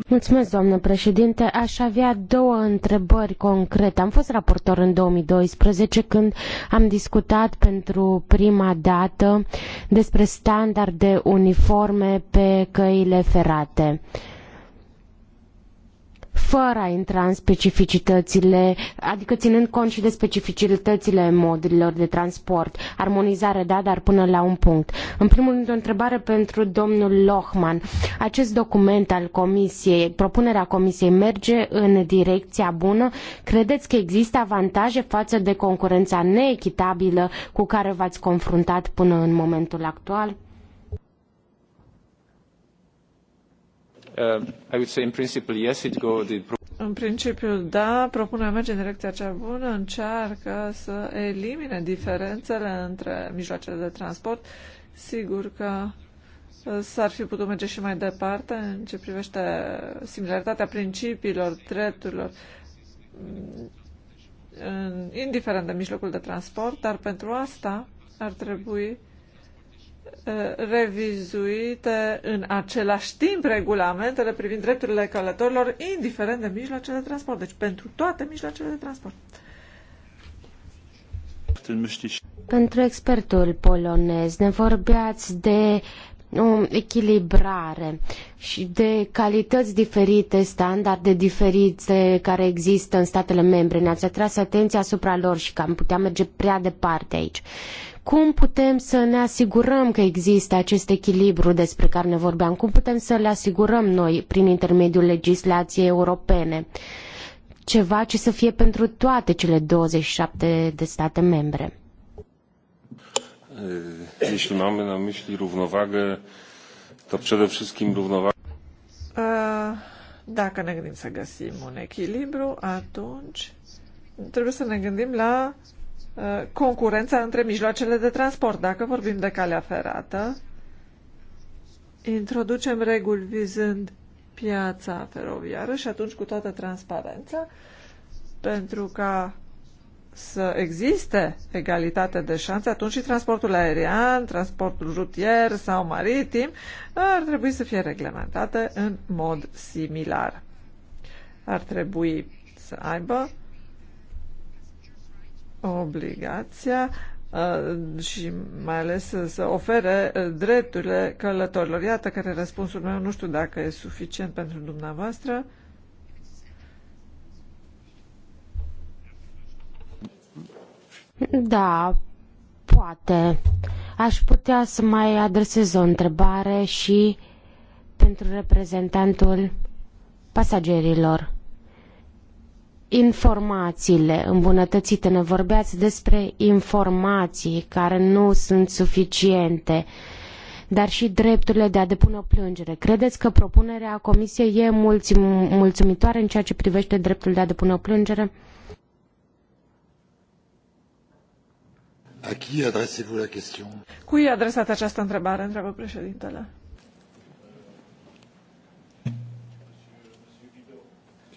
Speaker 2: Mulțumesc, doamnă președinte. Aș avea două întrebări concrete. Am fost raportor în 2012 când am discutat pentru prima dată despre standarde uniforme pe căile ferate fără a intra în specificitățile, adică ținând cont și de specificitățile modurilor de transport. Armonizare, da, dar până la un punct. În primul rând, o întrebare pentru domnul Lohman. Acest document al Comisiei, propunerea Comisiei, merge în direcția bună? Credeți că există avantaje față de concurența neechitabilă cu care v-ați confruntat până în momentul actual?
Speaker 3: Uh, I would say in principle yes, it go the în principiu, da, propunerea merge în direcția cea bună, încearcă să elimine diferențele între mijloacele de transport. Sigur că uh, s-ar fi putut merge și mai departe în ce privește similaritatea principiilor, drepturilor, indiferent de mijlocul de transport, dar pentru asta ar trebui Uh, revizuite în același timp regulamentele privind drepturile călătorilor, indiferent de mijloacele de transport, deci pentru toate mijloacele de transport.
Speaker 2: Pentru expertul polonez, ne vorbeați de o echilibrare și de calități diferite, standarde diferite care există în statele membre. Ne-ați atras atenția asupra lor și că am putea merge prea departe aici. Cum putem să ne asigurăm că există acest echilibru despre care ne vorbeam? Cum putem să le asigurăm noi prin intermediul legislației europene? Ceva ce să fie pentru toate cele 27 de state membre jeśli mamy na myśli równowagę, to przede wszystkim równowagę.
Speaker 3: Dacă ne gândim să găsim un echilibru, atunci trebuie să ne gândim la concurența între mijloacele de transport. Dacă vorbim de calea ferată, introducem reguli vizând piața feroviară și atunci cu toată transparența, pentru ca să existe egalitate de șanse, atunci și transportul aerian, transportul rutier sau maritim ar trebui să fie reglementate în mod similar. Ar trebui să aibă obligația uh, și mai ales să ofere uh, drepturile călătorilor. Iată care răspunsul meu, nu știu dacă e suficient pentru dumneavoastră.
Speaker 2: Da, poate. Aș putea să mai adresez o întrebare și pentru reprezentantul pasagerilor. Informațiile îmbunătățite, ne vorbeați despre informații care nu sunt suficiente dar și drepturile de a depune o plângere. Credeți că propunerea Comisiei e mulțum- mulțumitoare în ceea ce privește dreptul de a depune o plângere?
Speaker 3: A qui adresez-vous la question? Cui adresați această întrebare, întreabă președintele.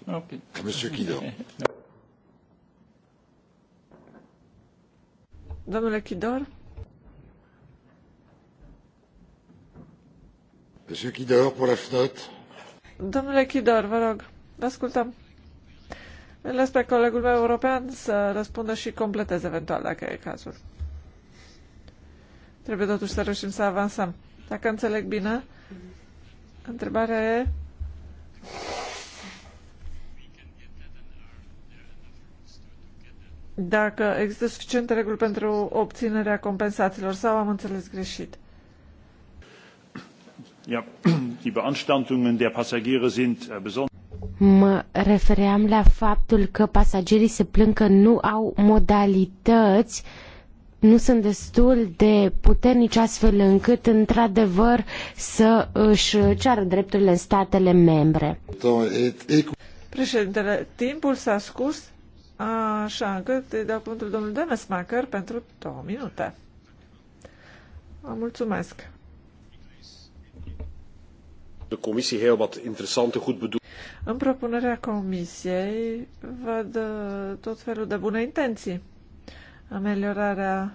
Speaker 3: Okay. Monsieur Guido. Domnule Kidor. Monsieur Chidor, pour la FNOT. Domnule Kidor, vă rog, ascultăm. Îl las pe colegul meu european să răspundă și completeze eventual dacă e cazul. Trebuie totuși să reușim să avansăm. Dacă înțeleg bine, întrebarea e dacă există suficiente reguli pentru obținerea compensațiilor sau am înțeles greșit.
Speaker 2: Äh, mă refeream la faptul că pasagerii se plâng că nu au modalități uh, nu sunt destul de puternici astfel încât, într-adevăr, să își ceară drepturile în statele membre.
Speaker 3: Președintele, timpul s-a scurs, așa încât îi dau cuvântul domnului Demesmacher pentru două minute. Vă mulțumesc.
Speaker 1: De comisie heel wat
Speaker 2: interessante, goed bedoeld.
Speaker 3: În propunerea comisiei văd uh, tot felul de bune intenții ameliorarea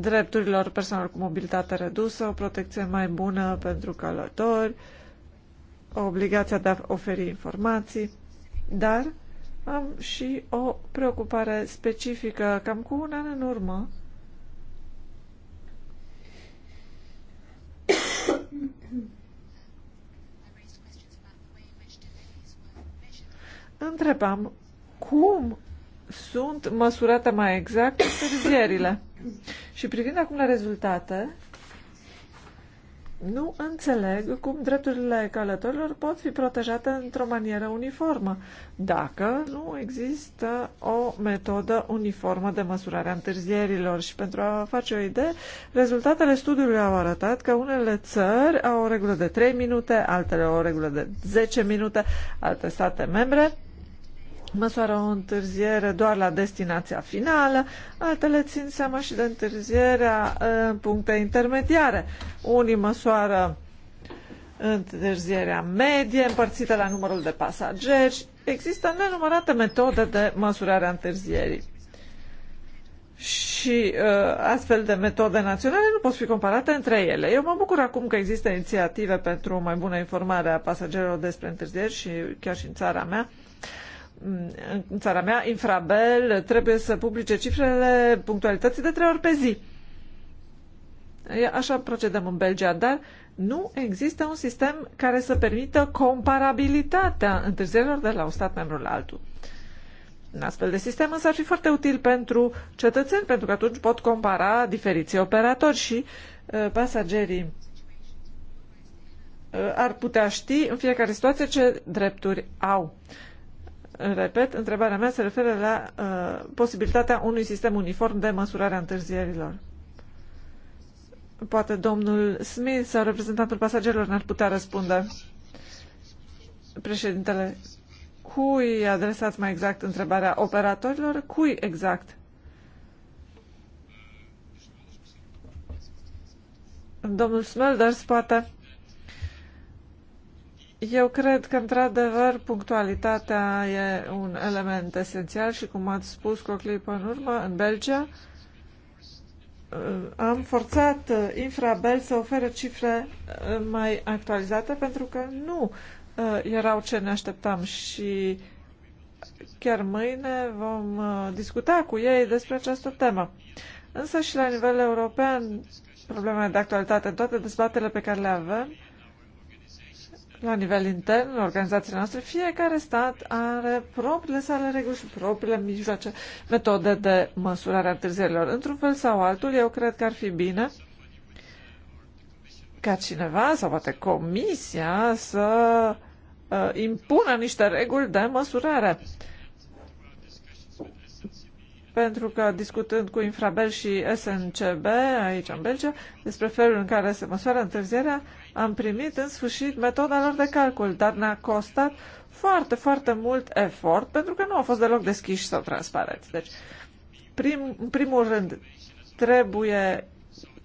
Speaker 3: drepturilor persoanelor cu mobilitate redusă, o protecție mai bună pentru călători, obligația de a oferi informații, dar am și o preocupare specifică, cam cu un an în urmă. Întrebam cum sunt măsurate mai exact întârzierile. Și privind acum la rezultate, nu înțeleg cum drepturile călătorilor pot fi protejate într-o manieră uniformă, dacă nu există o metodă uniformă de măsurare a întârzierilor. Și pentru a face o idee, rezultatele studiului au arătat că unele țări au o regulă de 3 minute, altele o regulă de 10 minute, alte state membre măsoară o întârziere doar la destinația finală, altele țin seama și de întârzierea uh, în puncte intermediare. Unii măsoară întârzierea medie împărțită la numărul de pasageri. Există nenumărate metode de măsurare a întârzierii. Și uh, astfel de metode naționale nu pot fi comparate între ele. Eu mă bucur acum că există inițiative pentru o mai bună informare a pasagerilor despre întârzieri și chiar și în țara mea. Uh, în țara mea, Infrabel trebuie să publice cifrele punctualității de trei ori pe zi. Așa procedăm în Belgia, dar nu există un sistem care să permită comparabilitatea întârzierilor de la un stat membru la altul. Un astfel de sistem însă ar fi foarte util pentru cetățeni, pentru că atunci pot compara diferiții operatori și pasagerii ar putea ști în fiecare situație ce drepturi au. Repet, întrebarea mea se referă la uh, posibilitatea unui sistem uniform de măsurare a întârzierilor. Poate domnul Smith sau reprezentantul pasagerilor n-ar putea răspunde. Președintele, cui adresați mai exact întrebarea? Operatorilor? Cui exact? Domnul Smelders, poate. Eu cred că, într-adevăr, punctualitatea e un element esențial și, cum ați spus cu o clipă în urmă, în Belgia, uh, am forțat uh, Infrabel să ofere cifre uh, mai actualizate pentru că nu erau ce ne așteptam și chiar mâine vom discuta cu ei despre această temă. Însă și la nivel european, problema de actualitate, toate dezbatele pe care le avem, la nivel intern, în organizațiile noastre, fiecare stat are propriile sale reguli și propriile mijloace, metode de măsurare a întârzierilor. Într-un fel sau altul, eu cred că ar fi bine ca cineva sau poate comisia să uh, impună niște reguli de măsurare. Pentru că discutând cu Infrabel și SNCB aici în Belgia despre felul în care se măsoară întârzierea, am primit în sfârșit metoda lor de calcul, dar ne-a costat foarte, foarte mult efort pentru că nu au fost deloc deschiși sau transparenți. Deci, prim, în primul rând, trebuie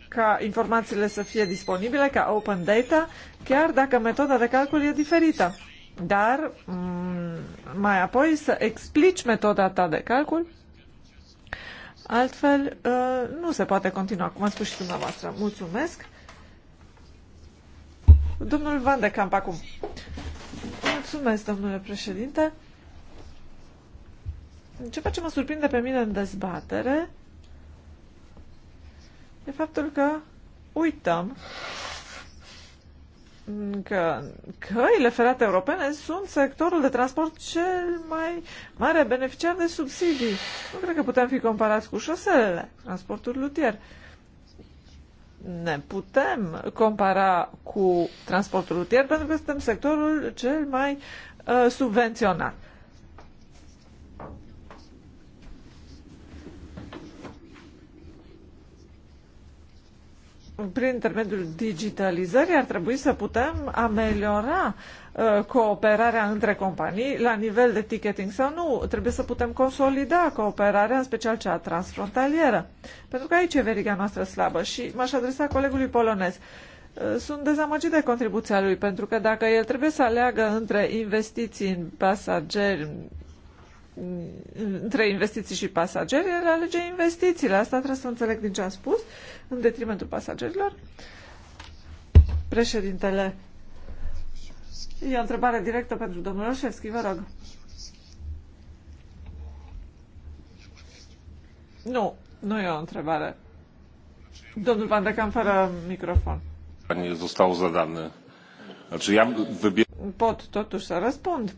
Speaker 3: ca informațiile să fie disponibile ca open data, chiar dacă metoda de calcul e diferită. Dar mm, mai apoi să explici metoda ta de calcul, altfel uh, nu se poate continua, cum a spus și dumneavoastră. Mulțumesc! Domnul Van de Camp acum. Mulțumesc, domnule președinte. Ceea ce mă surprinde pe mine în dezbatere e faptul că uităm că căile ferate europene sunt sectorul de transport cel mai mare beneficiar de subsidii. Nu cred că putem fi comparați cu șoselele, transportul lutier. Uh, ne putem compara cu transportul rutier pentru că suntem sectorul cel mai uh, subvenționat. prin intermediul digitalizării ar trebui să putem ameliora uh, cooperarea între companii la nivel de ticketing sau nu. Trebuie să putem consolida cooperarea, în special cea transfrontalieră. Pentru că aici e veriga noastră slabă și m-aș adresa colegului polonez. Uh, sunt dezamăgit de contribuția lui, pentru că dacă el trebuie să aleagă între investiții în pasageri, între investiții și pasageri, el alege investițiile. Asta trebuie să înțeleg din ce am spus, în detrimentul pasagerilor. Președintele, e o întrebare directă pentru domnul Roșevski, vă rog. Nu, nu e o întrebare. Domnul Van de Cam, fără microfon. Nie został zadany. Znaczy ja wybieram... Pot totuși să răspund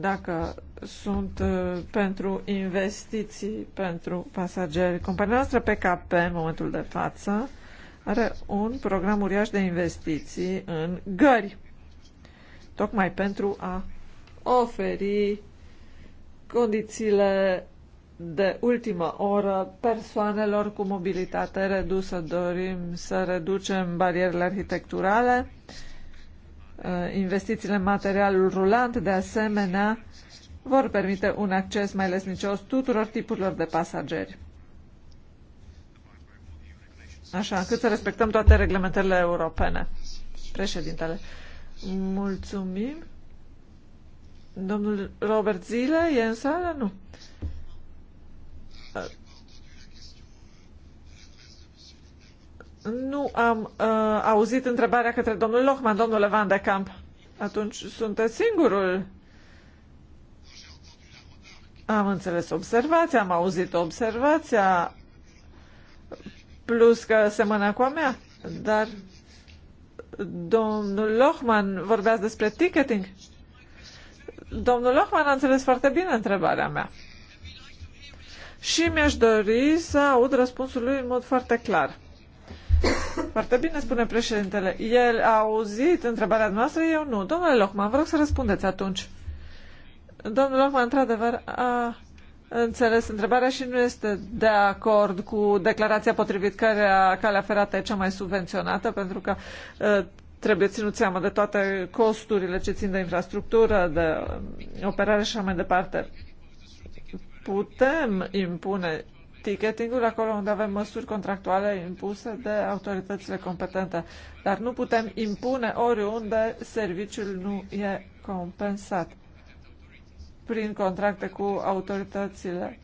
Speaker 3: dacă sunt uh, pentru investiții pentru pasageri. Compania noastră PKP, în momentul de față, are un program uriaș de investiții în gări, tocmai pentru a oferi condițiile de ultimă oră persoanelor cu mobilitate redusă. Dorim să reducem barierele arhitecturale, uh, Eh, investițiile în materialul rulant, de asemenea, vor permite un acces mai lesnicios tuturor tipurilor de pasageri. Așa, cât să respectăm toate reglementările europene. Președintele, mulțumim. Domnul Robert Zile e în sală? Nu. Nu am uh, auzit întrebarea către domnul Lohman, domnule Van de Camp. Atunci sunteți singurul. Am înțeles observația, am auzit observația, plus că semăna cu a mea, dar domnul Lohman vorbea despre ticketing. Domnul Lohman a înțeles foarte bine întrebarea mea. Și mi-aș dori să aud răspunsul lui în mod foarte clar. Foarte bine, spune președintele. El a auzit întrebarea noastră, eu nu. Domnule Lohman, vă rog să răspundeți atunci. Domnul Lohman, într-adevăr, a înțeles întrebarea și nu este de acord cu declarația potrivit care calea ferată e cea mai subvenționată, pentru că trebuie ținut seama de toate costurile ce țin de infrastructură, de um, operare și așa mai departe. Putem impune ticketing-ul acolo unde avem măsuri contractuale impuse de autoritățile competente. Dar nu putem impune oriunde serviciul nu e compensat prin contracte cu autoritățile.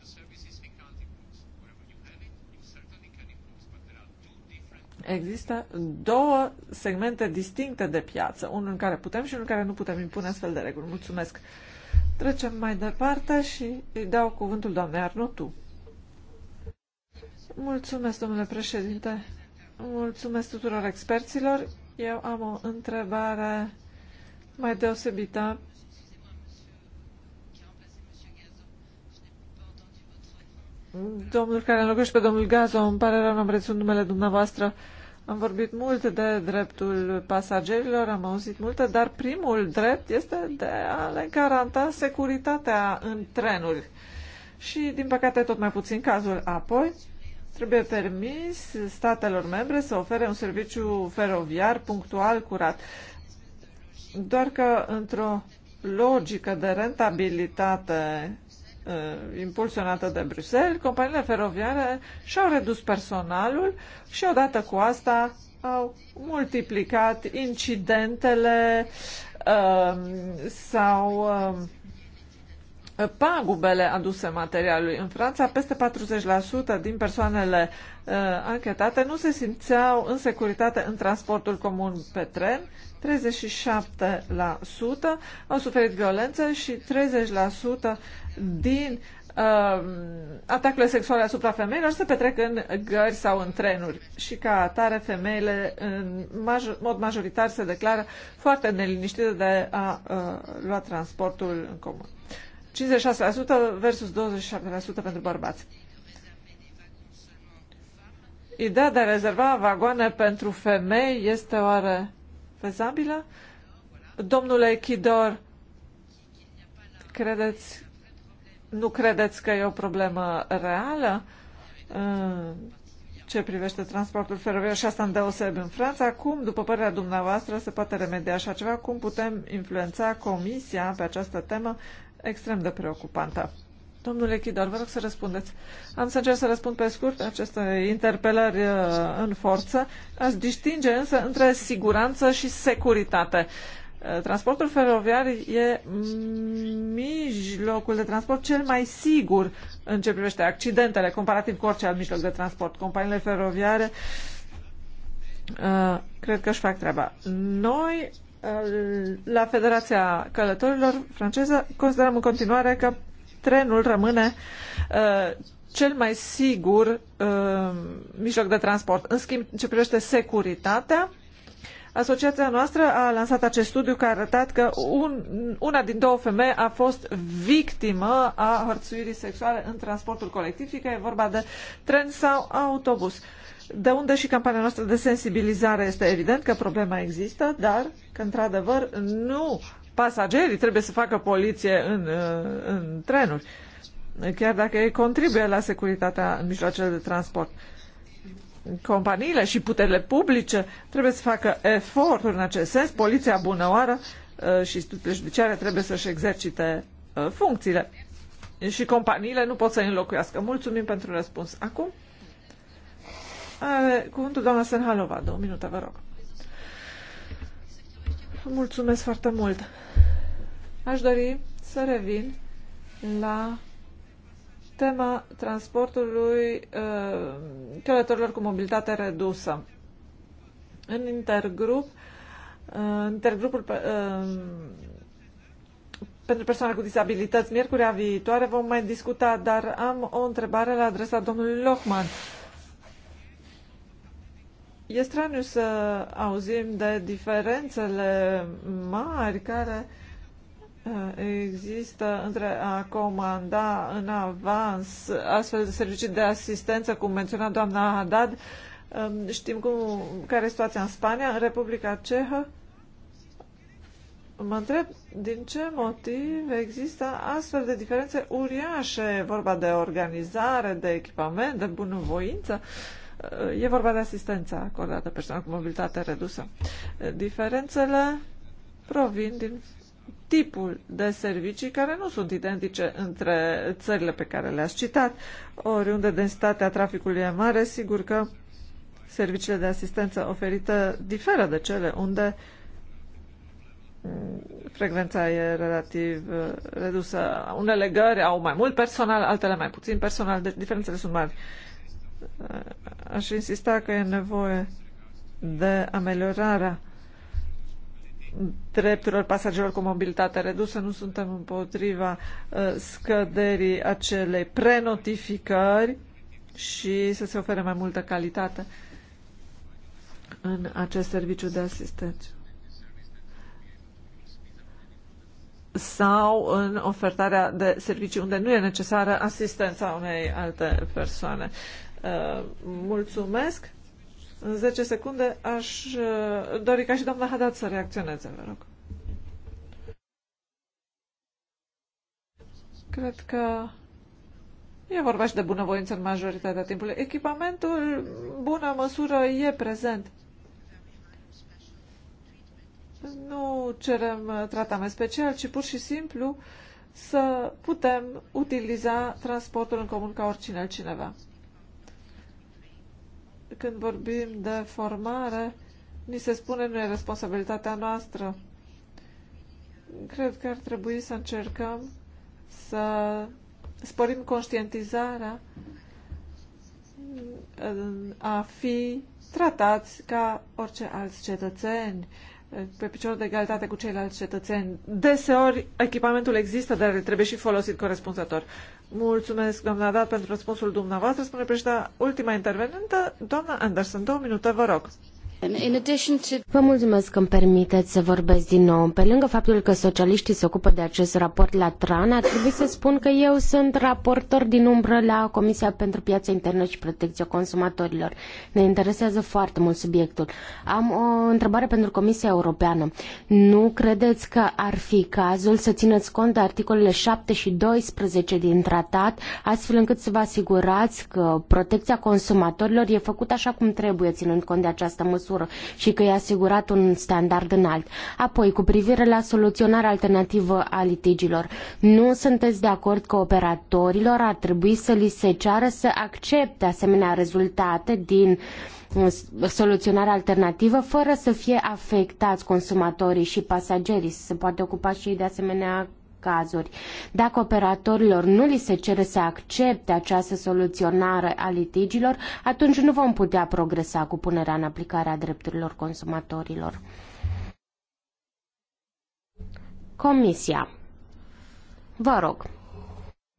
Speaker 3: Există două segmente distincte de piață, unul în care putem și unul în care nu putem impune astfel de reguli. Mulțumesc! Trecem mai departe și îi dau cuvântul doamnei Arnotu. Mulțumesc, domnule președinte. Mulțumesc tuturor experților. Eu am o întrebare mai deosebită. Domnul care înlocuiește pe domnul Gazo, îmi pare rău, n-am reținut numele dumneavoastră. Am vorbit mult de dreptul pasagerilor, am auzit multe, dar primul drept este de a le garanta securitatea în trenuri. Și, din păcate, tot mai puțin cazul. Apoi, Trebuie permis statelor membre să ofere un serviciu feroviar punctual, curat. Doar că într-o logică de rentabilitate uh, impulsionată de Bruxelles, companiile feroviare și-au redus personalul și odată cu asta au multiplicat incidentele uh, sau uh, pagubele aduse materialului. În Franța, peste 40% din persoanele uh, anchetate nu se simțeau în securitate în transportul comun pe tren, 37% au suferit violențe și 30% din uh, atacurile sexuale asupra femeilor se petrec în gări sau în trenuri. Și ca atare, femeile în major, mod majoritar se declară foarte neliniștite de a uh, lua transportul în comun. 56% versus 27% pentru bărbați. Ideea de a rezerva vagoane pentru femei este oare fezabilă? Domnule Chidor, credeți, nu credeți că e o problemă reală uh, ce privește transportul feroviar și asta îndeosebi în Franța? Cum, după părerea dumneavoastră, se poate remedia așa ceva? Cum putem influența Comisia pe această temă extrem de preocupantă. Domnule Chidor, vă rog să răspundeți. Am să încerc să răspund pe scurt aceste interpelări uh, în forță. Aș distinge însă între siguranță și securitate. Uh, transportul feroviar e mijlocul de transport cel mai sigur în ce privește accidentele, comparativ cu orice alt mijloc de transport. Companiile feroviare uh, cred că își fac treaba. Noi la Federația Călătorilor franceză, considerăm în continuare că trenul rămâne uh, cel mai sigur uh, mijloc de transport. În schimb, ce privește securitatea, Asociația noastră a lansat acest studiu care a arătat că un, una din două femei a fost victimă a hărțuirii sexuale în transportul colectiv, fie că e vorba de tren sau autobuz. Uh, de unde și campania noastră de sensibilizare. Este evident că problema există, dar că, într-adevăr, nu pasagerii trebuie să facă poliție în, uh, în trenuri, chiar dacă ei contribuie la securitatea în mijloacele de transport. Companiile și puterile publice trebuie să facă eforturi în acest sens. Poliția bună oară uh, și studiile judiciare trebuie să-și exercite uh, funcțiile. Și companiile nu pot să înlocuiască. Mulțumim pentru răspuns. Acum cuvântul doamna Senhalova. Două minute, vă rog. Mulțumesc foarte mult. Aș dori să revin la tema transportului uh, călătorilor cu mobilitate redusă. În intergrup, uh, intergrupul uh, pentru persoane cu disabilități, miercurea viitoare vom mai discuta, dar am o întrebare la adresa domnului Lochman. Uh, E straniu să auzim de diferențele mari care uh, există între a comanda în avans astfel de servicii de asistență, cum menționa doamna Haddad. Um, știm cum, care e situația în Spania, în Republica Cehă. Mă întreb din ce motiv există astfel de diferențe uriașe, vorba de organizare, de echipament, de bunăvoință. Uh, Uh, e vorba de asistența acordată persoană cu mobilitate redusă. Uh, diferențele provin din tipul de servicii care nu sunt identice între țările pe care le-ați citat. Oriunde densitatea traficului e mare, sigur că serviciile de asistență oferită diferă de cele unde frecvența e relativ uh, redusă. Unele gări au mai mult personal, altele mai puțin personal, deci diferențele sunt mari. Uh, aș insista că e nevoie de ameliorarea drepturilor pasagerilor cu mobilitate redusă. Nu suntem împotriva uh, scăderii acelei prenotificări și să se ofere mai multă calitate în acest serviciu de asistență. sau în ofertarea de servicii unde nu e necesară asistența unei alte persoane. Uh, mulțumesc. În 10 secunde aș uh, dori ca și doamna Hadat să reacționeze, vă rog. Cred că e vorba și de bunăvoință în majoritatea timpului. Echipamentul, bună măsură, e prezent. Nu cerem tratament special, ci pur și simplu să putem utiliza transportul în comun ca oricine altcineva. Când vorbim de formare, ni se spune nu e responsabilitatea noastră. Cred că ar trebui să încercăm să sporim conștientizarea a fi tratați ca orice alți cetățeni pe picior de egalitate cu ceilalți cetățeni. Deseori echipamentul există, dar trebuie și folosit corespunzător. Mulțumesc, doamna Dat, pentru răspunsul dumneavoastră. Spune președinta, ultima intervenentă, doamna Anderson, două minute, vă rog.
Speaker 2: Vă mulțumesc că îmi permiteți să vorbesc din nou. Pe lângă faptul că socialiștii se ocupă de acest raport la TRAN, ar trebui să spun că eu sunt raportor din umbră la Comisia pentru Piața Internă și Protecția Consumatorilor. Ne interesează foarte mult subiectul. Am o întrebare pentru Comisia Europeană. Nu credeți că ar fi cazul să țineți cont de articolele 7 și 12 din tratat, astfel încât să vă asigurați că protecția consumatorilor e făcută așa cum trebuie, ținând cont de această măsură? măsură și că e asigurat un standard înalt. Apoi, cu privire la soluționarea alternativă a litigilor, nu sunteți de acord că operatorilor ar trebui să li se ceară să accepte asemenea rezultate din uh, soluționarea alternativă fără să fie afectați consumatorii și pasagerii, să se poate ocupa și ei de asemenea cazuri. Dacă operatorilor nu li se cere să accepte această soluționare a litigilor, atunci nu vom putea progresa cu punerea în aplicare a drepturilor consumatorilor. Comisia. Vă rog.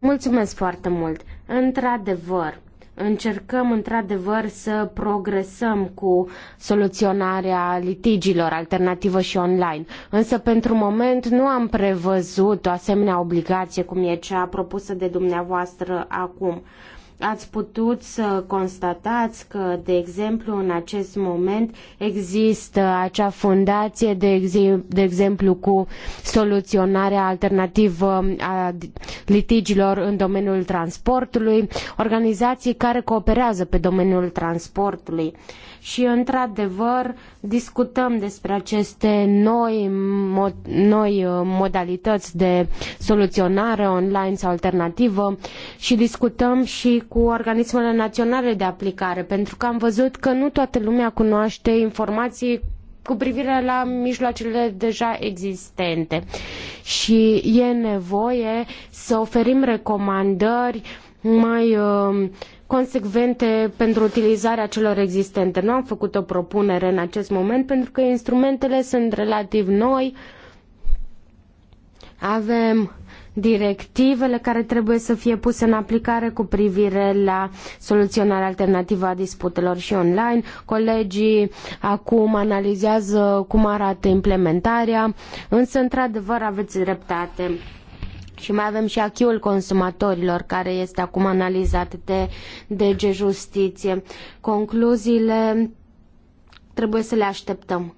Speaker 2: Mulțumesc foarte mult. Într-adevăr, Încercăm într-adevăr să progresăm cu soluționarea litigilor alternativă și online, însă pentru moment nu am prevăzut o asemenea obligație cum e cea propusă de dumneavoastră acum ați putut să constatați că, de exemplu, în acest moment există acea fundație, de, ex- de exemplu, cu soluționarea alternativă a litigilor în domeniul transportului, organizații care cooperează pe domeniul transportului și, într-adevăr, discutăm despre aceste noi, mo- noi uh, modalități de soluționare online sau alternativă și discutăm și cu organismele naționale de aplicare, pentru că am văzut că nu toată lumea cunoaște informații cu privire la mijloacele deja existente. Și e nevoie să oferim recomandări mai uh, consecvente pentru utilizarea celor existente. Nu am făcut o propunere în acest moment pentru că instrumentele sunt relativ noi. Avem directivele care trebuie să fie puse în aplicare cu privire la soluționarea alternativă a disputelor și online. Colegii acum analizează cum arată implementarea, însă într-adevăr aveți dreptate. Și mai avem și achiul consumatorilor, care este acum analizat de DG Justiție. Concluziile trebuie să le așteptăm.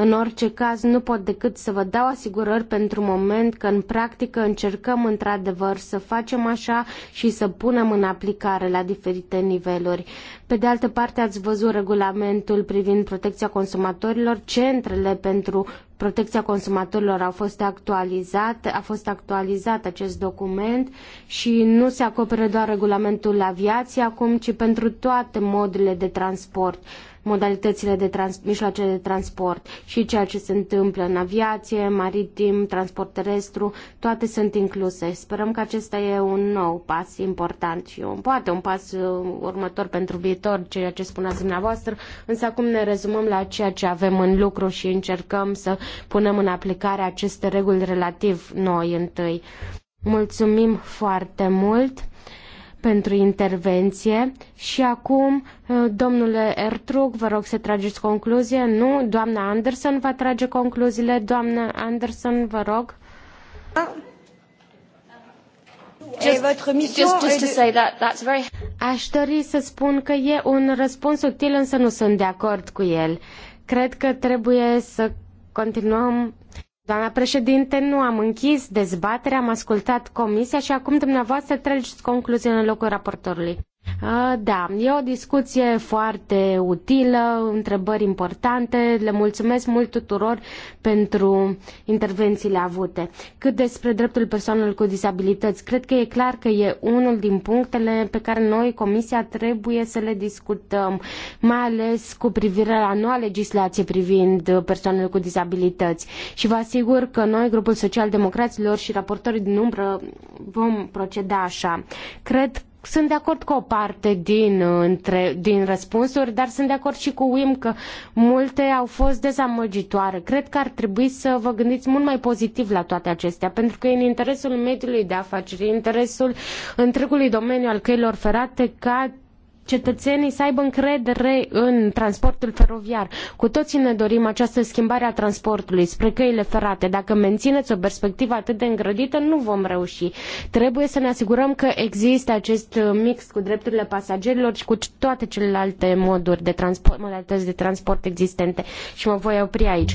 Speaker 2: În orice caz, nu pot decât să vă dau asigurări pentru moment că în practică încercăm într-adevăr să facem așa și să punem în aplicare la diferite niveluri. Pe de altă parte, ați văzut regulamentul privind protecția consumatorilor, centrele pentru protecția consumatorilor au fost actualizate, a fost actualizat acest document și nu se acoperă doar regulamentul aviației acum, ci pentru toate modurile de transport modalitățile de trans- mijloacele de transport și ceea ce se întâmplă în aviație, maritim, transport terestru, toate sunt incluse. Sperăm că acesta e un nou pas important și un, poate un pas uh, următor pentru viitor, ceea ce spuneați dumneavoastră, însă acum ne rezumăm la ceea ce avem în lucru și încercăm să punem în aplicare aceste reguli relativ noi întâi. Mulțumim foarte mult! pentru intervenție și acum, uh, domnule Ertrug, vă rog să trageți concluzie. Nu, doamna Anderson va trage concluziile. Doamna Anderson, vă rog. Aș dori să spun că e un răspuns util, însă nu sunt de acord cu el. Cred că trebuie să continuăm Doamna președinte, nu am închis dezbaterea, am ascultat comisia și acum dumneavoastră trageți concluziile în locul raportorului. Da, e o discuție foarte utilă, întrebări importante. Le mulțumesc mult tuturor pentru intervențiile avute. Cât despre dreptul persoanelor cu dizabilități, cred că e clar că e unul din punctele pe care noi, Comisia, trebuie să le discutăm, mai ales cu privire la noua legislație privind persoanele cu dizabilități. Și vă asigur că noi, grupul social-democraților și raportorii din umbră, vom proceda așa. Cred sunt de acord cu o parte din, uh, între, din răspunsuri, dar sunt de acord și cu Wim că multe au fost dezamăgitoare. Cred că ar trebui să vă gândiți mult mai pozitiv la toate acestea, pentru că e în interesul mediului de afaceri, e în interesul întregului domeniu al căilor ferate ca cetățenii să aibă încredere în transportul feroviar. Cu toții ne dorim această schimbare a transportului spre căile ferate. Dacă mențineți o perspectivă atât de îngrădită, nu vom reuși. Trebuie să ne asigurăm că există acest mix cu drepturile pasagerilor și cu toate celelalte moduri de transport, modalități de transport existente. Și mă voi opri aici.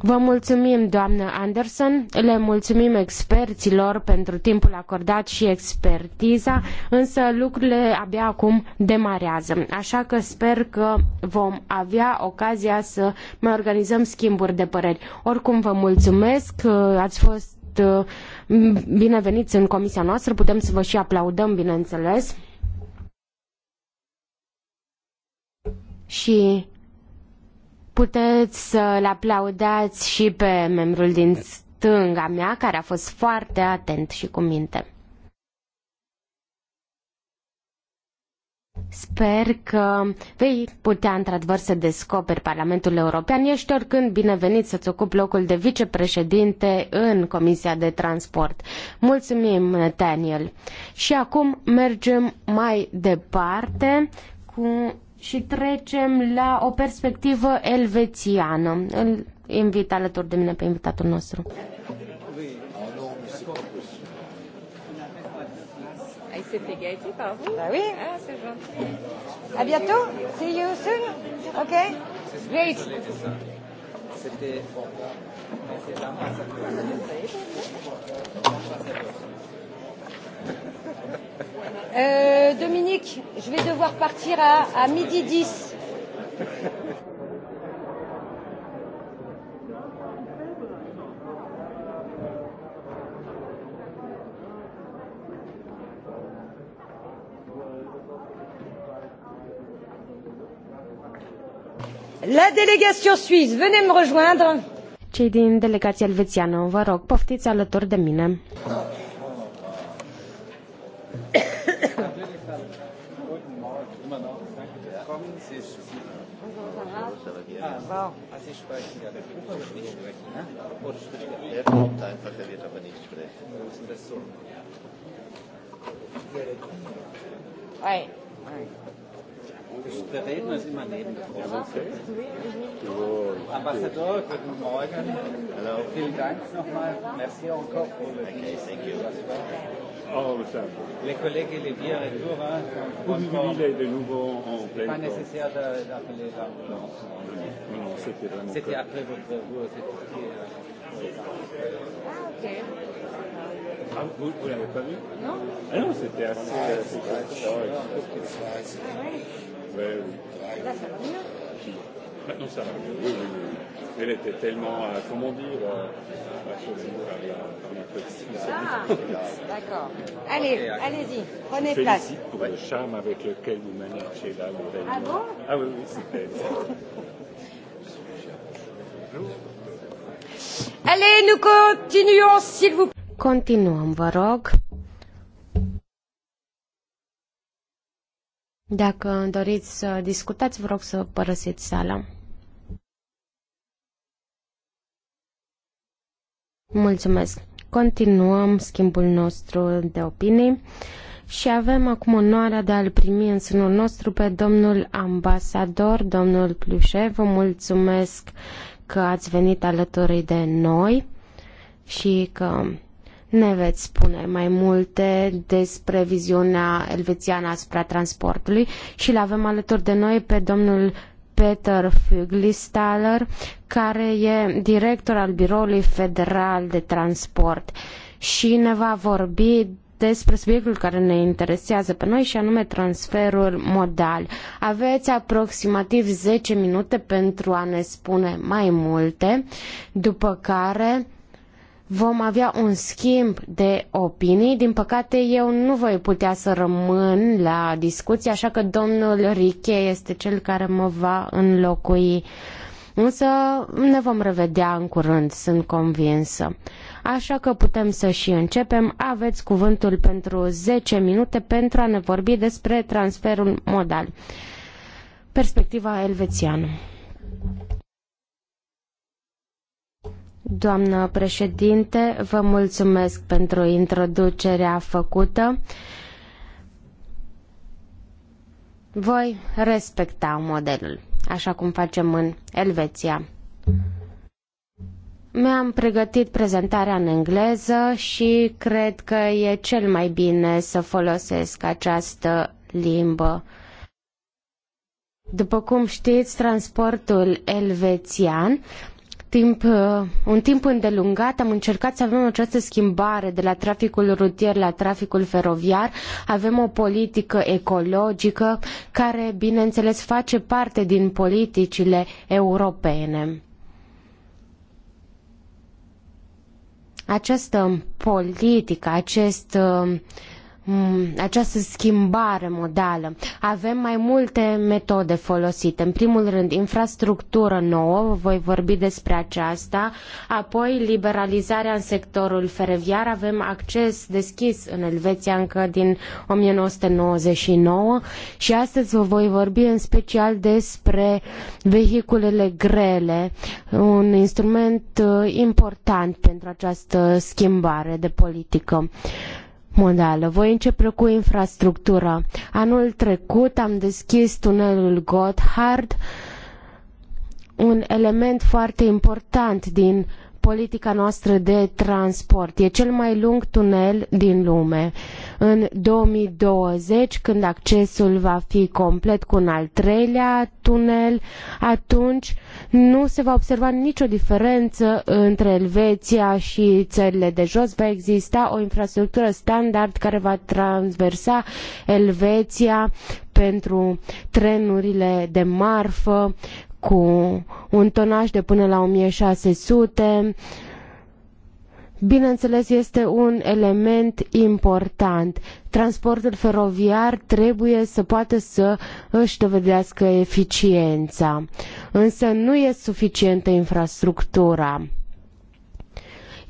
Speaker 2: Vă mulțumim, doamnă Anderson, le mulțumim experților pentru timpul acordat și expertiza, însă lucrurile abia acum demarează, așa că sper că vom avea ocazia să mai organizăm schimburi de păreri. Oricum vă mulțumesc, ați fost mm, bineveniți în comisia noastră, putem să vă și aplaudăm, bineînțeles. Și Puteți să-l aplaudați și pe membrul din stânga mea, care a fost foarte atent și cu minte. Sper că vei putea într-adevăr să descoperi Parlamentul European. Ești oricând binevenit să-ți ocupi locul de vicepreședinte în Comisia de Transport. Mulțumim, Daniel. Și acum mergem mai departe cu și trecem la o perspectivă elvețiană. Îl invit alături de mine pe invitatul nostru. oui. Ah, See you soon. Great. C'était... Euh, Dominique, je vais devoir partir à, à midi 10. La délégation suisse, venez me rejoindre. Cei din delegația elvețiană, vă rog, poftiți alături de mine. aber hier. Ah, wow. Also ich spreche ja der
Speaker 3: Buch, aber nicht sprechen. Ne? Oder spricht der? Der einfach, er wird aber nicht sprechen. Wir müssen das immer neben der Okay. Ambassador, guten Morgen. Hello. Vielen Dank nochmal. Merci encore. Okay, thank you. Oh, ça. Les collègues, les biens et tout, hein. Oui, il est de nouveau en pleine pas nécessaire d'appeler l'ambulance. Non, non, c'était vraiment... C'était après votre
Speaker 2: vous, c'était... Euh, ah, ok. Ah, vous ne l'avez pas vu
Speaker 3: Non. Ah non, c'était assez... Ah, ah ouais. Là, ça va mieux Maintenant, ça va. Oui, oui, oui. Elle était tellement, euh, comment dire, euh, sur le mur par la petite. Ah,
Speaker 2: d'accord. Allez, okay, allez-y, prenez place. Félicite pour
Speaker 3: ouais. le charme avec lequel vous managez
Speaker 2: là vos Ah bon Ah oui, oui, c'était. allez, nous continuons, s'il vous plaît. Continuons, vous rog. Dacă doriți să discutați, vă rog să părăsiți sala. Mulțumesc. Continuăm schimbul nostru de opinii și avem acum onoarea de a-l primi în sânul nostru pe domnul ambasador, domnul Plușe. Vă mulțumesc că ați venit alături de noi și că ne veți spune mai multe despre viziunea elvețiană asupra transportului și îl avem alături de noi pe domnul Peter Fuglistaller, care e director al Biroului Federal de Transport și ne va vorbi despre subiectul care ne interesează pe noi și anume transferul modal. Aveți aproximativ 10 minute pentru a ne spune mai multe, după care vom avea un schimb de opinii. Din păcate, eu nu voi putea să rămân la discuție, așa că domnul Riche este cel care mă va înlocui. Însă ne vom revedea în curând, sunt convinsă. Așa că putem să și începem. Aveți cuvântul pentru 10 minute pentru a ne vorbi despre transferul modal. Perspectiva elvețiană. Doamnă președinte, vă mulțumesc pentru introducerea făcută. Voi respecta modelul, așa cum facem în Elveția. Mi-am pregătit prezentarea în engleză și cred că e cel mai bine să folosesc această limbă. După cum știți, transportul elvețian timp, uh, un timp îndelungat am încercat să avem această schimbare de la traficul rutier la traficul feroviar. Avem o politică ecologică care, bineînțeles, face parte din politicile europene. Această politică, acest uh, Mm, această schimbare modală. Avem mai multe metode folosite. În primul rând, infrastructură nouă, voi vorbi despre aceasta, apoi liberalizarea în sectorul feroviar. Avem acces deschis în Elveția încă din 1999 și astăzi vă voi vorbi în special despre vehiculele grele, un instrument uh, important pentru această schimbare de politică mondială. Voi începe cu infrastructura. Anul trecut am deschis tunelul Gotthard, un element foarte important din politica noastră de transport. E cel mai lung tunel din lume. În 2020, când accesul va fi complet cu un al treilea tunel, atunci nu se va observa nicio diferență între Elveția și țările de jos. Va exista o infrastructură standard care va transversa Elveția pentru trenurile de marfă, cu un tonaj de până la 1600. Bineînțeles, este un element important. Transportul feroviar trebuie să poată să își dovedească eficiența, însă nu e suficientă infrastructura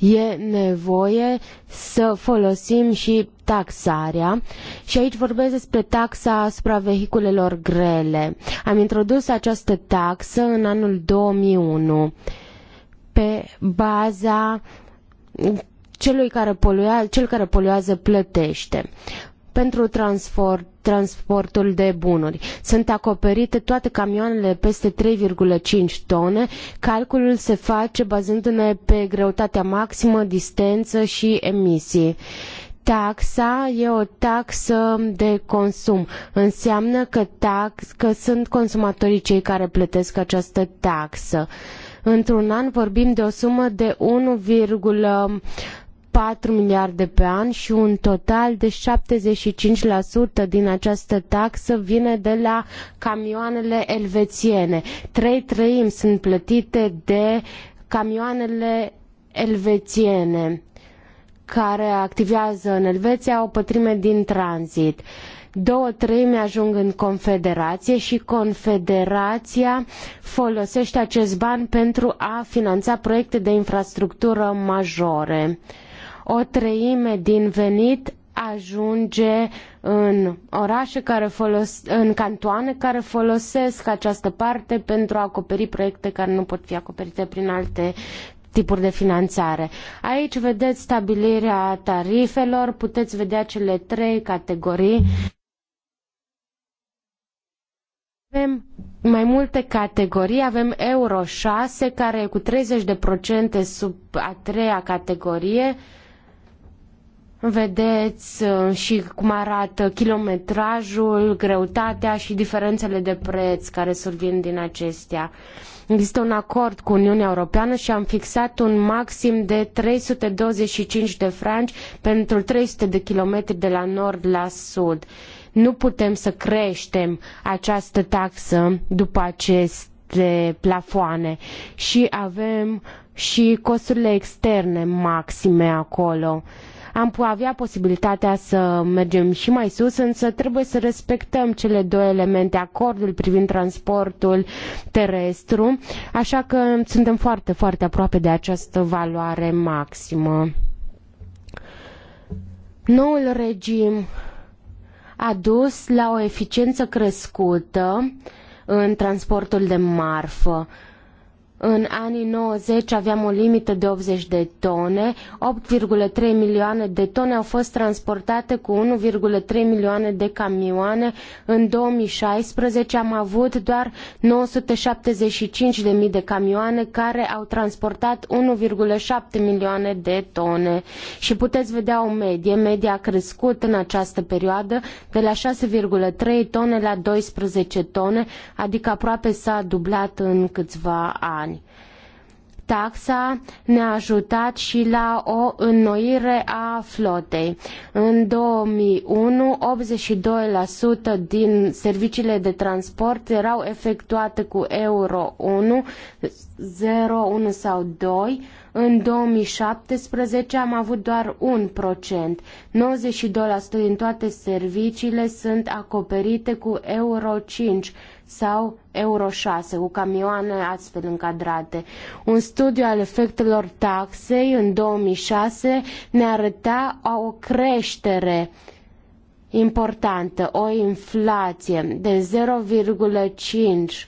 Speaker 2: e nevoie să folosim și taxarea și aici vorbesc despre taxa asupra vehiculelor grele. Am introdus această taxă în anul 2001 pe baza celui care polua, cel care poluează plătește pentru transport, transportul de bunuri. Sunt acoperite toate camioanele peste 3,5 tone. Calculul se face bazându-ne pe greutatea maximă, distanță și emisii taxa e o taxă de consum. Înseamnă că, tax, că sunt consumatorii cei care plătesc această taxă. Într-un an vorbim de o sumă de 1, 4 miliarde pe an și un total de 75% din această taxă vine de la camioanele elvețiene. Trei treimi sunt plătite de camioanele elvețiene care activează în Elveția o pătrime din tranzit. Două treimi ajung în Confederație și Confederația folosește acest ban pentru a finanța proiecte de infrastructură majore. O treime din venit ajunge în orașe care folos- în cantoane care folosesc această parte pentru a acoperi proiecte care nu pot fi acoperite prin alte tipuri de finanțare. Aici vedeți stabilirea tarifelor, puteți vedea cele trei categorii. Avem mai multe categorii, avem Euro 6 care e cu 30% sub a treia categorie, vedeți uh, și cum arată kilometrajul, greutatea și diferențele de preț care survin din acestea. Există un acord cu Uniunea Europeană și am fixat un maxim de 325 de franci pentru 300 de kilometri de la nord la sud. Nu putem să creștem această taxă după aceste plafoane și avem și costurile externe maxime acolo. Am avea posibilitatea să mergem și mai sus, însă trebuie să respectăm cele două elemente, acordul privind transportul terestru, așa că suntem foarte, foarte aproape de această valoare maximă. Noul regim a dus la o eficiență crescută în transportul de marfă. În anii 90 aveam o limită de 80 de tone, 8,3 milioane de tone au fost transportate cu 1,3 milioane de camioane. În 2016 am avut doar 975.000 de camioane care au transportat 1,7 milioane de tone. Și puteți vedea o medie, media a crescut în această perioadă de la 6,3 tone la 12 tone, adică aproape s-a dublat în câțiva ani Taxa ne-a ajutat și la o înnoire a flotei. În 2001, 82% din serviciile de transport erau efectuate cu Euro 1, 0, 1 sau 2. În 2017 am avut doar 1%. 92% din toate serviciile sunt acoperite cu Euro 5 sau Euro 6 cu camioane astfel încadrate. Un studiu al efectelor taxei în 2006 ne arăta o creștere importantă, o inflație de 0,5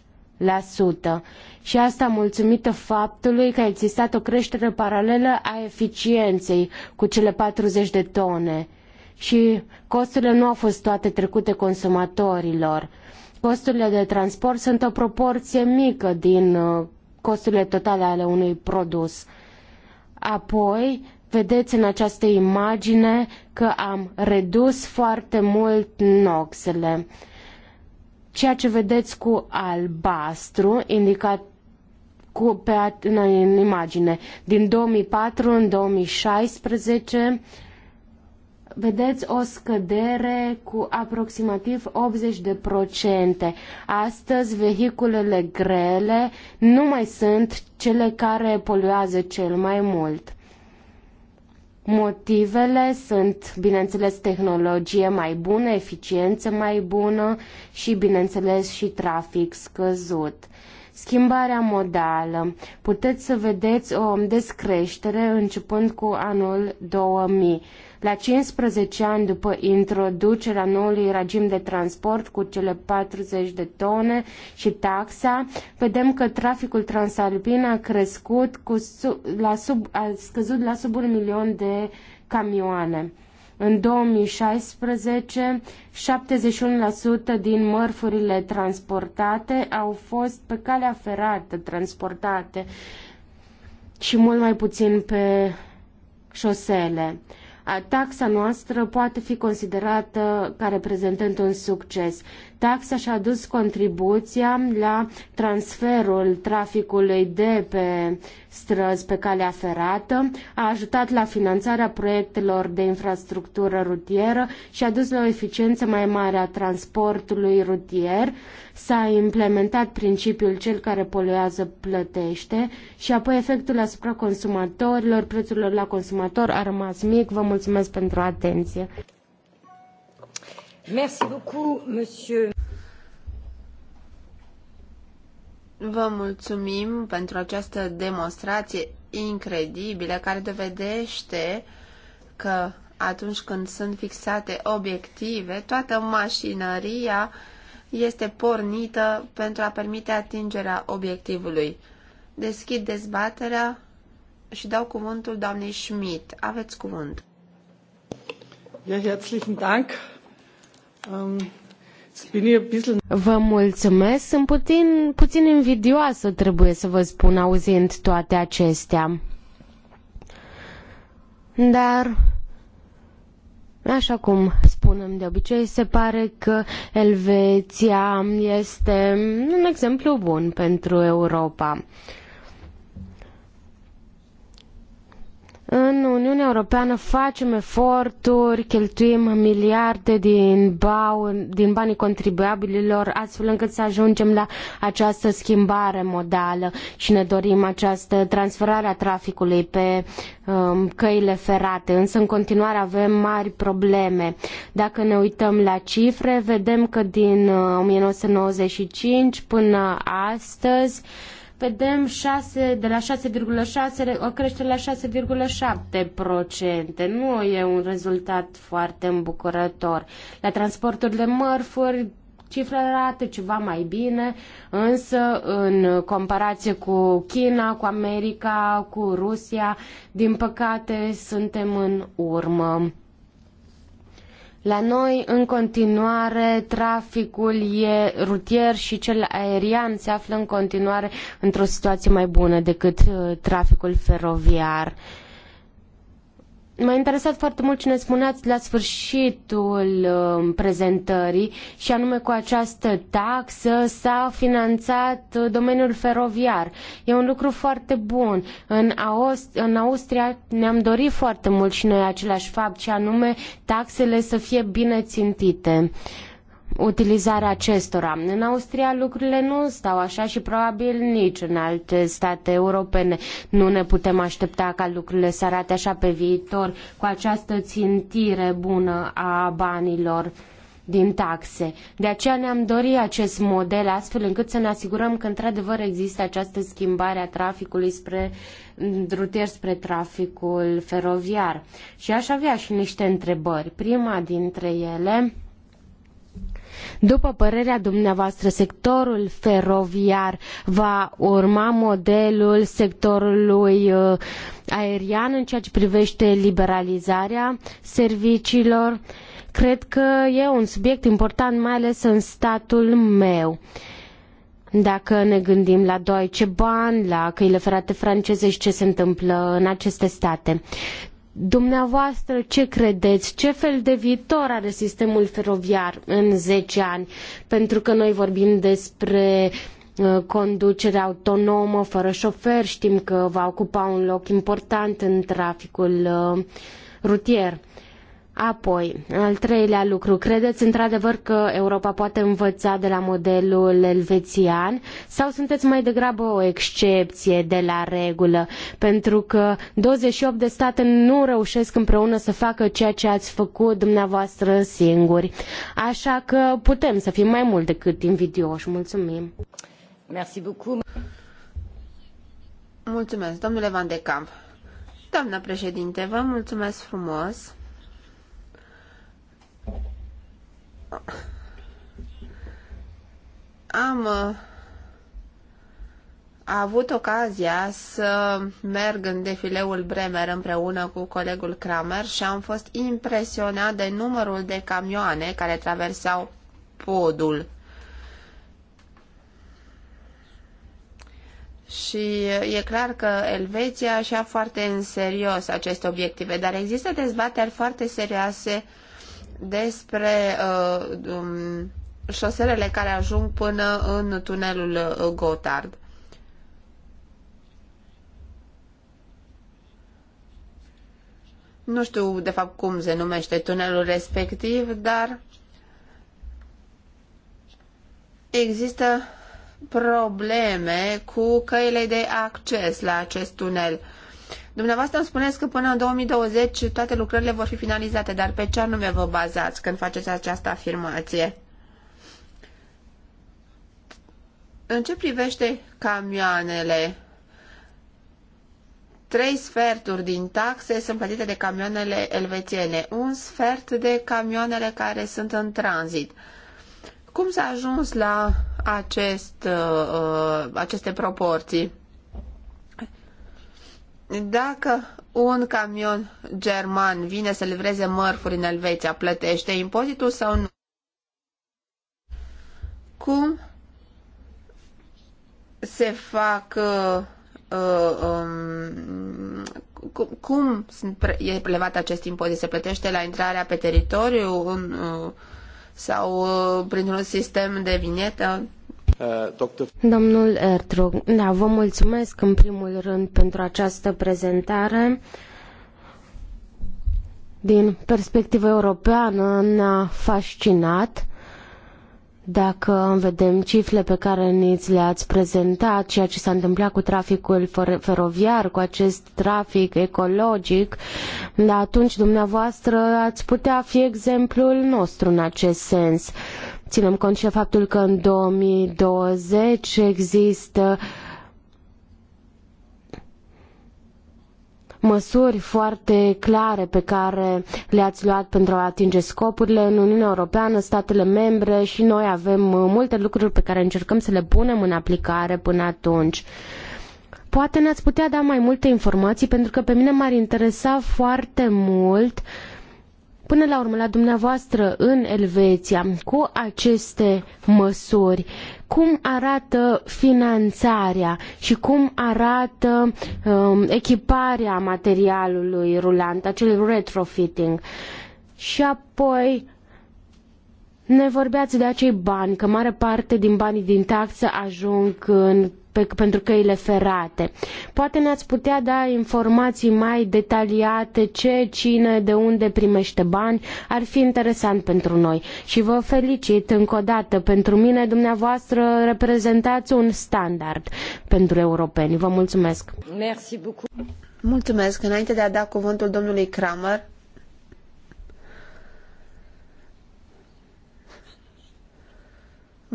Speaker 2: sută. Și asta mulțumită faptului că a existat o creștere paralelă a eficienței cu cele 40 de tone. Și costurile nu au fost toate trecute consumatorilor. Costurile de transport sunt o proporție mică din uh, costurile totale ale unui produs. Apoi, vedeți în această imagine că am redus foarte mult noxele. Ceea ce vedeți cu albastru, indicat cu, pe, în, în imagine, din 2004 în 2016, vedeți o scădere cu aproximativ 80%. Astăzi, vehiculele grele nu mai sunt cele care poluează cel mai mult. Motivele sunt, bineînțeles, tehnologie mai bună, eficiență mai bună și, bineînțeles, și trafic scăzut schimbarea modală. Puteți să vedeți o descreștere începând cu anul 2000. La 15 ani după introducerea noului regim de transport cu cele 40 de tone și taxa, vedem că traficul transalpin a crescut cu la sub, a scăzut la sub un milion de camioane. În 2016, 71% din mărfurile transportate au fost pe calea ferată transportate și mult mai puțin pe șosele taxa noastră poate fi considerată ca reprezentând un succes. Taxa și-a dus contribuția la transferul traficului de pe străzi pe calea ferată, a ajutat la finanțarea proiectelor de infrastructură rutieră și a dus la o eficiență mai mare a transportului rutier, s-a implementat principiul cel care poluează plătește și apoi efectul asupra consumatorilor, prețurilor la consumator a rămas mic. Vă mulțumesc pentru atenție.
Speaker 1: Vă mulțumim pentru această demonstrație incredibilă care dovedește că atunci când sunt fixate obiective, toată mașinăria este pornită pentru a permite atingerea obiectivului. Deschid dezbaterea și dau cuvântul doamnei Schmidt. Aveți cuvânt.
Speaker 3: Ja, herzlichen Dank. Um,
Speaker 2: vă mulțumesc. Sunt puțin, puțin invidioasă, trebuie să vă spun, auzind toate acestea. Dar, așa cum spunem de obicei, se pare că Elveția este un exemplu bun pentru Europa. În Uniunea Europeană facem eforturi, cheltuim miliarde din, bau, din banii contribuabililor, astfel încât să ajungem la această schimbare modală și ne dorim această transferare a traficului pe um, căile ferate. Însă, în continuare, avem mari probleme. Dacă ne uităm la cifre, vedem că din 1995 uh, până astăzi, vedem 6, de la 6,6 o creștere la 6,7%. Nu e un rezultat foarte îmbucurător. La transportul de mărfuri cifra arată ceva mai bine, însă în comparație cu China, cu America, cu Rusia, din păcate suntem în urmă. La noi, în continuare, traficul e rutier și cel aerian se află în continuare într-o situație mai bună decât uh, traficul feroviar. Uh, M-a interesat foarte mult ce ne spuneați la sfârșitul um, prezentării și anume cu această taxă s-a finanțat uh, domeniul feroviar. E un lucru foarte bun. În, Aust- în Austria ne-am dorit foarte mult și noi același fapt și anume taxele să fie bine țintite. Uh, utilizarea acestora. În Austria lucrurile nu stau așa și probabil nici în alte state europene. Nu ne putem aștepta ca lucrurile să arate așa pe viitor cu această țintire bună a banilor din taxe. De aceea ne-am dorit acest model astfel încât să ne asigurăm că într-adevăr există această schimbare a traficului spre rutier spre traficul feroviar. Și aș avea și niște întrebări. Prima dintre ele după părerea dumneavoastră, sectorul feroviar va urma modelul sectorului uh, aerian în ceea ce privește liberalizarea serviciilor? Cred că e un subiect important, mai ales în statul meu dacă ne gândim la Deutsche Bahn, la căile ferate franceze și ce se întâmplă în aceste state. Dumneavoastră ce credeți? Ce fel de viitor are sistemul feroviar în zece ani? Pentru că noi vorbim despre uh, conducere autonomă, fără șofer, știm că va ocupa un loc important în traficul uh, rutier. Apoi, al treilea lucru, credeți într-adevăr că Europa poate învăța de la modelul elvețian sau sunteți mai degrabă o excepție de la regulă? Pentru că 28 de state nu reușesc împreună să facă ceea ce ați făcut dumneavoastră singuri. Așa că putem să fim mai mult decât invidioși. Mulțumim!
Speaker 1: Mulțumesc, domnule Van de Camp. Doamna președinte, vă mulțumesc frumos! am uh, a avut ocazia să merg în defileul Bremer împreună cu colegul Kramer și am fost impresionat de numărul de camioane care traversau podul. Și e clar că Elveția și-a foarte în serios aceste obiective, dar există dezbateri foarte serioase uh, despre uh, um, șoselele care ajung până în tunelul uh, Gotard. Nu știu de fapt cum se numește tunelul respectiv, dar există probleme cu căile de acces la acest tunel Dumneavoastră îmi spuneți că până în 2020 toate lucrările vor fi finalizate, dar pe ce anume vă bazați când faceți această afirmație? În ce privește camioanele, trei sferturi din taxe sunt plătite de camioanele elvețiene, un sfert de camioanele care sunt în tranzit. Cum s-a ajuns la acest, uh, uh aceste proporții? dacă un camion german vine să livreze mărfuri în Elveția, plătește impozitul sau nu? Cum se fac uh, uh um, cum, cum e prelevat acest impozit? Se plătește la intrarea pe teritoriu în, uh, sau uh, printr-un sistem de vinetă?
Speaker 2: Domnul Ertrug, da, vă mulțumesc în primul rând pentru această prezentare. Din perspectivă europeană ne-a fascinat dacă vedem cifrele pe care ni le-ați prezentat, ceea ce s-a întâmplat cu traficul feroviar, cu acest trafic ecologic, da, atunci dumneavoastră ați putea fi exemplul nostru în acest sens. Ținem cont și de faptul că în 2020 există uh, măsuri foarte clare pe care le-ați luat pentru a atinge scopurile în Uniunea Europeană, statele membre și noi avem uh, multe lucruri pe care încercăm să le punem în aplicare până atunci. Poate ne-ați putea da mai multe informații pentru că pe mine m-ar interesa foarte mult uh, Până la urmă, la dumneavoastră în Elveția, cu aceste măsuri, cum arată finanțarea și cum arată um, echiparea materialului rulant, acel retrofitting? Și apoi, ne vorbeați de acei bani, că mare parte din banii din taxă ajung în pe, pentru căile ferate. Poate ne-ați putea da informații mai detaliate, ce, cine, de unde primește bani, ar fi interesant pentru noi. Și vă felicit încă o dată, pentru mine dumneavoastră reprezentați un standard pentru europeni. Vă mulțumesc!
Speaker 1: Mulțumesc! Înainte de a da cuvântul domnului Kramer,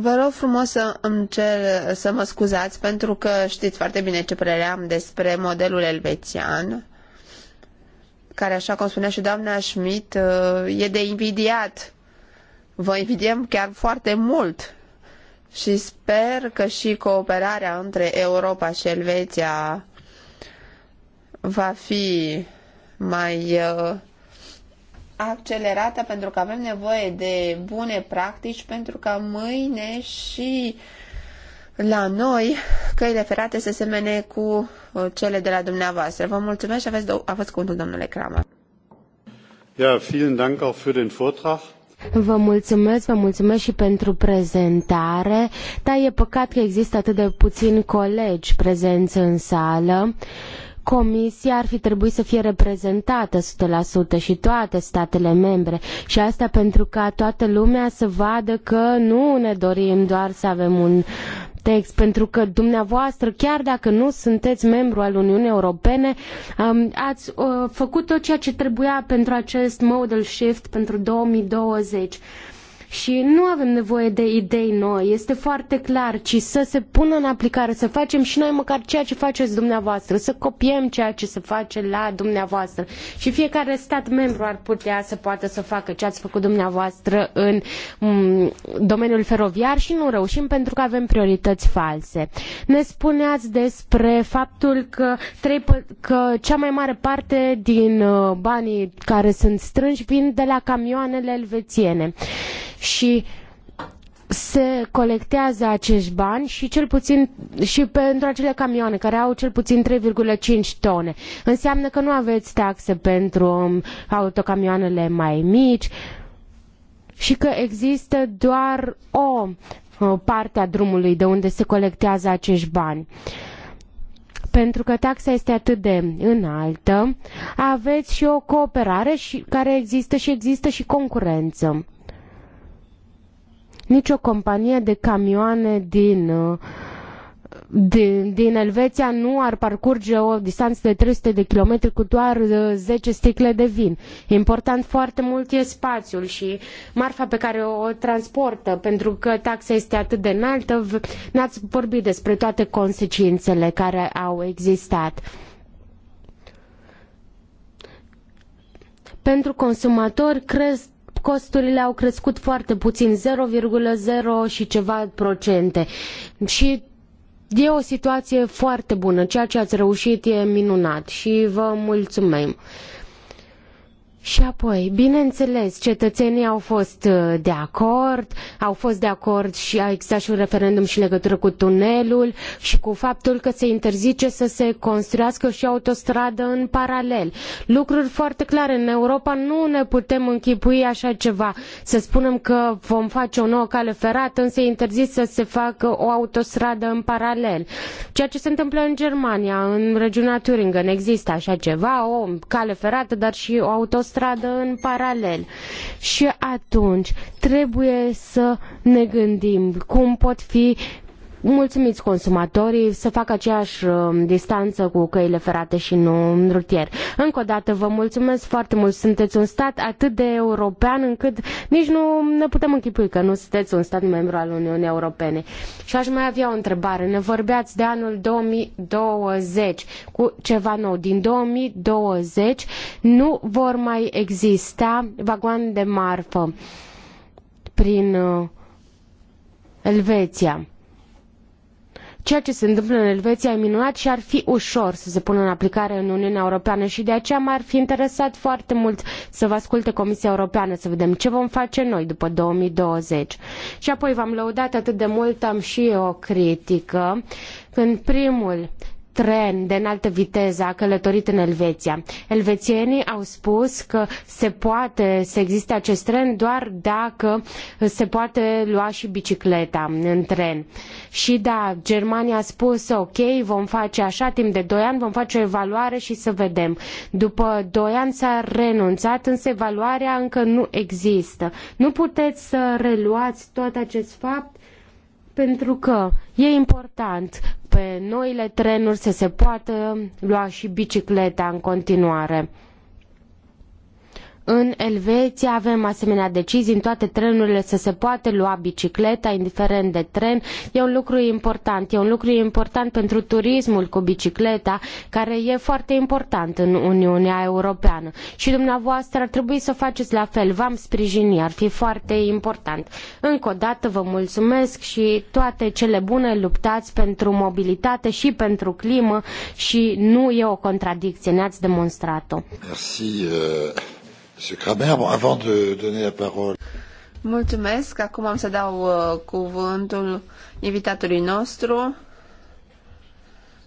Speaker 1: Vă rog frumos să îmi cer să mă scuzați pentru că știți foarte bine ce părere am despre modelul elvețian, care, așa cum spunea și doamna Schmidt, e de invidiat. Vă invidiem chiar foarte mult și sper că și cooperarea între Europa și Elveția va fi mai uh, accelerată pentru că avem nevoie de bune practici pentru ca mâine și la noi căile ferate să semene cu uh, cele de la dumneavoastră. Vă mulțumesc și aveți, aveți cuvântul, domnule Kramer. Ja, vielen Dank auch für den Vortrag.
Speaker 2: Vă mulțumesc, vă mulțumesc și pentru prezentare, dar e păcat că există atât de puțini colegi prezenți în sală. Comisia ar fi trebuit să fie reprezentată 100% și toate statele membre și asta pentru ca toată lumea să vadă că nu ne dorim doar să avem un text, pentru că dumneavoastră, chiar dacă nu sunteți membru al Uniunii Europene, ați uh, făcut tot ceea ce trebuia pentru acest model shift pentru 2020 și nu avem nevoie de idei noi, este foarte clar, ci să se pună în aplicare, să facem și noi măcar ceea ce faceți dumneavoastră, să copiem ceea ce se face la dumneavoastră și fiecare stat membru ar putea să poată să facă ce ați făcut dumneavoastră în mm, domeniul feroviar și nu reușim pentru că avem priorități false. Ne spuneați despre faptul că, trei, că cea mai mare parte din uh, banii care sunt strânși vin de la camioanele elvețiene și se colectează acești bani și cel puțin și pentru acele camioane care au cel puțin 3,5 tone. Înseamnă că nu aveți taxe pentru um, autocamioanele mai mici și că există doar o parte a drumului de unde se colectează acești bani pentru că taxa este atât de înaltă, aveți și o cooperare și, care există și există și concurență. Nicio companie de camioane din uh, din, din Elveția nu ar parcurge o distanță de 300 de kilometri cu doar 10 uh, sticle de vin. Important foarte mult e spațiul și marfa pe care o transportă, pentru că taxa este atât de înaltă, n-ați vorbit despre toate consecințele care au existat. Pentru consumatori cresc costurile au crescut foarte puțin, 0,0 și ceva procente. Și e o situație foarte bună. Ceea ce ați reușit e minunat și vă mulțumim. Și apoi, bineînțeles, cetățenii au fost uh, de acord, au fost de acord și a existat și un referendum și legătură cu tunelul și cu faptul că se interzice să se construiască și autostradă în paralel. Lucruri foarte clare. În Europa nu ne putem închipui așa ceva. Să spunem că vom face o nouă cale ferată, însă e interzis să se facă o autostradă în paralel. Ceea ce se întâmplă în Germania, în regiunea nu există așa ceva, o cale ferată, dar și o autostradă stradă în paralel. Și atunci trebuie să ne gândim cum pot fi mulțumiți consumatorii să facă aceeași um, distanță cu căile ferate și nu rutier. Încă o dată vă mulțumesc foarte mult. Sunteți un stat atât de european încât nici nu ne putem închipui că nu sunteți un stat membru al Uniunii Europene. Și aș mai avea o întrebare. Ne vorbeați de anul 2020 cu ceva nou. Din 2020 nu vor mai exista vagoane de marfă prin uh, Elveția. Ceea ce se întâmplă în Elveția e minunat și ar fi ușor să se pună în aplicare în Uniunea Europeană și de aceea m-ar fi interesat foarte mult să vă asculte Comisia Europeană, să vedem ce vom face noi după 2020. Și apoi v-am lăudat atât de mult, am și eu o critică. Când primul tren de înaltă viteză a călătorit în Elveția. Elvețienii au spus că se poate să existe acest tren doar dacă se poate lua și bicicleta în tren. Și da, Germania a spus ok, vom face așa timp de doi ani, vom face o evaluare și să vedem. După doi ani s-a renunțat, însă evaluarea încă nu există. Nu puteți să reluați tot acest fapt pentru că e important pe noile trenuri să se poată lua și bicicleta în continuare. În Elveția avem asemenea decizii, în toate trenurile să se poate lua bicicleta, indiferent de tren. E un lucru important, e un lucru important pentru turismul cu bicicleta, care e foarte important în Uniunea Europeană. Și dumneavoastră ar trebui să faceți la fel, v-am sprijini, ar fi foarte important. Încă o dată vă mulțumesc și toate cele bune, luptați pentru mobilitate și pentru climă și nu e o contradicție, ne-ați demonstrat-o.
Speaker 3: Merci, uh... Kramer, avant de donner
Speaker 2: la parole.
Speaker 1: Mulțumesc. Acum am să dau uh, cuvântul invitatului nostru.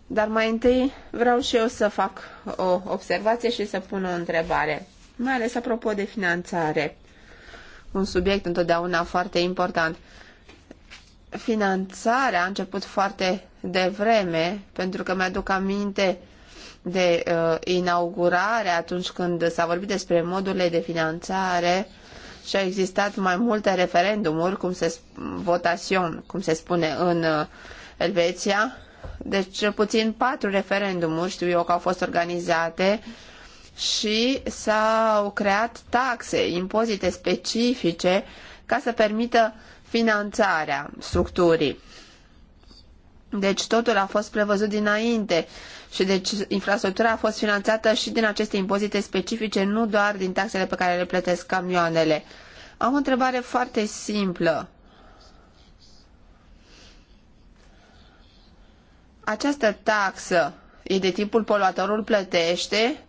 Speaker 1: Dar mai întâi vreau și eu să fac o observație și să pun o întrebare, mai ales apropo de finanțare. Un subiect întotdeauna foarte important. Finanțarea a început foarte devreme, pentru că mi-aduc aminte uh, de uh, inaugurare, atunci când s-a vorbit despre modurile de finanțare și au existat mai multe referendumuri, cum se votațion, cum se spune în uh, Elveția. Deci cel puțin patru referendumuri, știu eu, că au fost organizate și s-au creat taxe, impozite specifice ca să permită finanțarea structurii. Deci totul a fost prevăzut dinainte și deci infrastructura a fost finanțată și din aceste impozite specifice, nu doar din taxele pe care le plătesc camioanele. Am o întrebare foarte simplă. Această taxă e de tipul poluatorul plătește,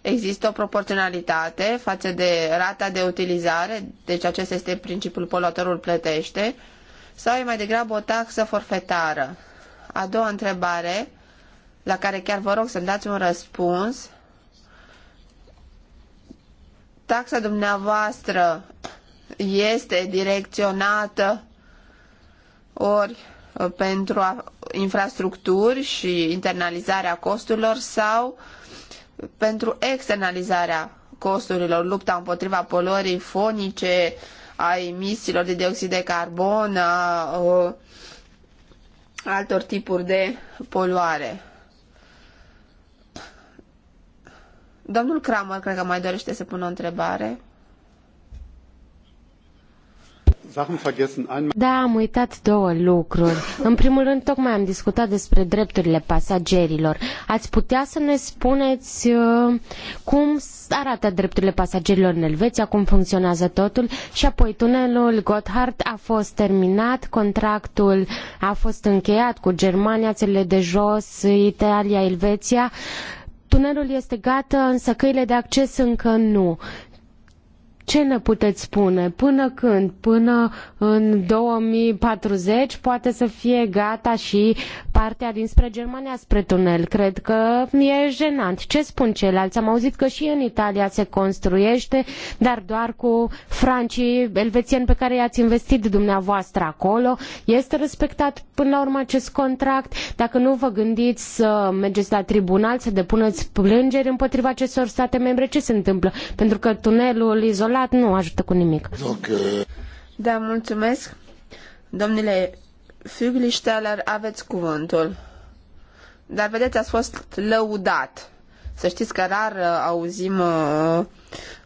Speaker 1: există o proporționalitate față de rata de utilizare, deci acesta este principiul poluatorul plătește, sau e mai degrabă o taxă forfetară? A doua întrebare, la care chiar vă rog să-mi dați un răspuns. Taxa dumneavoastră este direcționată ori uh, pentru infrastructuri și internalizarea costurilor sau pentru externalizarea costurilor, lupta împotriva poluării fonice, a emisiilor de dioxid de carbon, a, a uh, altor tipuri de poluare. Domnul Kramer cred că mai dorește să pună o întrebare.
Speaker 2: Da, am uitat două lucruri. În primul rând, tocmai am discutat despre drepturile pasagerilor. Ați putea să ne spuneți uh, cum arată drepturile pasagerilor în Elveția, cum funcționează totul și apoi tunelul Gotthard a fost terminat, contractul a fost încheiat cu Germania, țările de jos, Italia, Elveția. Uh, Tunelul este gata, însă căile de acces încă nu. Ce ne puteți spune? Până când? Până în 2040 poate să fie gata și partea dinspre Germania spre tunel. Cred că e jenant. Ce spun ceilalți? Am auzit că și în Italia se construiește, dar doar cu francii elvețieni pe care i-ați investit dumneavoastră acolo. Este respectat până la urmă acest contract? Dacă nu vă gândiți să mergeți la tribunal, să depuneți plângeri împotriva acestor state membre, ce se întâmplă? Pentru că tunelul izolat controlat nu ajută cu nimic. Da, mulțumesc. Domnule Füglisteller,
Speaker 1: aveți cuvântul. Dar vedeți, a fost lăudat. Să știți că rar uh, auzim uh,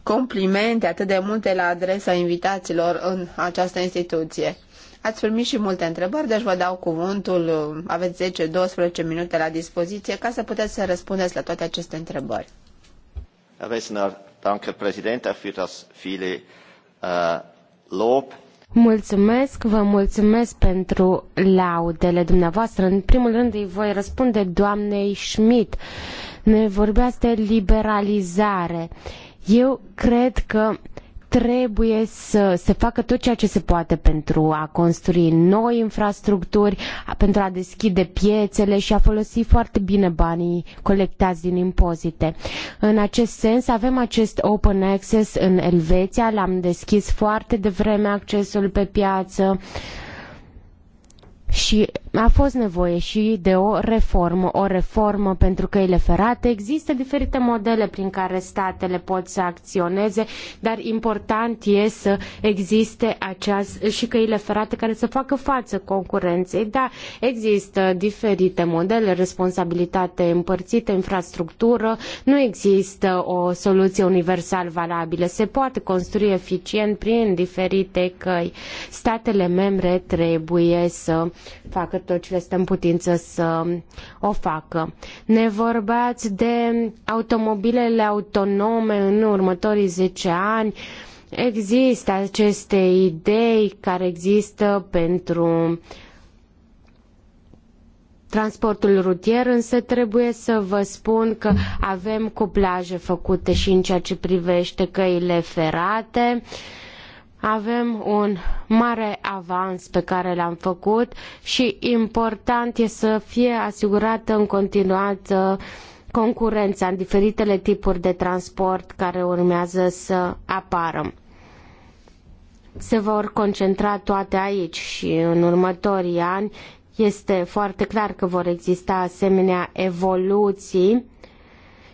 Speaker 1: complimente atât de multe la adresa invitaților în această instituție. Ați primit și multe întrebări, deci vă dau cuvântul. Uh, aveți 10-12 minute la dispoziție ca să puteți să răspundeți la toate aceste întrebări. Vesnar, Danke, Präsident, für das viele
Speaker 3: äh, Lob.
Speaker 2: Mulțumesc, vă mulțumesc pentru laudele dumneavoastră. În primul rând îi voi răspunde doamnei Schmidt. Ne vorbeați de liberalizare. Eu cred că trebuie să se facă tot ceea ce se poate pentru a construi noi infrastructuri, pentru a deschide piețele și a folosi foarte bine banii colectați din impozite. În acest sens avem acest open access în Elveția, l-am deschis foarte devreme accesul pe piață. Uh, și a fost nevoie și de o reformă, o reformă pentru căile ferate. Există diferite modele prin care statele pot să acționeze, dar important e să existe aceast- și căile ferate care să facă față concurenței. Da, există diferite modele, responsabilitate împărțită, infrastructură, nu există o soluție universal valabilă. Se poate construi eficient prin diferite căi. Statele membre trebuie să facă tot ce le stă în putință să o facă. Ne vorbeați de automobilele autonome în următorii 10 ani. Există aceste idei care există pentru transportul rutier, însă trebuie să vă spun că avem cuplaje făcute și în ceea ce privește căile ferate. Uh, avem un mare avans pe care l-am făcut și important e să fie asigurată în continuată concurența în diferitele tipuri de transport care urmează să apară se vor concentra toate aici și în următorii ani este foarte clar că vor exista asemenea evoluții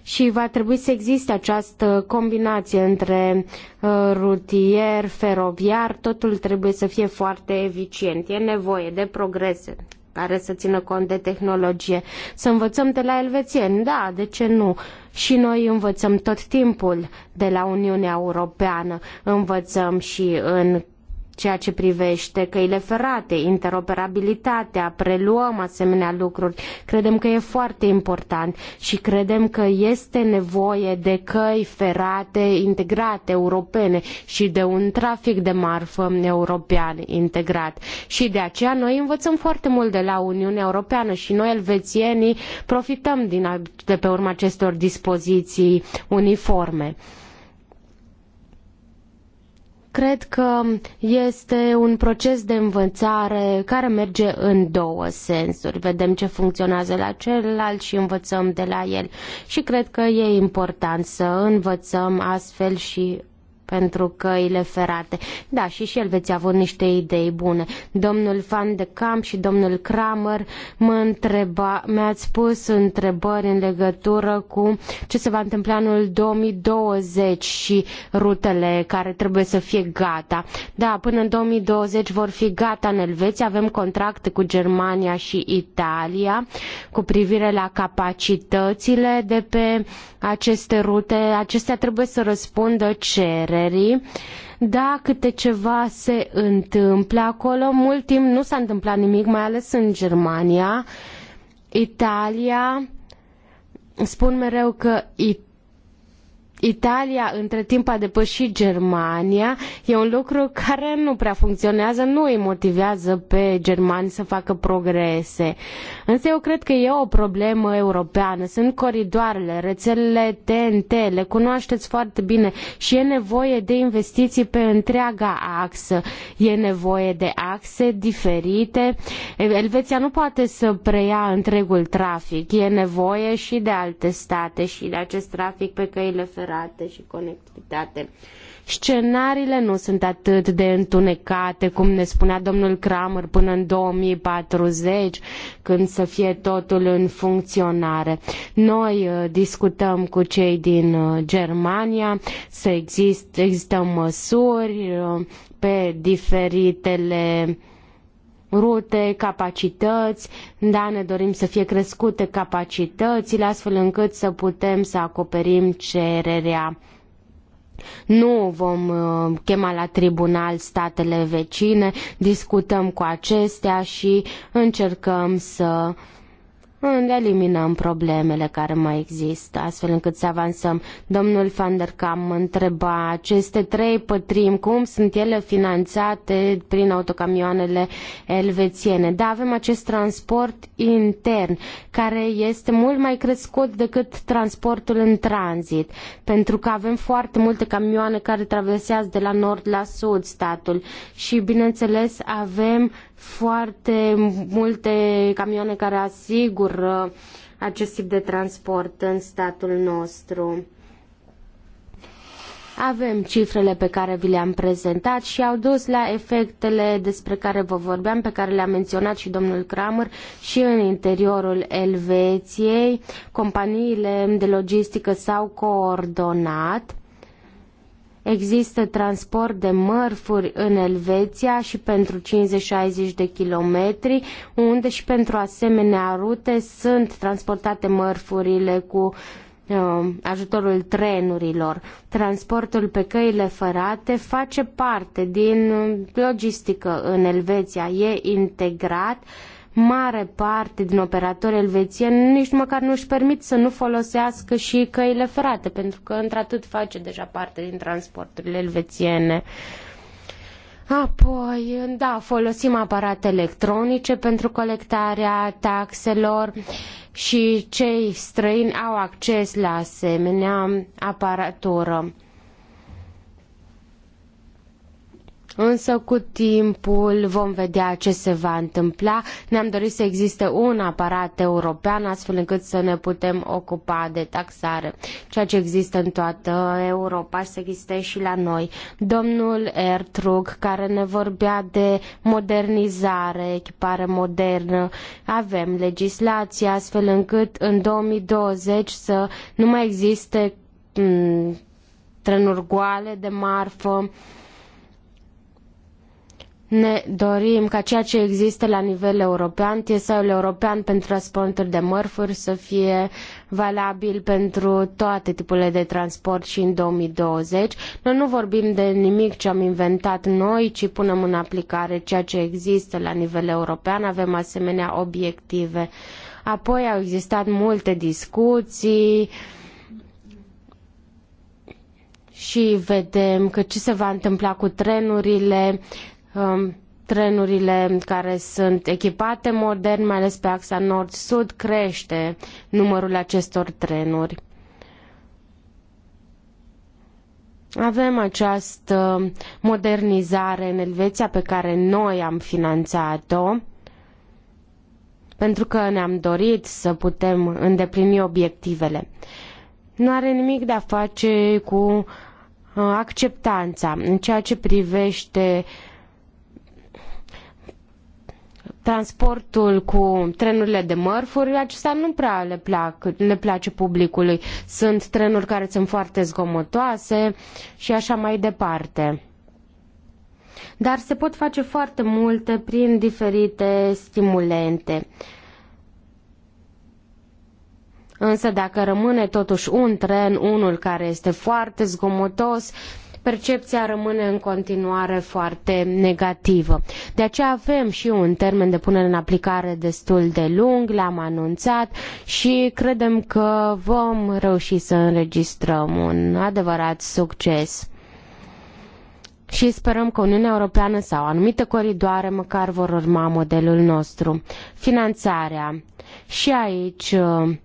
Speaker 2: și va trebui să existe această combinație între uh, rutier, feroviar, totul trebuie să fie foarte eficient. E nevoie de progrese care să țină cont de tehnologie. Să învățăm de la elvețieni, da, de ce nu? Și noi învățăm tot timpul de la Uniunea Europeană, învățăm și în ceea ce privește căile ferate, interoperabilitatea, preluăm asemenea lucruri. Credem că e foarte important și credem că este nevoie de căi ferate integrate europene și de un trafic de marfă european integrat. Și de aceea noi învățăm foarte mult de la Uniunea Europeană și noi elvețienii profităm din, de pe urma acestor dispoziții uniforme. Cred că este un proces de învățare care merge în două sensuri. Vedem ce funcționează la celălalt și învățăm de la el. Și cred că e important să învățăm astfel și pentru căile ferate. Da, și și el veți avut niște idei bune. Domnul Van de Camp și domnul Kramer mă întreba, mi-ați pus întrebări în legătură cu ce se va întâmpla anul 2020 și rutele care trebuie să fie gata. Da, până în 2020 vor fi gata în Elveția, avem contracte cu Germania și Italia cu privire la capacitățile de pe aceste rute. Acestea trebuie să răspundă cere tinerii. Da, câte ceva se întâmplă acolo. Mult timp nu s-a întâmplat nimic, mai ales în Germania. Italia, spun mereu că Italia Italia între timp a depășit Germania, e un lucru care nu prea funcționează, nu îi motivează pe germani să facă progrese. Însă eu cred că e o problemă europeană, sunt coridoarele, rețelele TNT, le cunoașteți foarte bine și e nevoie de investiții pe întreaga axă, e nevoie de axe diferite. Elveția nu poate să preia întregul trafic, e nevoie și de alte state și de acest trafic pe căile ferate separate și conectivitate. Scenariile nu sunt atât de întunecate, cum ne spunea domnul Kramer, până în 2040, când să fie totul în funcționare. Noi uh, discutăm cu cei din uh, Germania să exist, există măsuri uh, pe diferitele rute, capacități, da, ne dorim să fie crescute capacitățile astfel încât să putem să acoperim cererea. Nu vom uh, chema la tribunal statele vecine, discutăm cu acestea și încercăm să uh, unde eliminăm problemele care mai există, astfel încât să avansăm. Domnul Van der Kam întreba aceste trei pătrimi, cum sunt ele finanțate prin autocamioanele elvețiene. Da, avem acest transport intern, care este mult mai crescut decât transportul în tranzit, pentru că avem foarte multe camioane care traversează de la nord la sud statul și, bineînțeles, avem uh, foarte multe camioane care asigură acest tip de transport în statul nostru. Avem cifrele pe care vi le-am prezentat și au dus la efectele despre care vă vorbeam, pe care le-a menționat și domnul Kramer, și în interiorul Elveției. Companiile de logistică s-au coordonat Există transport de mărfuri în Elveția și pentru 50-60 de kilometri, unde și pentru asemenea rute sunt transportate mărfurile cu uh, ajutorul trenurilor. Transportul pe căile ferate face parte din logistică în Elveția, e integrat uh, mare parte din operatori elvețieni nici măcar nu își permit să nu folosească și căile ferate, pentru că într-atât face deja parte din transporturile elvețiene. Apoi, da, folosim aparate electronice pentru colectarea taxelor și cei străini au acces la asemenea aparatură. însă cu timpul vom vedea ce se va întâmpla. Ne-am dorit să existe un aparat european astfel încât să ne putem ocupa de taxare, ceea ce există în toată Europa se să existe și la noi. Domnul Ertrug, care ne vorbea de modernizare, echipare modernă, avem legislație astfel încât în 2020 să nu mai existe mm, trenuri goale de marfă, ne dorim ca ceea ce există la nivel european, TSA-ul european pentru transporturi de mărfuri să fie valabil pentru toate tipurile de transport și în 2020. Noi nu vorbim de nimic ce am inventat noi, ci punem în aplicare ceea ce există la nivel european. Avem asemenea obiective. Apoi au existat multe discuții și vedem că ce se va întâmpla cu trenurile, um, trenurile care sunt echipate modern, mai ales pe axa nord-sud, crește numărul acestor trenuri. Avem această modernizare în Elveția pe care noi am finanțat-o pentru că ne-am dorit să putem îndeplini obiectivele. Nu are nimic de a face cu uh, acceptanța în ceea ce privește uh, transportul cu trenurile de mărfuri, acestea nu prea le, plac, place publicului. Sunt trenuri care sunt foarte zgomotoase și așa mai departe. Dar se pot face foarte multe prin diferite stimulente. Însă dacă rămâne totuși un tren, unul care este foarte zgomotos, percepția rămâne în continuare foarte negativă. De aceea avem și un termen de punere în aplicare destul de lung, l-am anunțat și credem că vom reuși să înregistrăm un adevărat succes și sperăm că Uniunea Europeană sau anumite coridoare măcar vor urma modelul nostru. Finanțarea. Și aici uh,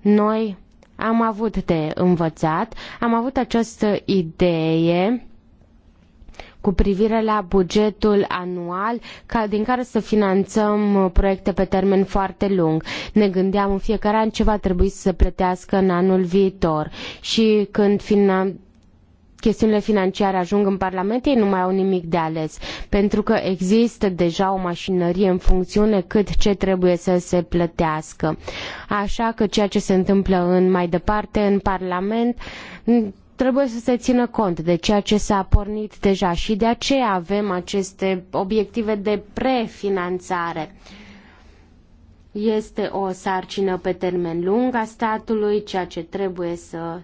Speaker 2: noi am avut de învățat, am avut această idee cu privire la bugetul anual ca, din care să finanțăm proiecte pe termen foarte lung. Ne gândeam în fiecare an ce va trebui să se plătească în anul viitor și când finanțăm chestiunile financiare ajung în Parlament, ei nu mai au nimic de ales, pentru că există deja o mașinărie în funcțiune cât ce trebuie să se plătească. Așa că ceea ce se întâmplă în mai departe în Parlament trebuie să se țină cont de ceea ce s-a pornit deja și de aceea avem aceste obiective de prefinanțare. Este o sarcină pe termen lung a statului, ceea ce trebuie să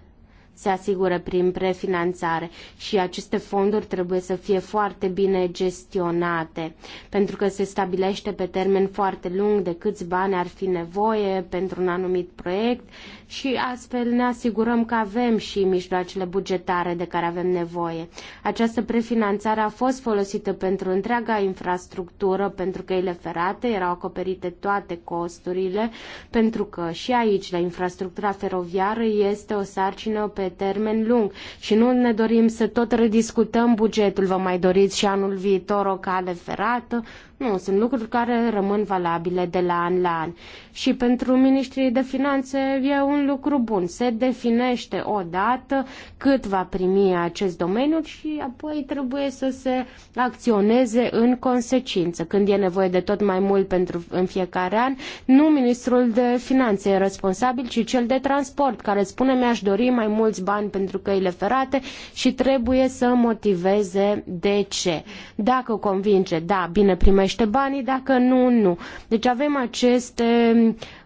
Speaker 2: se asigură prin prefinanțare și aceste fonduri trebuie să fie foarte bine gestionate pentru că se stabilește pe termen foarte lung de câți bani ar fi nevoie pentru un anumit proiect, și astfel ne asigurăm că avem și mijloacele bugetare de care avem nevoie. Această prefinanțare a fost folosită pentru întreaga infrastructură, pentru căile ferate, erau acoperite toate costurile, pentru că și aici, la infrastructura feroviară, este o sarcină pe termen lung și nu ne dorim să tot rediscutăm bugetul. Vă mai doriți și anul viitor o cale ferată, nu, sunt lucruri care rămân valabile de la an la an. Și pentru ministrii de finanțe e un lucru bun. Se definește odată cât va primi acest domeniu și apoi trebuie să se acționeze în consecință. Când e nevoie de tot mai mult pentru în fiecare an, nu ministrul de finanțe e responsabil, ci cel de transport, care spune mi-aș dori mai mulți bani pentru căile ferate și trebuie să motiveze de ce. Dacă convinge, da, bine primește primește banii, dacă nu, nu. Deci avem aceste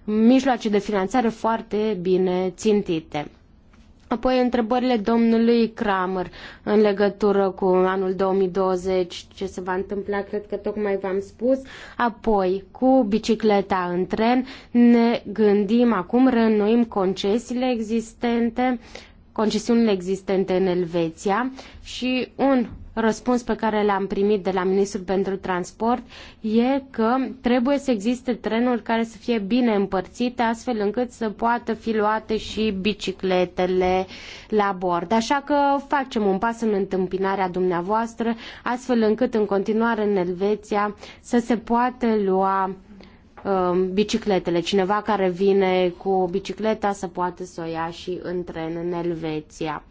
Speaker 2: mijloace de finanțare foarte bine țintite. Apoi întrebările domnului Kramer în legătură cu anul 2020, ce se va întâmpla, cred că tocmai v-am spus. Apoi, cu bicicleta în tren, ne gândim acum, rănuim concesiile existente, concesiunile existente în Elveția și un răspuns pe care l-am primit de la Ministrul pentru Transport e că trebuie să existe trenuri care să fie bine împărțite astfel încât să poată fi luate și bicicletele la bord. Așa că facem un pas în întâmpinarea dumneavoastră astfel încât în continuare în Elveția să se poată lua um, bicicletele. Cineva care vine cu bicicleta să poată să o ia și în tren în Elveția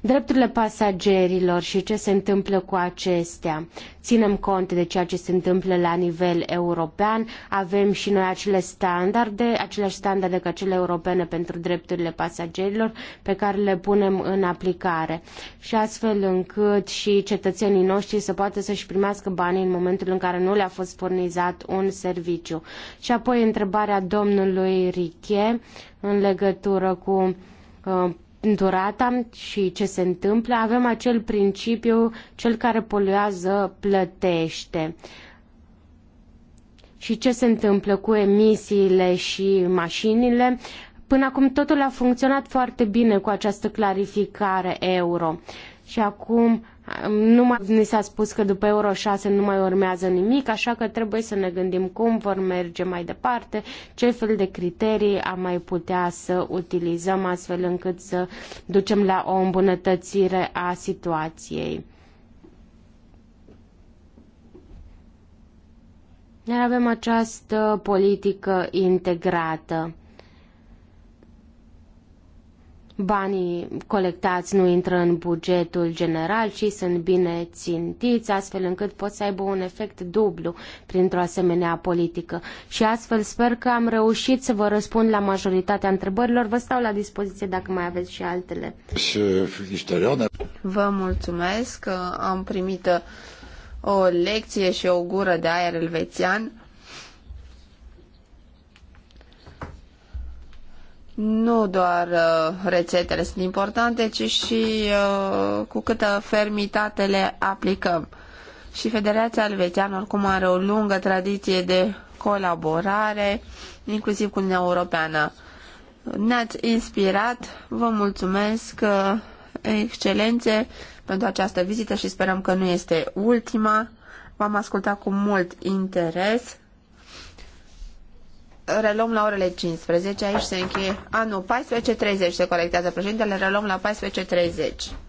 Speaker 2: drepturile pasagerilor și ce se întâmplă cu acestea. Ținem cont de ceea ce se întâmplă la nivel european, avem și noi acele standarde, aceleași standarde ca cele europene pentru drepturile pasagerilor pe care le punem în aplicare și astfel încât și cetățenii noștri să poată să-și primească banii în momentul în care nu le-a fost furnizat un serviciu. Și apoi întrebarea domnului Riche în legătură cu uh, durata și ce se întâmplă, avem acel principiu, cel care poluează plătește. Și ce se întâmplă cu emisiile și mașinile? Până acum totul a funcționat foarte bine cu această clarificare euro. Și acum nu mai ni s-a spus că după Euro 6 nu mai urmează nimic, așa că trebuie să ne gândim cum vor merge mai departe, ce fel de criterii am mai putea să utilizăm astfel încât să ducem la o îmbunătățire a situației. Noi avem această politică integrată. Banii colectați nu intră în bugetul general și sunt bine țintiți, astfel încât pot să aibă un efect dublu printr-o asemenea politică. Și astfel sper că am reușit să vă răspund la majoritatea întrebărilor. Vă stau la dispoziție dacă mai aveți și altele. Vă mulțumesc că am primit
Speaker 1: o lecție și o gură de aer elvețian. nu doar uh, rețetele sunt importante, ci și uh, cu câtă fermitate le aplicăm. Și Federația Elvețiană oricum are o lungă tradiție de colaborare, inclusiv cu Uniunea Europeană. Ne-ați inspirat, vă mulțumesc, uh, excelențe, pentru această vizită și sperăm că nu este ultima. V-am ascultat cu mult interes reluăm la orele 15, aici se încheie, a nu, 14.30 se corectează președintele, reluăm la 14.30.